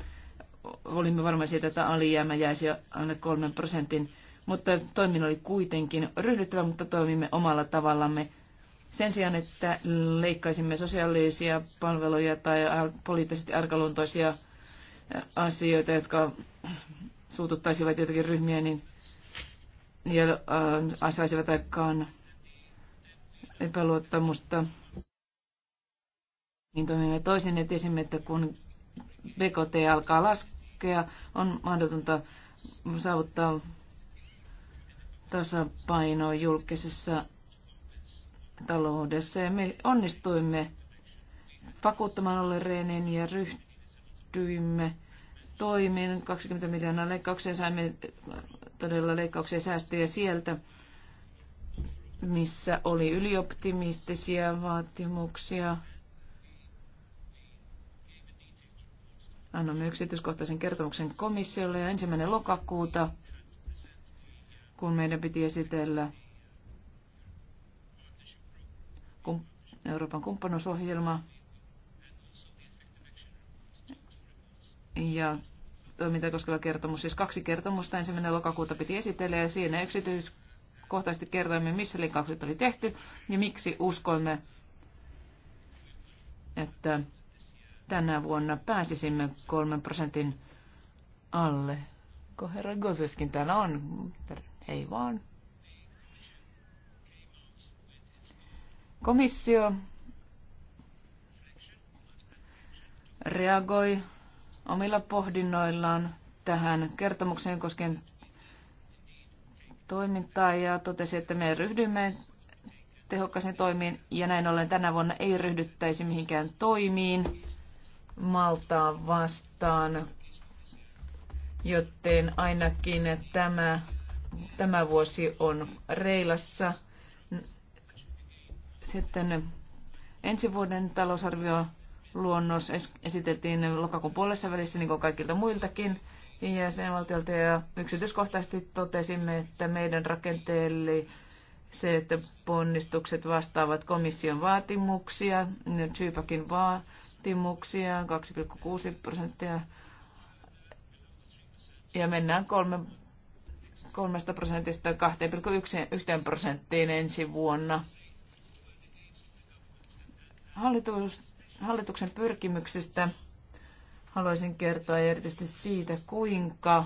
olimme varmaan siitä, että alijäämä jäisi alle kolmen prosentin, mutta toimin oli kuitenkin ryhdyttävä, mutta toimimme omalla tavallamme. Sen sijaan, että leikkaisimme sosiaalisia palveluja tai poliittisesti arkaluontoisia äh, asioita, jotka suututtaisivat jotakin ryhmiä, niin ja äh, asiaisivat aikaan epäluottamusta. Niin toimimme toisin, että esimerkiksi, että kun BKT alkaa laskea, on mahdotonta saavuttaa tasapainoa julkisessa taloudessa. Ja me onnistuimme vakuuttamaan Olle Reenin ja ryhtyimme toimiin 20 miljoonaa leikkauksia. Saimme todella leikkauksia säästöjä sieltä, missä oli ylioptimistisia vaatimuksia. Annamme yksityiskohtaisen kertomuksen komissiolle ja ensimmäinen lokakuuta, kun meidän piti esitellä Euroopan kumppanuusohjelma ja toimintaa koskeva kertomus, siis kaksi kertomusta ensimmäinen lokakuuta piti esitellä ja siinä yksityiskohtaisesti kerroimme, missä linkaukset oli tehty ja miksi uskoimme, että tänä vuonna pääsisimme kolmen prosentin alle. Koherra, herra Goseskin täällä on, hei vaan. Komissio reagoi omilla pohdinnoillaan tähän kertomukseen koskien toimintaa ja totesi, että me ryhdymme tehokkaisiin toimiin ja näin ollen tänä vuonna ei ryhdyttäisi mihinkään toimiin. Maltaa vastaan, joten ainakin tämä, tämä vuosi on reilassa. Sitten ensi vuoden talousarvio luonnos esiteltiin lokakuun puolessa välissä niin kuin kaikilta muiltakin jäsenvaltiolta ja yksityiskohtaisesti totesimme, että meidän rakenteelle se, että ponnistukset vastaavat komission vaatimuksia, Tyypäkin vaan vaatimuksia, 2,6 prosenttia. Ja mennään kolme, kolmesta prosentista 2,1 prosenttiin ensi vuonna. Hallitus, hallituksen pyrkimyksistä haluaisin kertoa erityisesti siitä, kuinka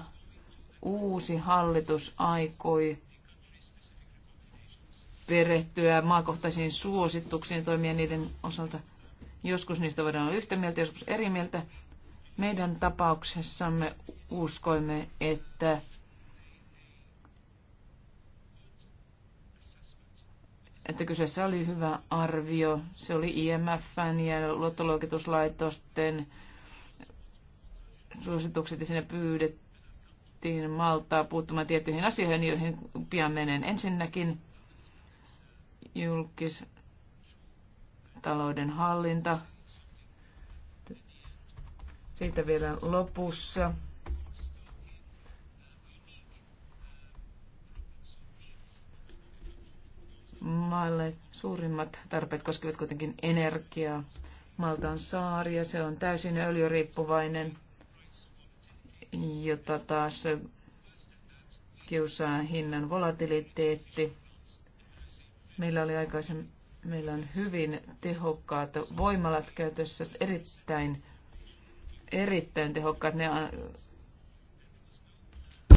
uusi hallitus aikoi perehtyä maakohtaisiin suosituksiin toimia niiden osalta Joskus niistä voidaan olla yhtä mieltä, joskus eri mieltä. Meidän tapauksessamme uskoimme, että että kyseessä oli hyvä arvio. Se oli IMFn ja luottoluokituslaitosten suositukset ja siinä pyydettiin maltaa puuttumaan tiettyihin asioihin, joihin pian menen. Ensinnäkin julkis talouden hallinta. Siitä vielä lopussa. Maalle suurimmat tarpeet koskevat kuitenkin energiaa. Malta on saari ja se on täysin öljyriippuvainen, jota taas kiusaa hinnan volatiliteetti. Meillä oli aikaisemmin Meillä on hyvin tehokkaat voimalat käytössä, erittäin, erittäin tehokkaat. Ne äh,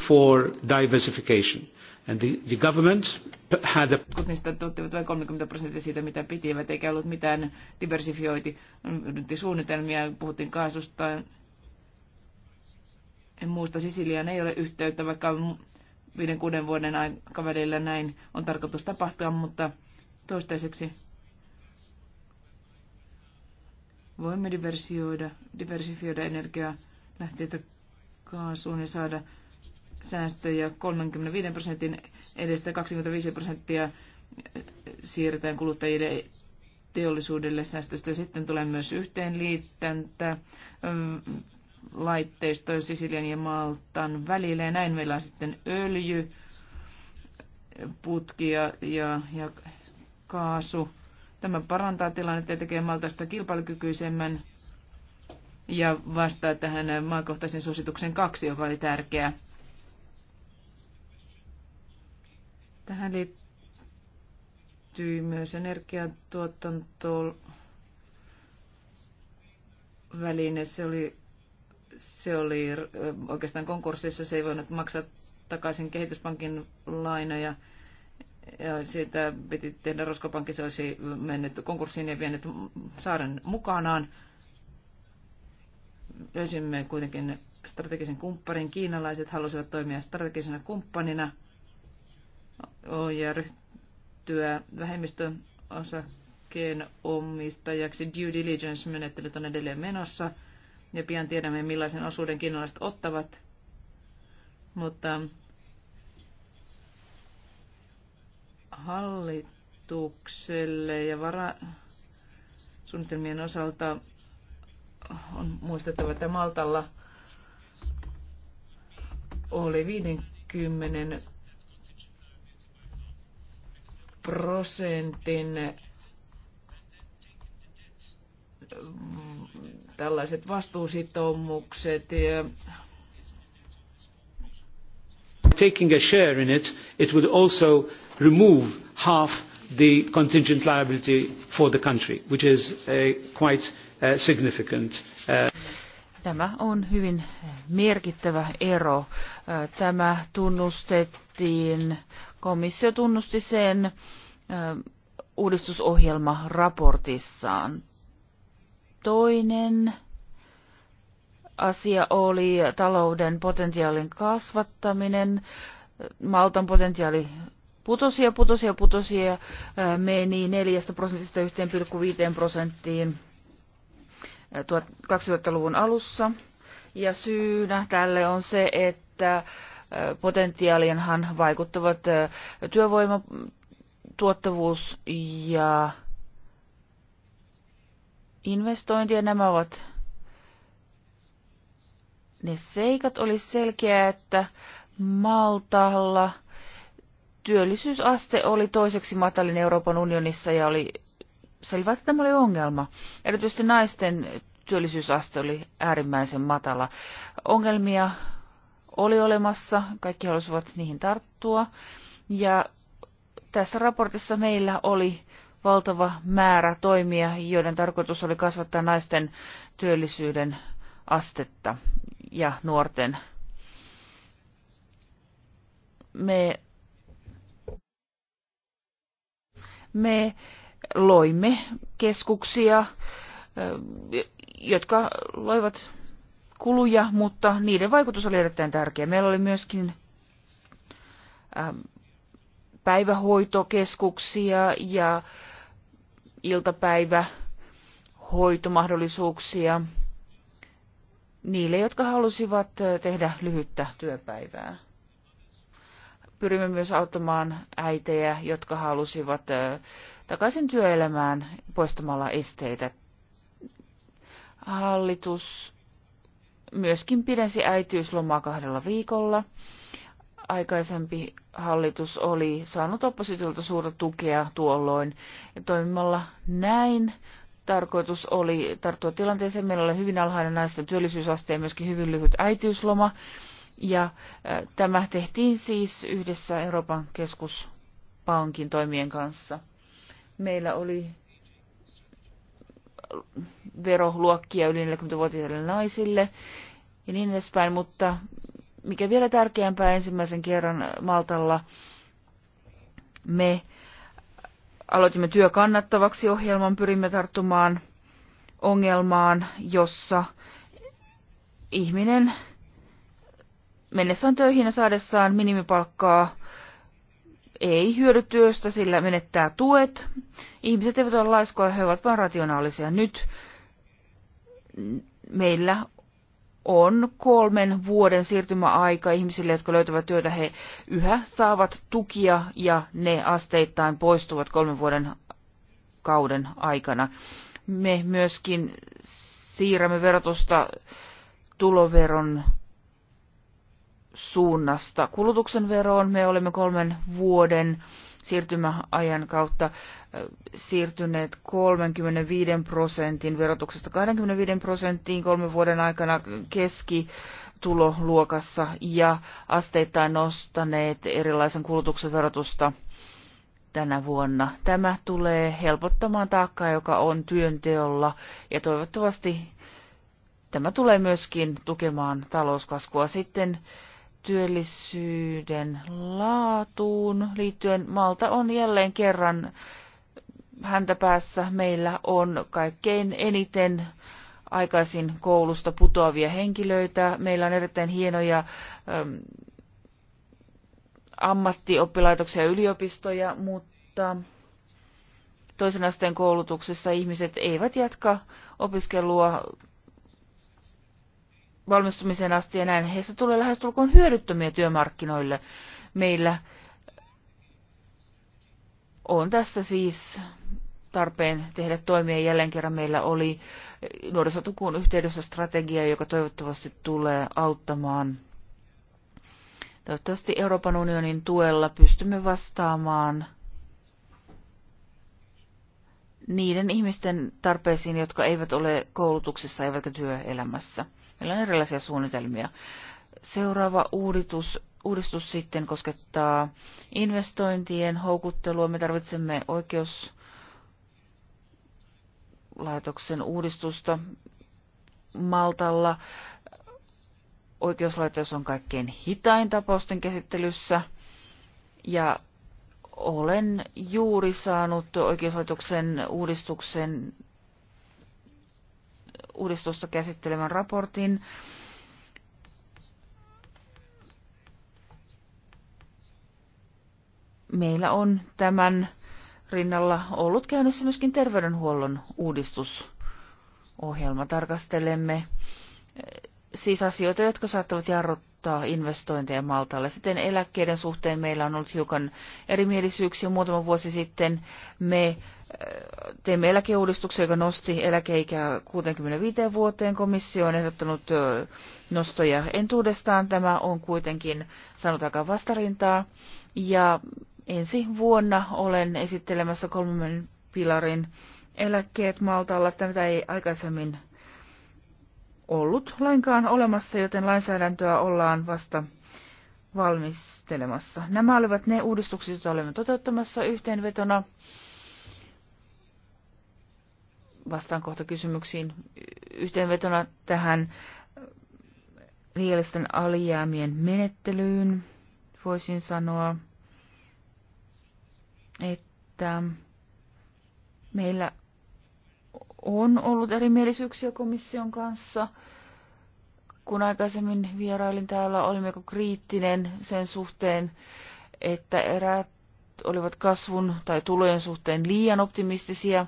for diversification. And the, the government had a... Kutnista tuottivat vain 30 prosenttia siitä, mitä pitivät, eikä ollut mitään suunnitelmia, puhuttiin kaasusta. En muusta Sisiliaan ei ole yhteyttä, vaikka 5-6 vuoden aikavälillä näin on tarkoitus tapahtua, mutta Toistaiseksi voimme diversifioida, diversifioida energiaa lähteitä kaasuun ja saada säästöjä 35 prosentin edestä 25 prosenttia siirretään kuluttajille teollisuudelle säästöstä. Sitten tulee myös yhteenliittäntä mm, laitteistoja Sisilian ja Maltan välillä. Ja näin meillä on sitten öljy, putkia ja, ja kaasu. Tämä parantaa tilannetta ja tekee Maltasta kilpailukykyisemmän ja vastaa tähän maakohtaisen suosituksen kaksi, joka oli tärkeä. Tähän liittyy myös energiatuotantoon väline. Se oli, se oli oikeastaan konkurssissa, se ei voinut maksaa takaisin kehityspankin lainoja ja siitä piti tehdä Roskopankki, se olisi mennyt konkurssiin ja vienyt saaren mukanaan. Löysimme kuitenkin strategisen kumppanin. Kiinalaiset halusivat toimia strategisena kumppanina ja ryhtyä vähemmistöosakkeen omistajaksi. Due diligence-menettelyt on edelleen menossa ja pian tiedämme millaisen osuuden kiinalaiset ottavat. Mutta hallitukselle ja varasuunnitelmien osalta on muistettava, että Maltalla oli 50 prosentin tällaiset vastuusitoumukset ja taking a share in it, it would also remove half the contingent liability for the country, which is a uh, quite uh, significant. Uh, Tämä on hyvin merkittävä ero. Uh, tämä tunnustettiin, komissio tunnusti sen uh, uudistusohjelma raportissaan. Toinen asia oli talouden potentiaalin kasvattaminen. Maltan potentiaali putosi ja putosi ja putosi ja meni 4 prosentista 1,5 prosenttiin 2000-luvun alussa. Ja syynä tälle on se, että potentiaalienhan vaikuttavat työvoimatuottavuus ja investointi, ja nämä ovat ne seikat. Olisi selkeää, että Maltalla – työllisyysaste oli toiseksi matalin Euroopan unionissa ja oli selvä, että tämä oli ongelma. Erityisesti naisten työllisyysaste oli äärimmäisen matala. Ongelmia oli olemassa, kaikki halusivat niihin tarttua. Ja tässä raportissa meillä oli valtava määrä toimia, joiden tarkoitus oli kasvattaa naisten työllisyyden astetta ja nuorten. Me me loimme keskuksia, jotka loivat kuluja, mutta niiden vaikutus oli erittäin tärkeä. Meillä oli myöskin ähm, päivähoitokeskuksia ja iltapäivähoitomahdollisuuksia niille, jotka halusivat tehdä lyhyttä työpäivää. Pyrimme myös auttamaan äitejä, jotka halusivat takaisin työelämään poistamalla esteitä. Hallitus myöskin pidensi äitiyslomaa kahdella viikolla. Aikaisempi hallitus oli saanut oppositiolta suurta tukea tuolloin. Ja toimimalla näin tarkoitus oli tarttua tilanteeseen. Meillä oli hyvin alhainen naisten työllisyysaste ja myöskin hyvin lyhyt äitiysloma. Ja äh, tämä tehtiin siis yhdessä Euroopan keskuspankin toimien kanssa. Meillä oli veroluokkia yli 40-vuotiaille naisille ja niin edespäin, mutta mikä vielä tärkeämpää ensimmäisen kerran Maltalla, me aloitimme työ kannattavaksi ohjelman, pyrimme tarttumaan ongelmaan, jossa ihminen mennessään töihin ja saadessaan minimipalkkaa ei hyödy työstä, sillä menettää tuet. Ihmiset eivät ole laiskoja, he ovat vain rationaalisia. Nyt meillä on kolmen vuoden siirtymäaika ihmisille, jotka löytävät työtä. He yhä saavat tukia ja ne asteittain poistuvat kolmen vuoden kauden aikana. Me myöskin siirrämme verotusta tuloveron suunnasta. Kulutuksen veroon me olemme kolmen vuoden siirtymäajan kautta siirtyneet 35 prosentin verotuksesta 25 prosenttiin kolmen vuoden aikana keski tuloluokassa ja asteittain nostaneet erilaisen kulutuksen verotusta tänä vuonna. Tämä tulee helpottamaan taakkaa, joka on työnteolla ja toivottavasti tämä tulee myöskin tukemaan talouskasvua. Sitten työllisyyden laatuun liittyen Malta on jälleen kerran häntä päässä. Meillä on kaikkein eniten aikaisin koulusta putoavia henkilöitä. Meillä on erittäin hienoja äm, ammattioppilaitoksia ja yliopistoja, mutta toisen asteen koulutuksessa ihmiset eivät jatka opiskelua valmistumiseen asti ja näin heistä tulee lähestulkoon hyödyttömiä työmarkkinoille. Meillä on tässä siis tarpeen tehdä toimia. Jälleen kerran meillä oli nuorisotukuun yhteydessä strategia, joka toivottavasti tulee auttamaan. Toivottavasti Euroopan unionin tuella pystymme vastaamaan niiden ihmisten tarpeisiin, jotka eivät ole koulutuksessa eivätkä työelämässä. Meillä on erilaisia suunnitelmia. Seuraava uudistus, uudistus sitten koskettaa investointien houkuttelua. Me tarvitsemme oikeuslaitoksen uudistusta Maltalla. Oikeuslaitos on kaikkein hitain tapausten käsittelyssä ja olen juuri saanut oikeuslaitoksen uudistuksen uudistusta käsittelevän raportin. Meillä on tämän rinnalla ollut käynnissä myöskin terveydenhuollon uudistusohjelma. Tarkastelemme eh, siis asioita, jotka saattavat jarruttaa ottaa investointeja Maltalle. Sitten eläkkeiden suhteen meillä on ollut hiukan erimielisyyksiä. Muutama vuosi sitten me äh, teimme eläkeuudistuksen, joka nosti eläkeikää 65 vuoteen. Komissio on ehdottanut äh, nostoja entuudestaan. Tämä on kuitenkin sanotaankaan vastarintaa. Ja ensi vuonna olen esittelemässä kolmen pilarin eläkkeet Maltalla. tämä ei aikaisemmin ollut lainkaan olemassa, joten lainsäädäntöä ollaan vasta valmistelemassa. Nämä olivat ne uudistukset, joita olemme toteuttamassa yhteenvetona. Vastaan kohta kysymyksiin. Yhteenvetona tähän liiallisten alijäämien menettelyyn voisin sanoa, että meillä on ollut erimielisyyksiä komission kanssa. Kun aikaisemmin vierailin täällä, olimme kriittinen sen suhteen, että eräät olivat kasvun tai tulojen suhteen liian optimistisia.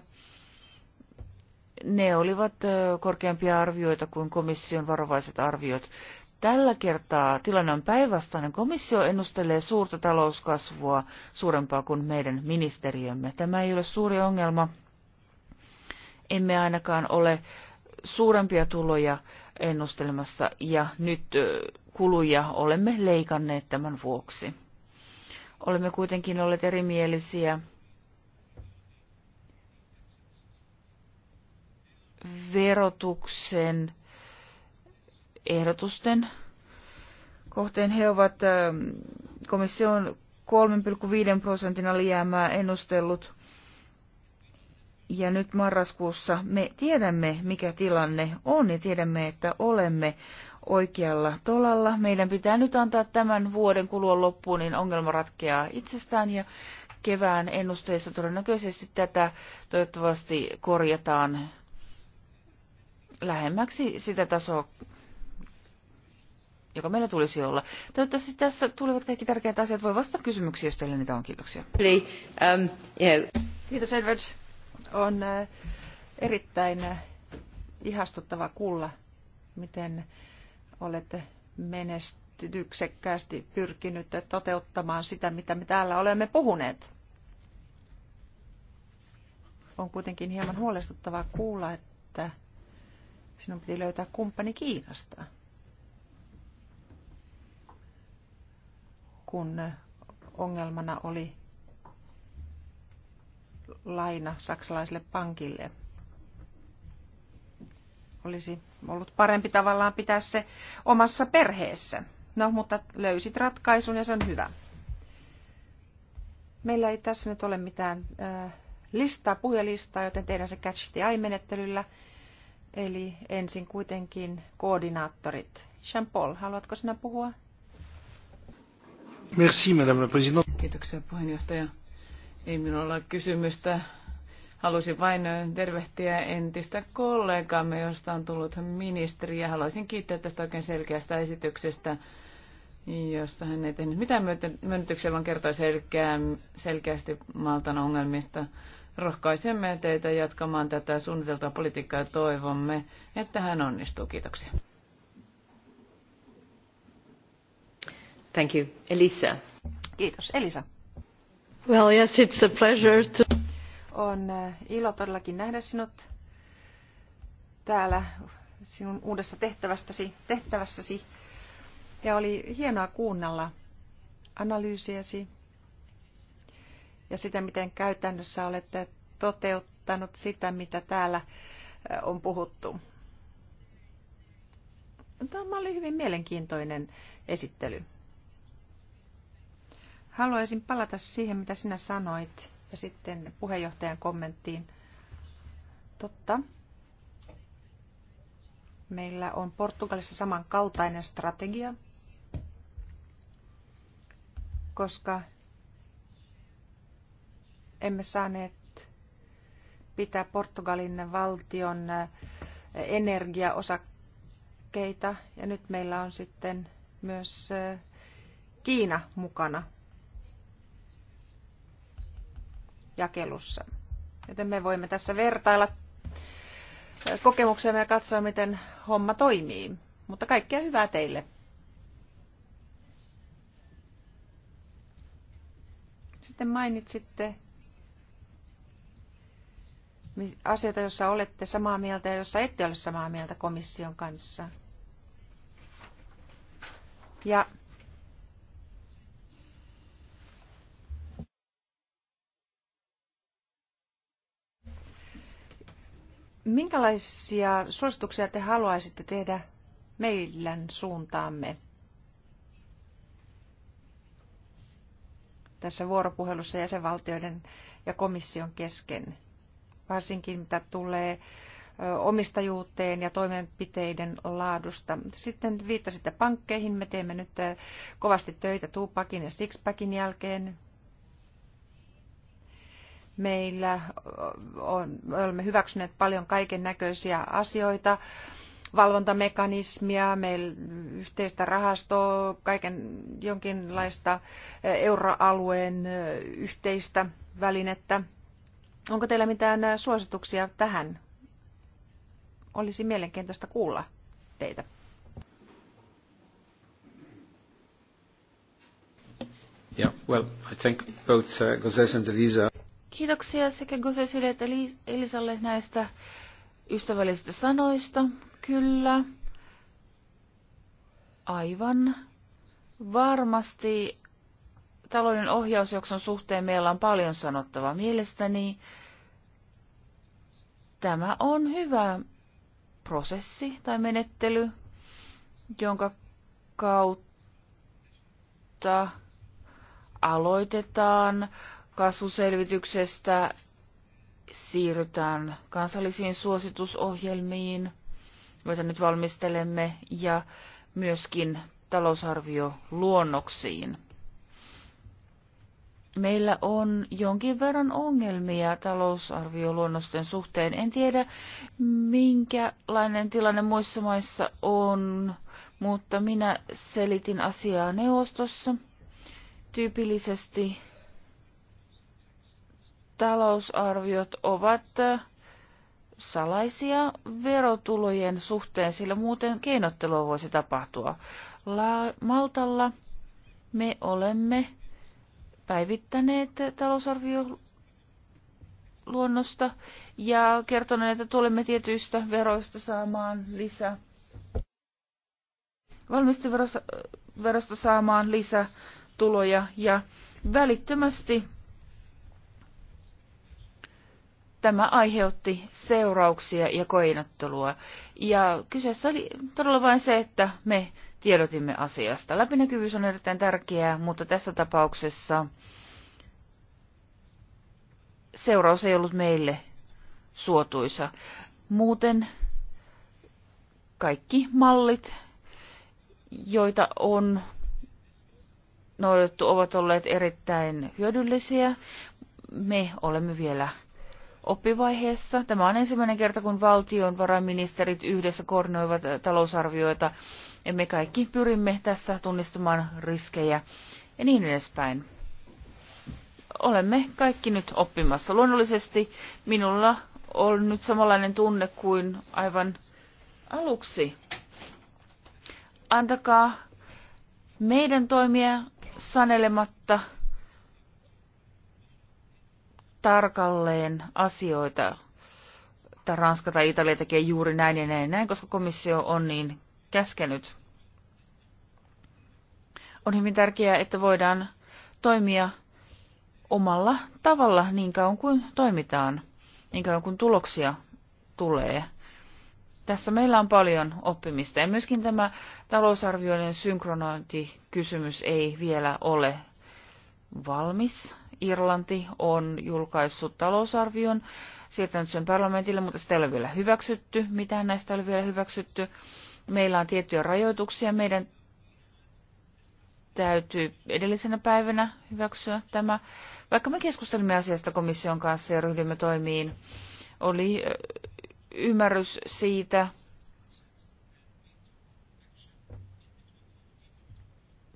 Ne olivat korkeampia arvioita kuin komission varovaiset arviot. Tällä kertaa tilanne on päinvastainen. Komissio ennustelee suurta talouskasvua suurempaa kuin meidän ministeriömme. Tämä ei ole suuri ongelma emme ainakaan ole suurempia tuloja ennustelemassa ja nyt kuluja olemme leikanneet tämän vuoksi. Olemme kuitenkin olleet erimielisiä verotuksen ehdotusten kohteen. He ovat komission 3,5 prosentin alijäämää ennustellut ja nyt marraskuussa me tiedämme, mikä tilanne on ja tiedämme, että olemme oikealla tolalla. Meidän pitää nyt antaa tämän vuoden kulun loppuun, niin ongelma ratkeaa itsestään ja kevään ennusteissa todennäköisesti tätä toivottavasti korjataan lähemmäksi sitä tasoa, joka meillä tulisi olla. Toivottavasti tässä tulivat kaikki tärkeät asiat. Voi vastata kysymyksiin, jos teillä niitä on. Kiitoksia. Um, Kiitos Edward. On äh, erittäin äh, ihastuttava kuulla, miten olette menestyksekkäästi pyrkinyt toteuttamaan sitä, mitä me täällä olemme puhuneet. On kuitenkin hieman huolestuttavaa kuulla, että sinun piti löytää kumppani Kiinasta. Kun ongelmana oli laina saksalaiselle pankille. Olisi ollut parempi tavallaan pitää se omassa perheessä. No, mutta löysit ratkaisun ja se on hyvä. Meillä ei tässä nyt ole mitään äh, listaa, puhelistaa, joten tehdään se catch the eye-menettelyllä. Eli ensin kuitenkin koordinaattorit. Jean-Paul, haluatko sinä puhua? Merci, madame la présidente. Kiitoksia puheenjohtaja. Ei minulla ole kysymystä. Halusin vain tervehtiä entistä kollegaamme, josta on tullut ministeri, ja haluaisin kiittää tästä oikein selkeästä esityksestä, jossa hän ei tehnyt mitään myönnytyksiä, vaan kertoi selkeän, selkeästi Maltan ongelmista. Rohkaisemme teitä jatkamaan tätä suunniteltua politiikkaa ja toivomme, että hän onnistuu. Kiitoksia. Thank you. Elisa. Kiitos. Elisa. Well, yes, it's a pleasure to... On äh, ilo todellakin nähdä sinut täällä sinun uudessa tehtävästäsi, tehtävässäsi. Ja oli hienoa kuunnella analyysiäsi ja sitä, miten käytännössä olet toteuttanut sitä, mitä täällä äh, on puhuttu. Tämä oli hyvin mielenkiintoinen esittely. Haluaisin palata siihen, mitä sinä sanoit, ja sitten puheenjohtajan kommenttiin. Totta. Meillä on Portugalissa samankaltainen strategia, koska emme saaneet pitää Portugalin valtion energiaosakkeita ja nyt meillä on sitten myös Kiina mukana jakelussa. Joten me voimme tässä vertailla kokemuksemme ja katsoa, miten homma toimii. Mutta kaikkea hyvää teille. Sitten mainitsitte asioita, joissa olette samaa mieltä ja joissa ette ole samaa mieltä komission kanssa. Ja Minkälaisia suosituksia te haluaisitte tehdä meidän suuntaamme tässä vuoropuhelussa jäsenvaltioiden ja komission kesken, varsinkin mitä tulee omistajuuteen ja toimenpiteiden laadusta. Sitten viittasitte pankkeihin. Me teemme nyt kovasti töitä Tupakin ja Sixpackin jälkeen. Meillä on, olemme hyväksyneet paljon kaiken näköisiä asioita, valvontamekanismia, meillä yhteistä rahastoa, kaiken jonkinlaista euroalueen yhteistä välinettä. Onko teillä mitään suosituksia tähän? Olisi mielenkiintoista kuulla teitä. Yeah, well, I think both uh, and Elisa Kiitoksia sekä Gosesille että Elisalle näistä ystävällisistä sanoista. Kyllä, aivan varmasti talouden ohjausjakson suhteen meillä on paljon sanottavaa. Mielestäni tämä on hyvä prosessi tai menettely, jonka kautta aloitetaan kasvuselvityksestä siirrytään kansallisiin suositusohjelmiin, joita nyt valmistelemme, ja myöskin talousarvioluonnoksiin. Meillä on jonkin verran ongelmia talousarvioluonnosten suhteen. En tiedä, minkälainen tilanne muissa maissa on, mutta minä selitin asiaa neuvostossa. Tyypillisesti talousarviot ovat salaisia verotulojen suhteen, sillä muuten keinottelua voisi tapahtua. La- Maltalla me olemme päivittäneet talousarvio luonnosta ja kertoneet, että tulemme tietyistä veroista saamaan lisää valmisteverosta saamaan lisätuloja ja välittömästi tämä aiheutti seurauksia ja koinottelua. Ja kyseessä oli todella vain se, että me tiedotimme asiasta. Läpinäkyvyys on erittäin tärkeää, mutta tässä tapauksessa seuraus ei ollut meille suotuisa. Muuten kaikki mallit, joita on noudattu, ovat olleet erittäin hyödyllisiä. Me olemme vielä oppivaiheessa. Tämä on ensimmäinen kerta, kun valtion varainministerit yhdessä koordinoivat talousarvioita ja me kaikki pyrimme tässä tunnistamaan riskejä ja niin edespäin. Olemme kaikki nyt oppimassa. Luonnollisesti minulla on nyt samanlainen tunne kuin aivan aluksi. Antakaa meidän toimia sanelematta tarkalleen asioita, että Ranska tai Italia tekee juuri näin ja näin, näin koska komissio on niin käskenyt. On hyvin tärkeää, että voidaan toimia omalla tavalla niin kauan kuin toimitaan, niin kauan kuin tuloksia tulee. Tässä meillä on paljon oppimista ja myöskin tämä talousarvioiden synkronointikysymys ei vielä ole valmis. Irlanti on julkaissut talousarvion, siirtänyt sen parlamentille, mutta sitä ei ole vielä hyväksytty. Mitään näistä ei ole vielä hyväksytty. Meillä on tiettyjä rajoituksia. Meidän täytyy edellisenä päivänä hyväksyä tämä. Vaikka me keskustelimme asiasta komission kanssa ja ryhdymme toimiin, oli ymmärrys siitä,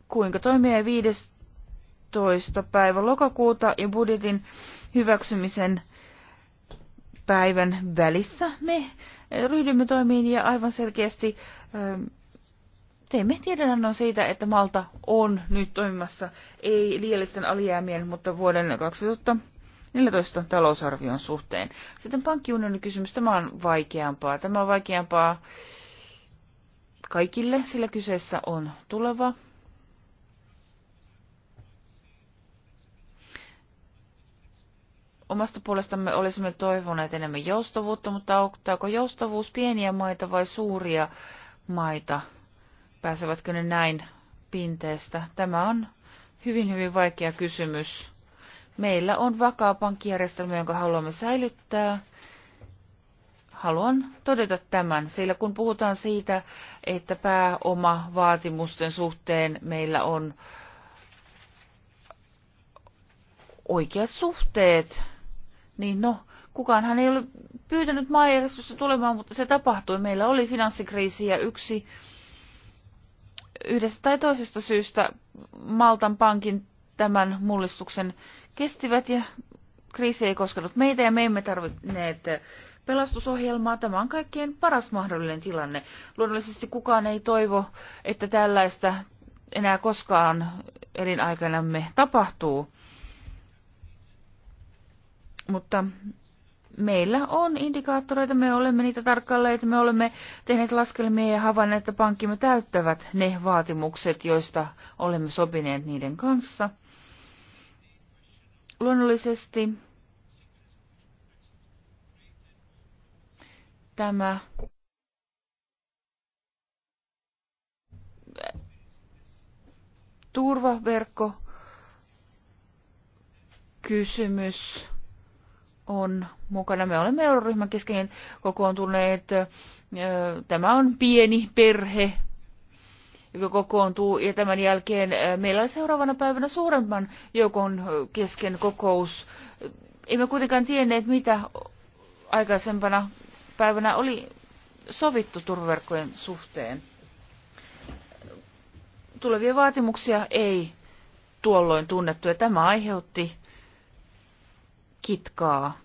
kuinka toimia 15. 12. päivä lokakuuta ja budjetin hyväksymisen päivän välissä me eh, ryhdymme toimiin ja aivan selkeästi eh, teimme tiedonannon siitä, että Malta on nyt toimimassa ei liiallisten alijäämien, mutta vuoden 2014 talousarvion suhteen. Sitten pankkiunionin kysymys, tämä on vaikeampaa. Tämä on vaikeampaa kaikille, sillä kyseessä on tuleva omasta puolestamme olisimme toivoneet enemmän joustavuutta, mutta auttaako joustavuus pieniä maita vai suuria maita? Pääsevätkö ne näin pinteestä? Tämä on hyvin, hyvin vaikea kysymys. Meillä on vakaa pankkijärjestelmä, jonka haluamme säilyttää. Haluan todeta tämän, sillä kun puhutaan siitä, että pääoma vaatimusten suhteen meillä on oikeat suhteet niin no, kukaan hän ei ole pyytänyt maanjärjestystä tulemaan, mutta se tapahtui. Meillä oli finanssikriisi ja yksi yhdestä tai toisesta syystä Maltan pankin tämän mullistuksen kestivät ja kriisi ei koskenut meitä ja me emme tarvinneet pelastusohjelmaa. Tämä on kaikkein paras mahdollinen tilanne. Luonnollisesti kukaan ei toivo, että tällaista enää koskaan elinaikanamme tapahtuu. Mutta meillä on indikaattoreita, me olemme niitä tarkkailleet, me olemme tehneet laskelmia ja havainneet, että pankkimme täyttävät ne vaatimukset, joista olemme sopineet niiden kanssa. Luonnollisesti tämä turvaverkko kysymys on mukana. Me olemme euroryhmän kesken kokoontuneet. Tämä on pieni perhe, joka kokoontuu ja tämän jälkeen meillä on seuraavana päivänä suuremman joukon kesken kokous. Emme kuitenkaan tienneet, mitä aikaisempana päivänä oli sovittu turvaverkkojen suhteen. Tulevia vaatimuksia ei tuolloin tunnettu ja tämä aiheutti kitkaa.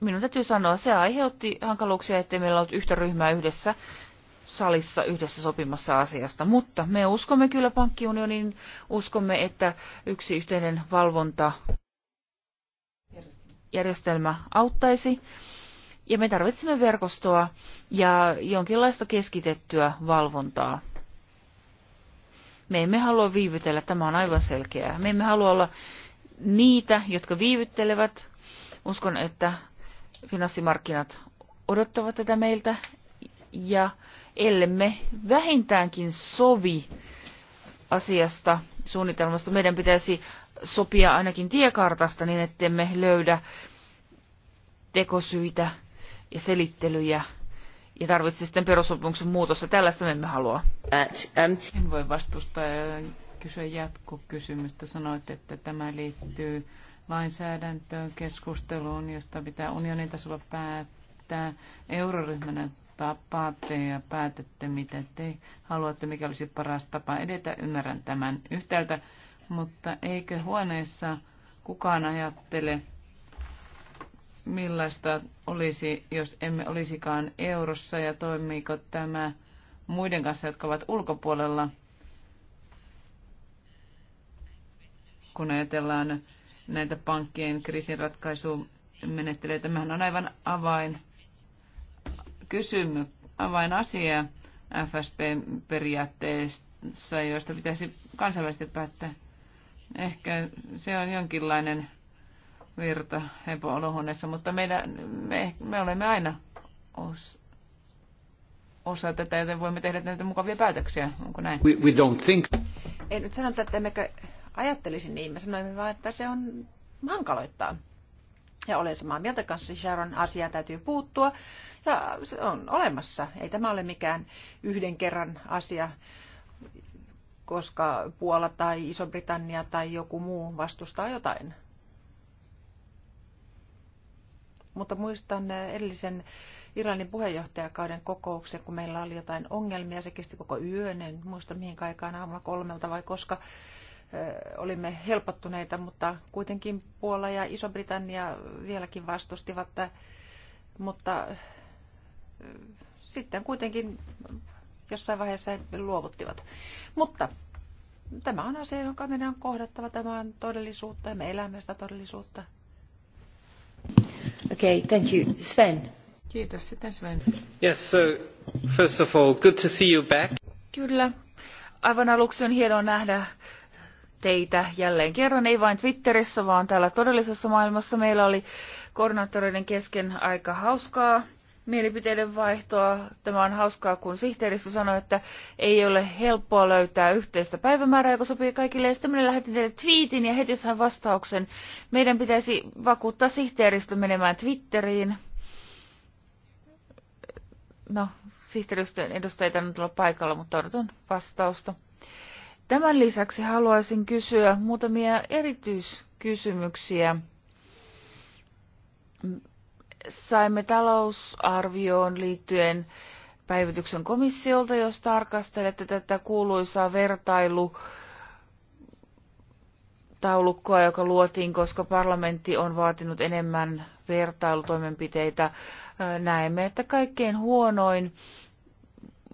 Minun täytyy sanoa, se aiheutti hankaluuksia, ettei meillä ollut yhtä ryhmää yhdessä salissa yhdessä sopimassa asiasta, mutta me uskomme kyllä pankkiunionin, uskomme, että yksi yhteinen valvonta järjestelmä auttaisi. Ja me tarvitsemme verkostoa ja jonkinlaista keskitettyä valvontaa. Me emme halua viivytellä, tämä on aivan selkeää. Me emme halua olla niitä, jotka viivyttelevät. Uskon, että finanssimarkkinat odottavat tätä meiltä ja ellemme vähintäänkin sovi asiasta, suunnitelmasta, meidän pitäisi sopia ainakin tiekartasta niin, ettemme löydä tekosyitä ja selittelyjä ja tarvitsisi sitten perussopimuksen muutosta. Tällaista me emme halua. Um, en voi vastustaa ja kysyä jatkokysymystä. Sanoit, että tämä liittyy lainsäädäntöön, keskusteluun, josta pitää unionin tasolla päättää. Euroryhmänä tapaatte ja päätätte, mitä te haluatte, mikä olisi paras tapa edetä. Ymmärrän tämän yhtäältä, mutta eikö huoneessa kukaan ajattele, millaista olisi, jos emme olisikaan eurossa ja toimiiko tämä muiden kanssa, jotka ovat ulkopuolella, kun ajatellaan näitä pankkien kriisinratkaisumenettelyitä. Tämähän on aivan avain kysymys, avain asia FSP-periaatteessa, joista pitäisi kansainvälisesti päättää. Ehkä se on jonkinlainen virta hepoolohuoneessa, mutta meidän, me, me olemme aina os, osa tätä, joten voimme tehdä näitä mukavia päätöksiä. Onko näin? We, we don't think. En nyt sanota, että emmekö ajattelisi niin. Me sanoimme vaan, että se on hankaloittaa. Ja olen samaa mieltä kanssa, Sharon, asiaa täytyy puuttua. Ja se on olemassa. Ei tämä ole mikään yhden kerran asia, koska Puola tai Iso-Britannia tai joku muu vastustaa jotain. Mutta muistan eh, edellisen Irlannin puheenjohtajakauden kokouksen, kun meillä oli jotain ongelmia. Se kesti koko yön. En muista mihin aikaan aamulla kolmelta vai koska eh, olimme helpottuneita, mutta kuitenkin Puola ja Iso-Britannia vieläkin vastustivat. Mutta eh, sitten kuitenkin jossain vaiheessa he luovuttivat. Mutta tämä on asia, jonka meidän on kohdattava. Tämä on todellisuutta ja me elämme sitä todellisuutta. Kyllä. Aivan aluksi on hienoa nähdä teitä jälleen kerran, ei vain Twitterissä, vaan täällä todellisessa maailmassa. Meillä oli koordinaattoreiden kesken aika hauskaa mielipiteiden vaihtoa. Tämä on hauskaa, kun sihteeristö sanoi, että ei ole helppoa löytää yhteistä päivämäärää, joka sopii kaikille. Ja sitten minä lähetin teille twiitin ja heti sain vastauksen. Meidän pitäisi vakuuttaa sihteeristö menemään Twitteriin. No, sihteeristön edustaja ei tainnut olla paikalla, mutta odotan vastausta. Tämän lisäksi haluaisin kysyä muutamia erityiskysymyksiä saimme talousarvioon liittyen päivityksen komissiolta, jos tarkastelette tätä kuuluisaa vertailu taulukkoa, joka luotiin, koska parlamentti on vaatinut enemmän vertailutoimenpiteitä. Näemme, että kaikkein huonoin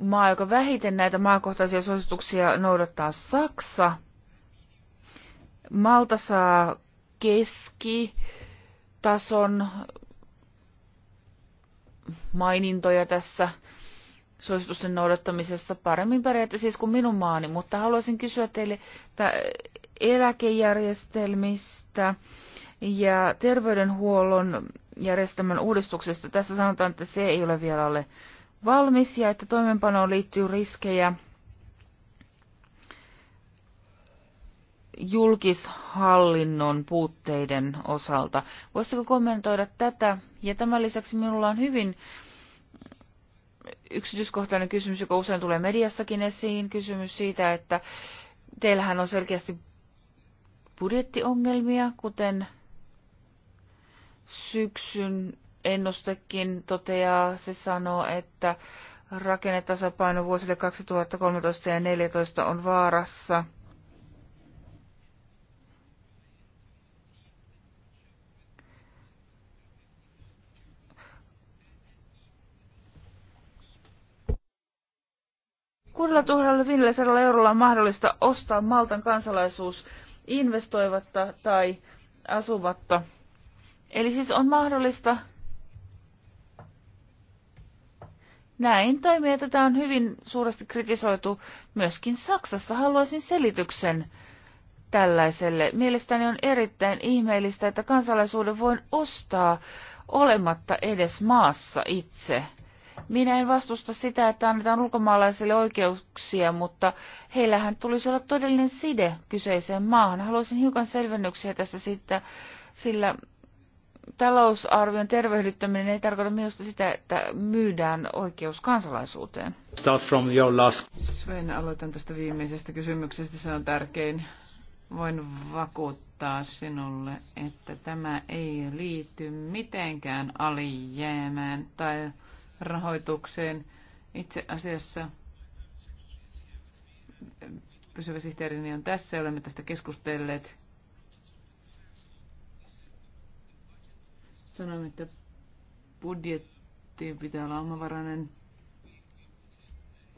maa, joka vähiten näitä maakohtaisia suosituksia noudattaa Saksa. Malta saa keskitason mainintoja tässä suositusten noudattamisessa paremmin pärjätä siis kuin minun maani, mutta haluaisin kysyä teille eläkejärjestelmistä ja terveydenhuollon järjestelmän uudistuksesta. Tässä sanotaan, että se ei ole vielä ole valmis ja että toimenpanoon liittyy riskejä julkishallinnon puutteiden osalta. Voisitko kommentoida tätä? Ja tämän lisäksi minulla on hyvin yksityiskohtainen kysymys, joka usein tulee mediassakin esiin. Kysymys siitä, että teillähän on selkeästi budjettiongelmia, kuten syksyn ennustekin toteaa. Se sanoo, että rakennetasapaino vuosille 2013 ja 2014 on vaarassa – 6500 eurolla on mahdollista ostaa Maltan kansalaisuus investoivatta tai asuvatta. Eli siis on mahdollista näin toimia. Tätä on hyvin suuresti kritisoitu myöskin Saksassa. Haluaisin selityksen tällaiselle. Mielestäni on erittäin ihmeellistä, että kansalaisuuden voin ostaa olematta edes maassa itse. Minä en vastusta sitä, että annetaan ulkomaalaisille oikeuksia, mutta heillähän tulisi olla todellinen side kyseiseen maahan. Haluaisin hiukan selvennyksiä tässä siitä, sillä talousarvion tervehdyttäminen ei tarkoita minusta sitä, että myydään oikeus kansalaisuuteen. Start from your last. Sven, aloitan tästä viimeisestä kysymyksestä. Se on tärkein. Voin vakuuttaa sinulle, että tämä ei liity mitenkään alijäämään tai rahoitukseen. Itse asiassa pysyvä sihteerini on tässä, olemme tästä keskustelleet. Sanoimme, että budjetti pitää olla omavarainen.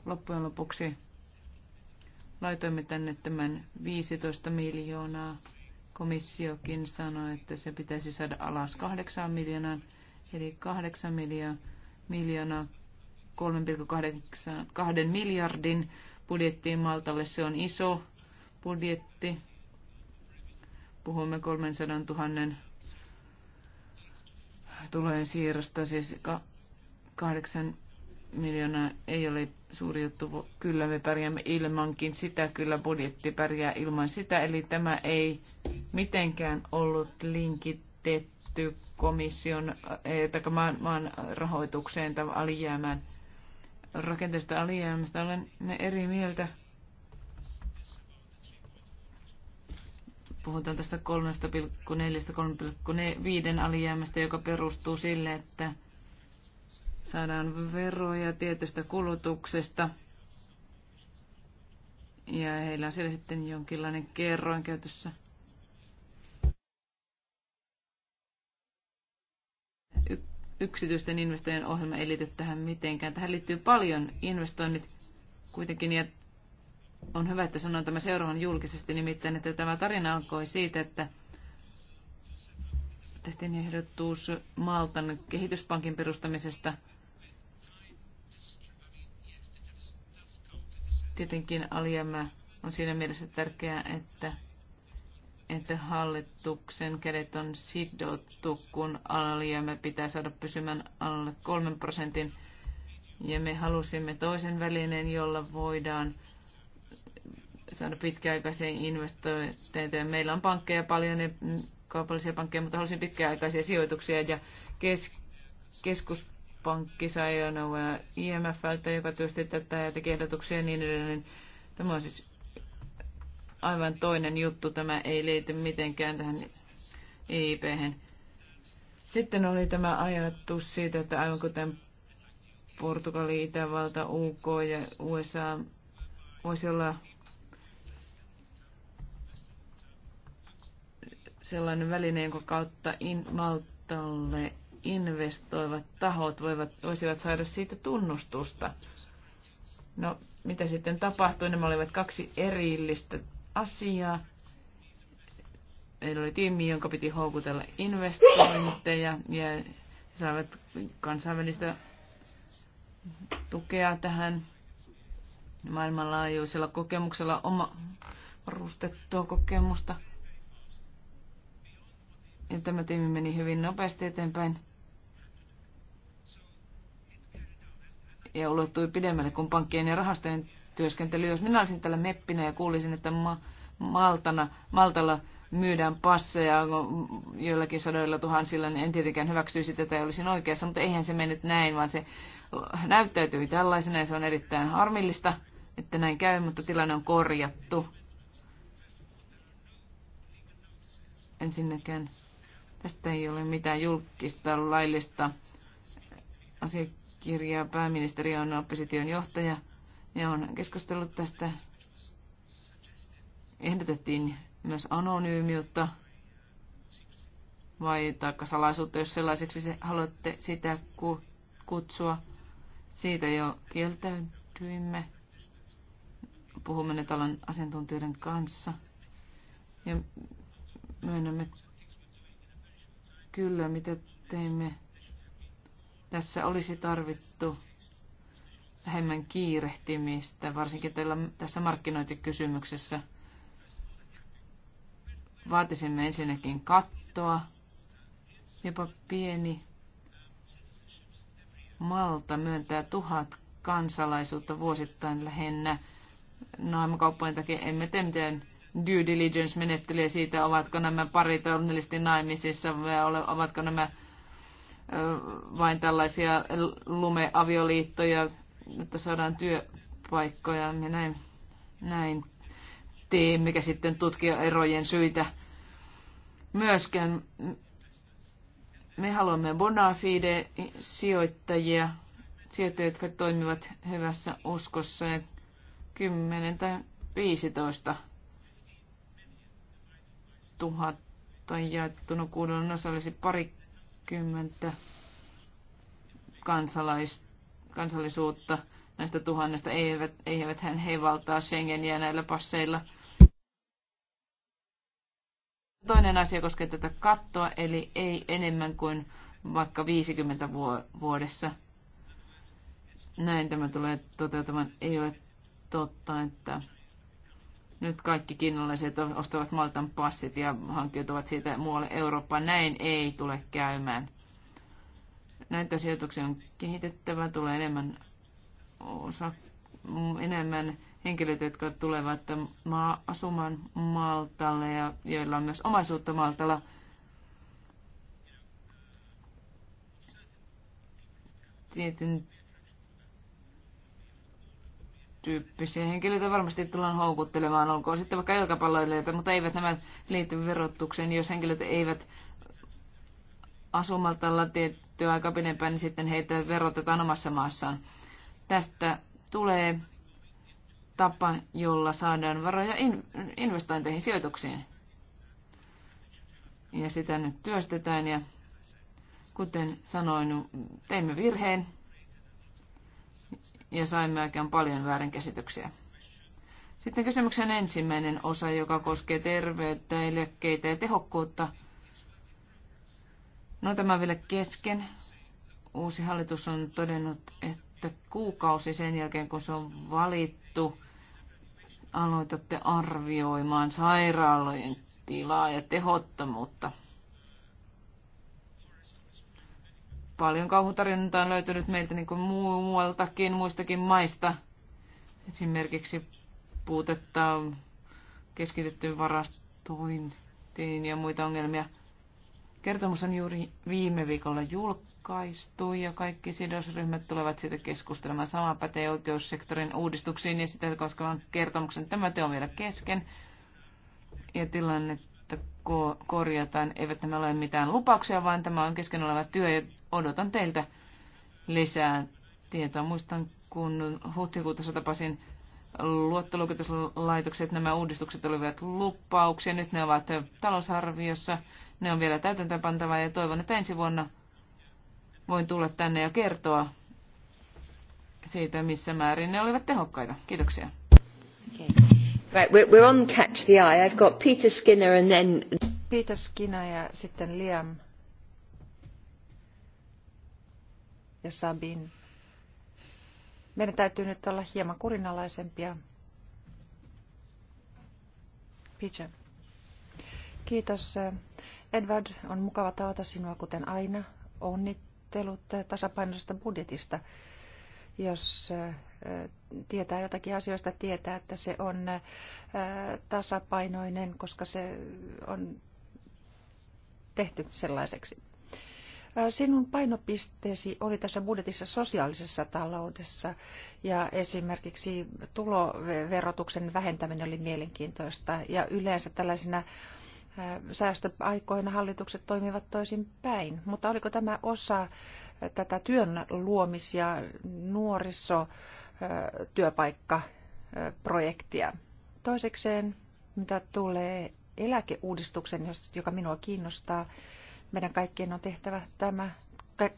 Loppujen lopuksi laitoimme tänne tämän 15 miljoonaa. Komissiokin sanoi, että se pitäisi saada alas 8 miljoonaan, eli 8 miljoonaa miljoonaa 3,82 miljardin budjettiin Maltalle. Se on iso budjetti. Puhumme 300 000 tulojen siirrosta, siis kahdeksan miljoonaa ei ole suuri juttu. Kyllä me pärjäämme ilmankin sitä, kyllä budjetti pärjää ilman sitä. Eli tämä ei mitenkään ollut linkitetty liittyy komission eh, tai maan, maan rahoitukseen tai alijäämään. Rakenteesta alijäämästä olen eri mieltä. Puhutaan tästä 3,4-3,5 alijäämästä, joka perustuu sille, että saadaan veroja tietystä kulutuksesta. Ja heillä on siellä sitten jonkinlainen kerroin käytössä yksityisten investoijien ohjelma ei liity tähän mitenkään. Tähän liittyy paljon investoinnit kuitenkin, ja on hyvä, että sanon tämä seuraavan julkisesti, nimittäin, että tämä tarina alkoi siitä, että tehtiin ehdotus Maltan kehityspankin perustamisesta. Tietenkin alijäämä on siinä mielessä tärkeää, että että hallituksen kädet on sidottu, kun alijäämä pitää saada pysymään alle kolmen prosentin. Ja me halusimme toisen välineen, jolla voidaan saada pitkäaikaisia investointeja. Meillä on pankkeja paljon ne kaupallisia pankkeja, mutta halusin pitkäaikaisia sijoituksia ja kes- keskuspankki sai IMFltä, e joka työsti tätä ja teki ehdotuksia ja niin edelleen. Tämä on siis aivan toinen juttu. Tämä ei liity mitenkään tähän ip -hän. Sitten oli tämä ajatus siitä, että aivan kuten Portugali, Itävalta, UK ja USA voisi olla sellainen väline, jonka kautta in, Maltalle investoivat tahot voivat, voisivat saada siitä tunnustusta. No, mitä sitten tapahtui? Nämä olivat kaksi erillistä asia. Meillä oli tiimi, jonka piti houkutella investointeja ja saavat kansainvälistä tukea tähän maailmanlaajuisella kokemuksella oma varustettua kokemusta. Ja tämä tiimi meni hyvin nopeasti eteenpäin ja ulottui pidemmälle kuin pankkien ja rahastojen työskentely. Jos minä olisin tällä meppinä ja kuulisin, että ma- Maltana, Maltalla myydään passeja joillakin sadoilla tuhansilla, niin en tietenkään hyväksyisi tätä ja olisin oikeassa, mutta eihän se mennyt näin, vaan se näyttäytyi tällaisena ja se on erittäin harmillista, että näin käy, mutta tilanne on korjattu. Ensinnäkään tästä ei ole mitään julkista laillista asiakirjaa. Pääministeri on opposition johtaja ja on keskustellut tästä. Ehdotettiin myös anonyymiutta vai taikka salaisuutta, jos sellaiseksi haluatte sitä ku kutsua. Siitä jo kieltäytyimme Puhumme nyt alan asiantuntijoiden kanssa. Ja myönnämme kyllä, mitä teimme. Tässä olisi tarvittu vähemmän kiirehtimistä, varsinkin tällä, tässä markkinointikysymyksessä. Vaatisimme ensinnäkin kattoa, jopa pieni Malta myöntää tuhat kansalaisuutta vuosittain lähinnä naimakauppojen no, takia. Emme tee mitään due diligence-menettelyä siitä, ovatko nämä parit onnellisesti naimisissa vai ovatko nämä vain tällaisia lumeavioliittoja jotta saadaan työpaikkoja ja näin, näin teemmekä sitten tutkia erojen syitä myöskään. Me haluamme bona fide sijoittajia, sijoittajia, jotka toimivat hyvässä uskossa ja 10 tai 15 tuhatta jaettuna kuudella olisi parikymmentä kansalaista kansallisuutta näistä tuhannesta. Eivät, eivät hän he valtaa Schengeniä näillä passeilla. Toinen asia koskee tätä kattoa, eli ei enemmän kuin vaikka 50 vuodessa. Näin tämä tulee toteutumaan. Ei ole totta, että nyt kaikki kiinalaiset ostavat Maltan passit ja hankkiutuvat siitä muualle Eurooppaan. Näin ei tule käymään. Näitä sijoituksia on kehitettävä, tulee enemmän, osa, enemmän henkilöitä, jotka tulevat maa, asumaan Maltalle ja joilla on myös omaisuutta Maltalla. Tietyn tyyppisiä henkilöitä varmasti tullaan houkuttelemaan, olkoon sitten vaikka jalkapalloilijoita, mutta eivät nämä liity verotukseen, jos henkilöt eivät asumaltalla pidettyä aika pidempään, niin sitten heitä verotetaan omassa maassaan. Tästä tulee tapa, jolla saadaan varoja investointeihin, sijoituksiin. Ja sitä nyt työstetään ja kuten sanoin, teimme virheen ja saimme aikaan paljon väärinkäsityksiä. Sitten kysymyksen ensimmäinen osa, joka koskee terveyttä, eläkkeitä ja tehokkuutta – No tämä vielä kesken. Uusi hallitus on todennut, että kuukausi sen jälkeen, kun se on valittu, aloitatte arvioimaan sairaalojen tilaa ja tehottomuutta. Paljon kauhutarjontaa on löytynyt meiltä niin kuin muualtakin, muistakin maista. Esimerkiksi puutetta keskitetty varastointiin ja muita ongelmia – Kertomus on juuri viime viikolla julkaistu ja kaikki sidosryhmät tulevat siitä keskustelemaan. Sama pätee oikeussektorin uudistuksiin ja sitä koskevan kertomuksen. Tämä työ on vielä kesken ja tilannetta ko- korjataan. Eivät nämä ole mitään lupauksia, vaan tämä on kesken oleva työ ja odotan teiltä lisää tietoa. Muistan, kun huhtikuuta tapasin luottoluokituslaitokset, nämä uudistukset olivat lupauksia. Nyt ne ovat talousarviossa ne on vielä täytäntöönpantava ja toivon, että ensi vuonna voin tulla tänne ja kertoa siitä, missä määrin ne olivat tehokkaita. Kiitoksia. Okay. Right, we're, we're on catch the eye. I've got Peter Skinner and then... Peter Skinner ja sitten Liam ja Sabin. Meidän täytyy nyt olla hieman kurinalaisempia. Peter. Kiitos. Edward, on mukava tavata sinua kuten aina. Onnittelut tasapainoisesta budjetista. Jos eh, tietää jotakin asioista, tietää, että se on eh, tasapainoinen, koska se on tehty sellaiseksi. Eh, sinun painopisteesi oli tässä budjetissa sosiaalisessa taloudessa ja esimerkiksi tuloverotuksen vähentäminen oli mielenkiintoista ja yleensä tällaisina äh, säästöaikoina hallitukset toimivat toisin päin. Mutta oliko tämä osa tätä työn luomis- ja nuorisotyöpaikkaprojektia? Toisekseen, mitä tulee eläkeuudistuksen, joka minua kiinnostaa, meidän kaikkien on tehtävä tämä,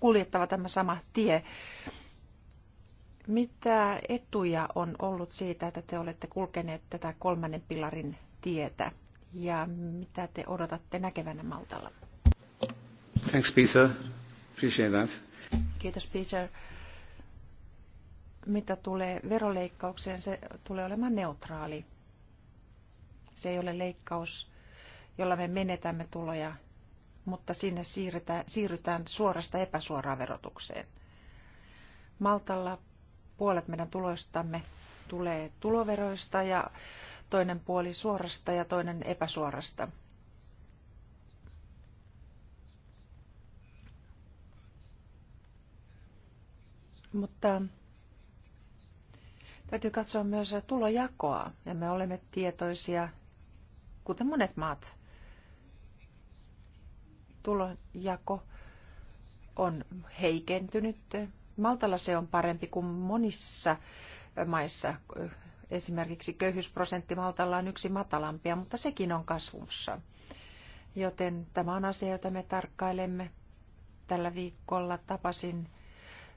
kuljettava tämä sama tie. Mitä etuja on ollut siitä, että te olette kulkeneet tätä kolmannen pilarin tietä? ja mitä te odotatte näkevänä Maltalla? Thanks Peter. Appreciate that. Kiitos Peter. Mitä tulee veroleikkaukseen, se tulee olemaan neutraali. Se ei ole leikkaus, jolla me menetämme tuloja, mutta sinne siirrytään, siirrytään suorasta epäsuoraan verotukseen. Maltalla puolet meidän tuloistamme tulee tuloveroista ja toinen puoli suorasta ja toinen epäsuorasta. Mutta täytyy katsoa myös tulojakoa, ja me olemme tietoisia, kuten monet maat, tulojako on heikentynyt. Maltalla se on parempi kuin monissa maissa Esimerkiksi köyhyysprosentti Maltalla on yksi matalampia, mutta sekin on kasvussa. Joten tämä on asia, jota me tarkkailemme. Tällä viikolla tapasin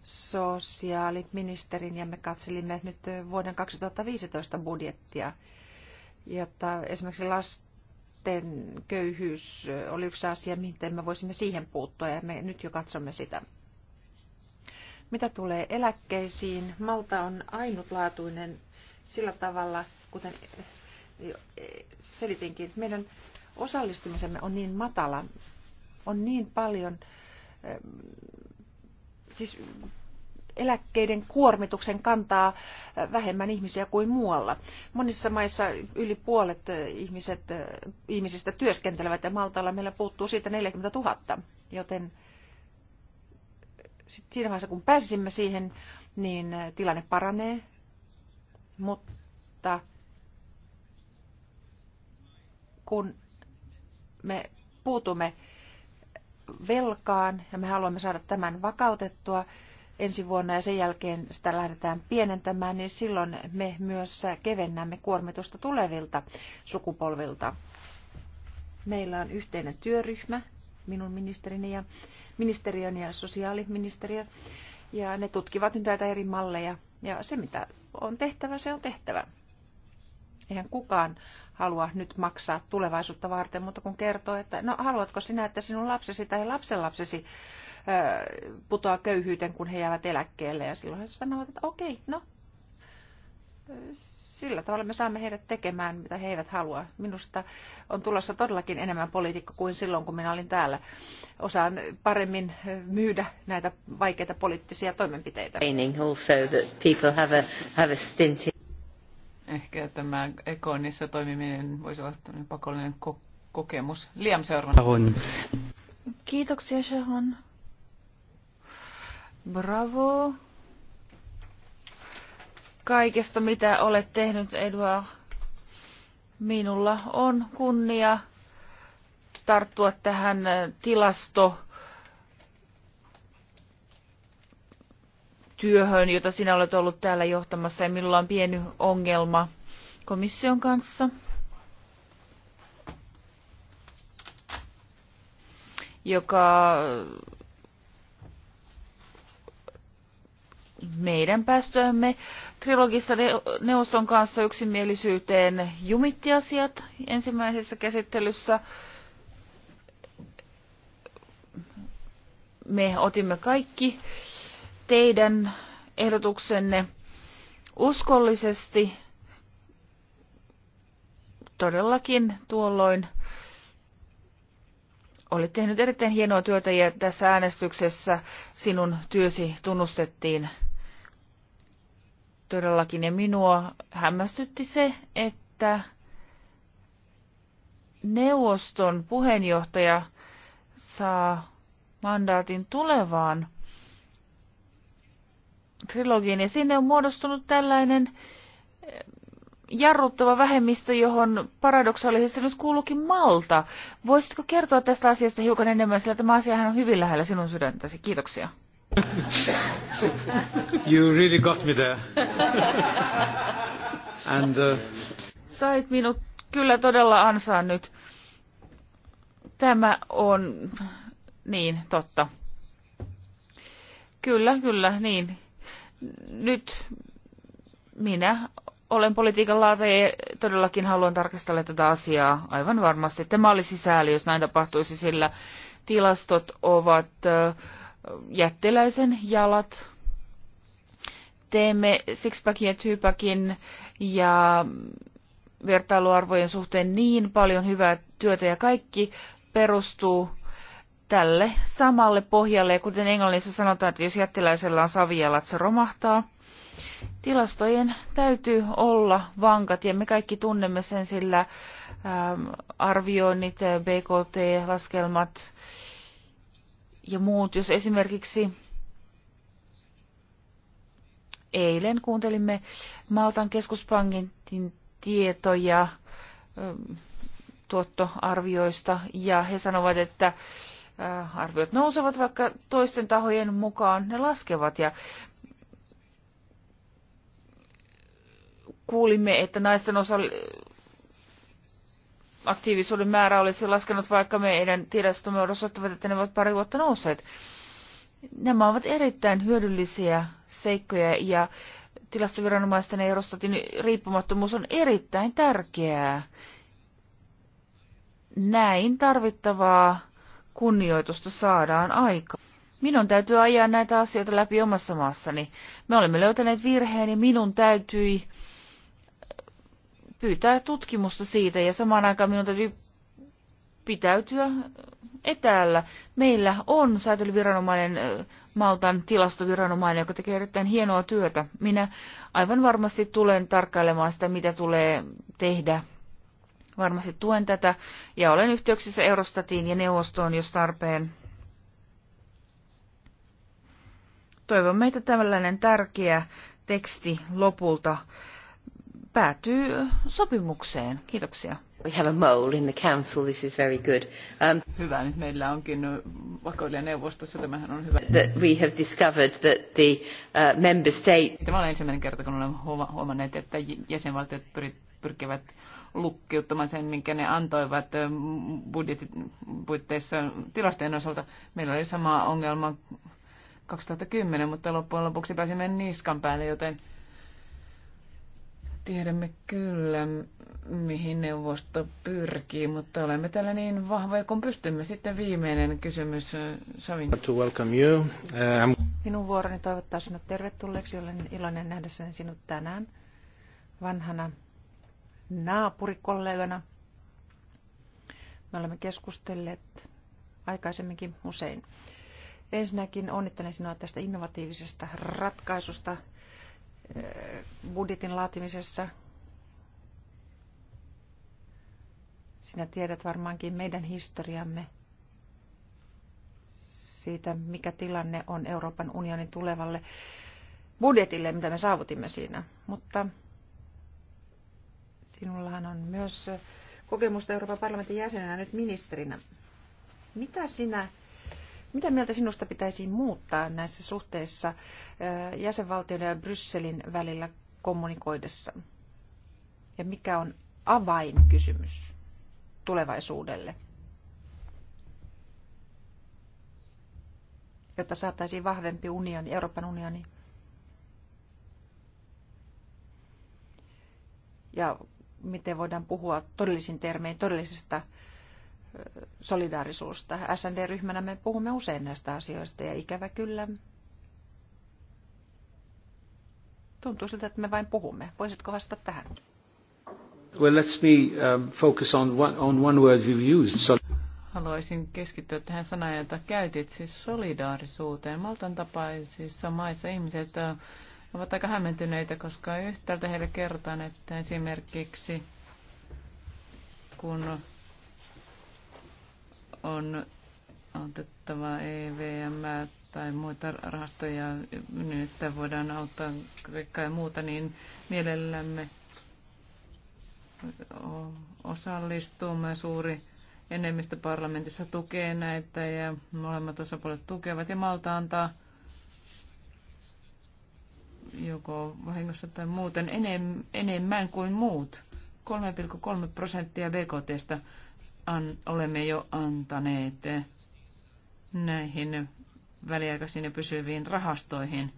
sosiaaliministerin ja me katselimme nyt vuoden 2015 budjettia, jotta esimerkiksi lasten köyhyys oli yksi asia, miten me voisimme siihen puuttua ja me nyt jo katsomme sitä. Mitä tulee eläkkeisiin, Malta on ainutlaatuinen sillä tavalla, kuten e, selitinkin, että meidän osallistumisemme on niin matala, on niin paljon e, siis eläkkeiden kuormituksen kantaa e, vähemmän ihmisiä kuin muualla. Monissa maissa yli puolet ihmiset, ihmisistä työskentelevät ja Maltalla meillä puuttuu siitä 40 000, joten sit siinä vaiheessa kun pääsimme siihen, niin tilanne paranee mutta kun me puutumme velkaan ja me haluamme saada tämän vakautettua ensi vuonna ja sen jälkeen sitä lähdetään pienentämään, niin silloin me myös kevennämme kuormitusta tulevilta sukupolvilta. Meillä on yhteinen työryhmä, minun ministerini ja ministeriön ja sosiaaliministeriö, ja ne tutkivat nyt näitä eri malleja. Ja se, mitä on tehtävä, se on tehtävä. Eihän kukaan halua nyt maksaa tulevaisuutta varten, mutta kun kertoo, että no haluatko sinä, että sinun lapsesi tai lapsenlapsesi putoaa köyhyyteen, kun he jäävät eläkkeelle. Ja silloin he sanovat, että okei, no sillä tavalla me saamme heidät tekemään, mitä he eivät halua. Minusta on tulossa todellakin enemmän poliitikko kuin silloin, kun minä olin täällä. Osaan paremmin myydä näitä vaikeita poliittisia toimenpiteitä. Ehkä tämä Ekonissa toimiminen voisi olla pakollinen ko- kokemus. Liam seuraavana. Kiitoksia Sharon. Bravo kaikesta, mitä olet tehnyt, Eduard. Minulla on kunnia tarttua tähän äh, tilasto työhön, jota sinä olet ollut täällä johtamassa ja minulla on pieni ongelma komission kanssa. joka meidän päästöämme trilogissa neuvoston kanssa yksimielisyyteen jumitti asiat ensimmäisessä käsittelyssä. Me otimme kaikki teidän ehdotuksenne uskollisesti todellakin tuolloin olit tehnyt erittäin hienoa työtä ja tässä äänestyksessä sinun työsi tunnustettiin todellakin ja minua hämmästytti se, että neuvoston puheenjohtaja saa mandaatin tulevaan trilogiin ja sinne on muodostunut tällainen eh, jarruttava vähemmistö, johon paradoksaalisesti nyt kuuluukin Malta. Voisitko kertoa tästä asiasta hiukan enemmän, sillä tämä asiahan on hyvin lähellä sinun sydäntäsi. Kiitoksia. You really got me there. And, uh... Sait minut kyllä todella ansaan nyt. Tämä on niin totta. Kyllä, kyllä, niin. Nyt minä olen politiikan laataja ja todellakin haluan tarkastella tätä asiaa aivan varmasti. Tämä olisi sääli, jos näin tapahtuisi, sillä tilastot ovat Uh, jättiläisen jalat. Teemme sixpackin ja tyypäkin ja vertailuarvojen suhteen niin paljon hyvää työtä ja kaikki perustuu tälle samalle pohjalle. Ja kuten englannissa sanotaan, että jos jättiläisellä on savijalat, se romahtaa. Tilastojen täytyy olla vankat ja me kaikki tunnemme sen, sillä ähm, arvioinnit, BKT-laskelmat, äh, ja muut. Jos esimerkiksi eilen kuuntelimme Maltan keskuspankin tietoja ähm, tuottoarvioista ja he sanovat, että äh, arviot nousevat, vaikka toisten tahojen mukaan ne laskevat. Ja kuulimme, että naisten osa aktiivisuuden määrä olisi laskenut, vaikka meidän tilastomme osoittavat, että ne ovat pari vuotta nousseet. Nämä ovat erittäin hyödyllisiä seikkoja ja tilastoviranomaisten ja Eurostatin riippumattomuus on erittäin tärkeää. Näin tarvittavaa kunnioitusta saadaan aika. Minun täytyy ajaa näitä asioita läpi omassa maassani. Me olemme löytäneet virheen ja minun täytyi pyytää tutkimusta siitä ja samaan aikaan minun täytyy pitäytyä etäällä. Meillä on säätelyviranomainen Maltan tilastoviranomainen, joka tekee erittäin hienoa työtä. Minä aivan varmasti tulen tarkkailemaan sitä, mitä tulee tehdä. Varmasti tuen tätä ja olen yhteyksissä Eurostatiin ja neuvostoon, jos tarpeen. Toivon meitä tällainen tärkeä teksti lopulta päätyy sopimukseen. Kiitoksia. We have a mole in the council. This is very good. Um, hyvä, nyt meillä onkin neuvostossa. Tämähän on hyvä. That we have discovered that the uh, member state... Tämä on ensimmäinen kerta, kun olemme huomanneet, että jäsenvaltiot pyrkivät lukkiuttamaan sen, minkä ne antoivat budjetit, puitteissa tilastojen osalta. Meillä oli sama ongelma 2010, mutta loppujen lopuksi pääsimme niskan päälle, joten Tiedämme kyllä, mihin neuvosto pyrkii, mutta olemme täällä niin vahvoja kuin pystymme. Sitten viimeinen kysymys, Savin. To welcome you. Um... Minun vuoroni toivottaa sinut tervetulleeksi. Olen iloinen nähdä sinut tänään vanhana naapurikollegana. Me olemme keskustelleet aikaisemminkin usein. Ensinnäkin onnittelen sinua tästä innovatiivisesta ratkaisusta, Eh, budjetin laatimisessa. Sinä tiedät varmaankin meidän historiamme siitä, mikä tilanne on Euroopan unionin tulevalle budjetille, mitä me saavutimme siinä. Mutta sinullahan on myös kokemusta Euroopan parlamentin jäsenenä nyt ministerinä. Mitä sinä mitä mieltä sinusta pitäisi muuttaa näissä suhteissa eh, jäsenvaltioiden ja Brysselin välillä kommunikoidessa? Ja mikä on avainkysymys tulevaisuudelle? jotta saataisiin vahvempi unioni, Euroopan unioni. Ja miten voidaan puhua todellisin termein todellisesta solidaarisuusta. SND-ryhmänä me puhumme usein näistä asioista ja ikävä kyllä tuntuu siltä, että me vain puhumme. Voisitko vastata tähän? Well, let me um, focus on one, on one word we've used. So- Haluaisin keskittyä tähän sanaan, jota käytit, siis solidaarisuuteen. Maltan tapaisissa maissa ihmiset ovat aika hämmentyneitä, koska yhtäältä heille kerrotaan, että esimerkiksi kun on autettava EVM tai muita rahastoja, niin että voidaan auttaa Kreikkaa ja muuta, niin mielellämme osallistumme. Suuri enemmistö parlamentissa tukee näitä ja molemmat osapuolet tukevat ja Malta antaa joko vahingossa tai muuten enem, enemmän kuin muut. 3,3 prosenttia BKTstä an, olemme jo antaneet näihin väliaikaisiin ja pysyviin rahastoihin.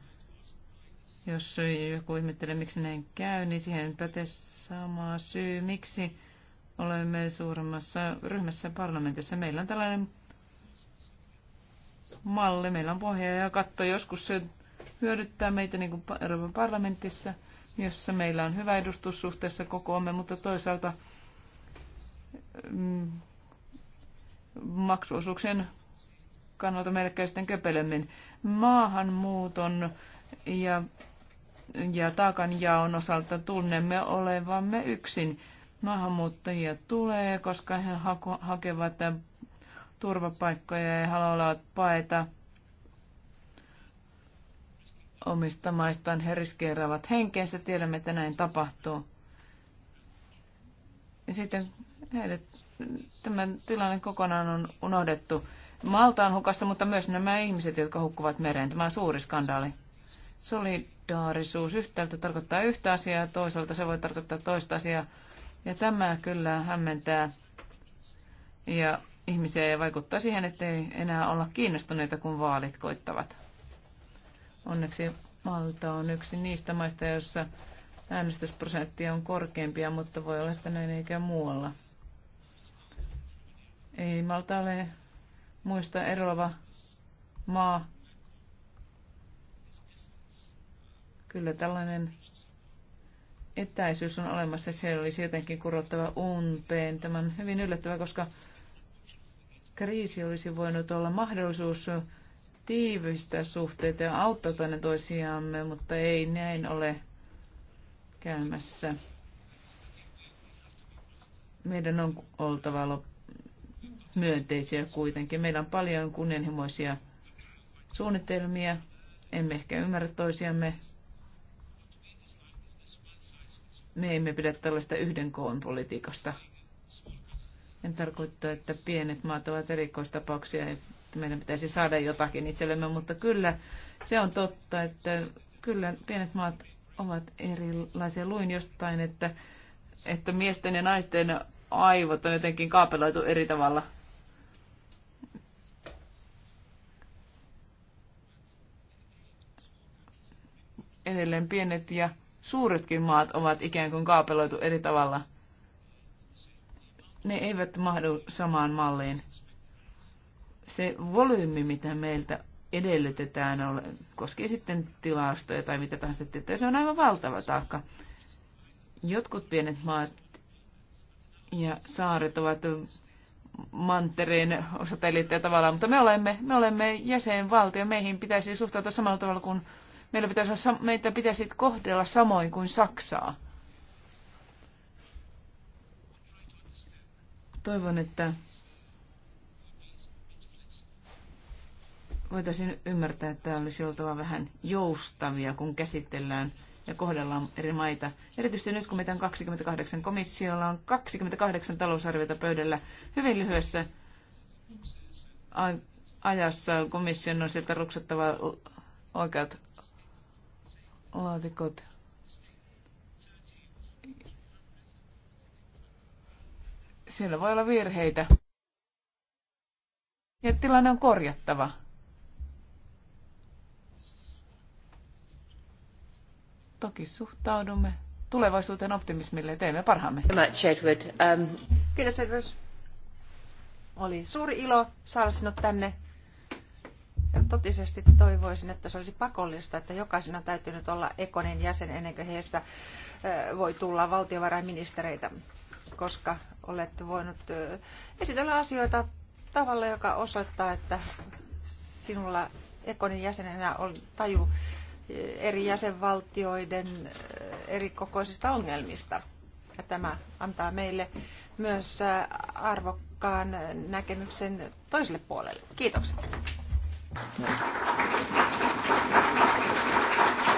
Jos joku ihmettelee, miksi näin käy, niin siihen pätee sama syy, miksi olemme suuremmassa ryhmässä parlamentissa. Meillä on tällainen malli, meillä on pohja ja katto. Joskus se hyödyttää meitä niin kuin Euroopan parlamentissa, jossa meillä on hyvä edustus suhteessa kokoomme, mutta toisaalta Mm, maksuosuuksien kannalta melkein sitten köpelemmin. Maahanmuuton ja, ja taakanjaon osalta tunnemme olevamme yksin. Maahanmuuttajia tulee, koska he haku, hakevat turvapaikkoja ja haluavat paeta omista maistaan. He riskeeraavat henkeensä, tiedämme, että näin tapahtuu. Ja sitten Heidät, tämä tilanne kokonaan on unohdettu. Malta on hukassa, mutta myös nämä ihmiset, jotka hukkuvat mereen. Tämä on suuri skandaali. Solidaarisuus yhtäältä tarkoittaa yhtä asiaa toisaalta se voi tarkoittaa toista asiaa. Ja tämä kyllä hämmentää ja ihmisiä ja vaikuttaa siihen, ettei enää olla kiinnostuneita, kun vaalit koittavat. Onneksi Malta on yksi niistä maista, joissa äänestysprosentti on korkeampia, mutta voi olla, että näin eikä muualla. Ei Malta ole muista eroava maa. Kyllä tällainen etäisyys on olemassa. Se olisi jotenkin kurottava umpeen. Tämä on hyvin yllättävä, koska kriisi olisi voinut olla mahdollisuus tiivistää suhteita ja auttaa toinen toisiamme, mutta ei näin ole käymässä. Meidän on oltava loppu myönteisiä kuitenkin. Meillä on paljon kunnianhimoisia suunnitelmia, emme ehkä ymmärrä toisiamme. Me emme pidä tällaista yhden koon politiikasta. En tarkoittaa, että pienet maat ovat erikoistapauksia, että meidän pitäisi saada jotakin itsellemme, mutta kyllä se on totta, että kyllä pienet maat ovat erilaisia. Luin jostain, että, että miesten ja naisten aivot on jotenkin kaapeloitu eri tavalla – edelleen pienet ja suuretkin maat ovat ikään kuin kaapeloitu eri tavalla. Ne eivät mahdu samaan malliin. Se volyymi, mitä meiltä edellytetään, koskee sitten tilastoja tai mitä tahansa, että se on aivan valtava taakka. Jotkut pienet maat ja saaret ovat mantereen satelliitteja tavallaan, mutta me olemme, me olemme jäsenvaltio, meihin pitäisi suhtautua samalla tavalla kuin meillä pitäisi olla, meitä pitäisi kohdella samoin kuin Saksaa. Toivon, että voitaisiin ymmärtää, että olisi oltava vähän joustavia, kun käsitellään ja kohdellaan eri maita. Erityisesti nyt, kun meitä on 28 komissiolla, on 28 talousarviota pöydällä hyvin lyhyessä ajassa komission on sieltä ruksattava oikeat laatikot. Siellä voi olla virheitä. Ja tilanne on korjattava. Toki suhtaudumme tulevaisuuteen optimismille ja teemme parhaamme. Much, Edward. Um... Kiitos Edward. Oli suuri ilo saada sinut tänne totisesti toivoisin, että se olisi pakollista, että jokaisen on täytynyt olla Ekonin jäsen ennen kuin heistä voi tulla valtiovarainministereitä, koska olet voinut esitellä asioita tavalla, joka osoittaa, että sinulla Ekonin jäsenenä on taju eri jäsenvaltioiden eri kokoisista ongelmista. Ja tämä antaa meille myös arvokkaan näkemyksen toiselle puolelle. Kiitokset. Thank niin. you.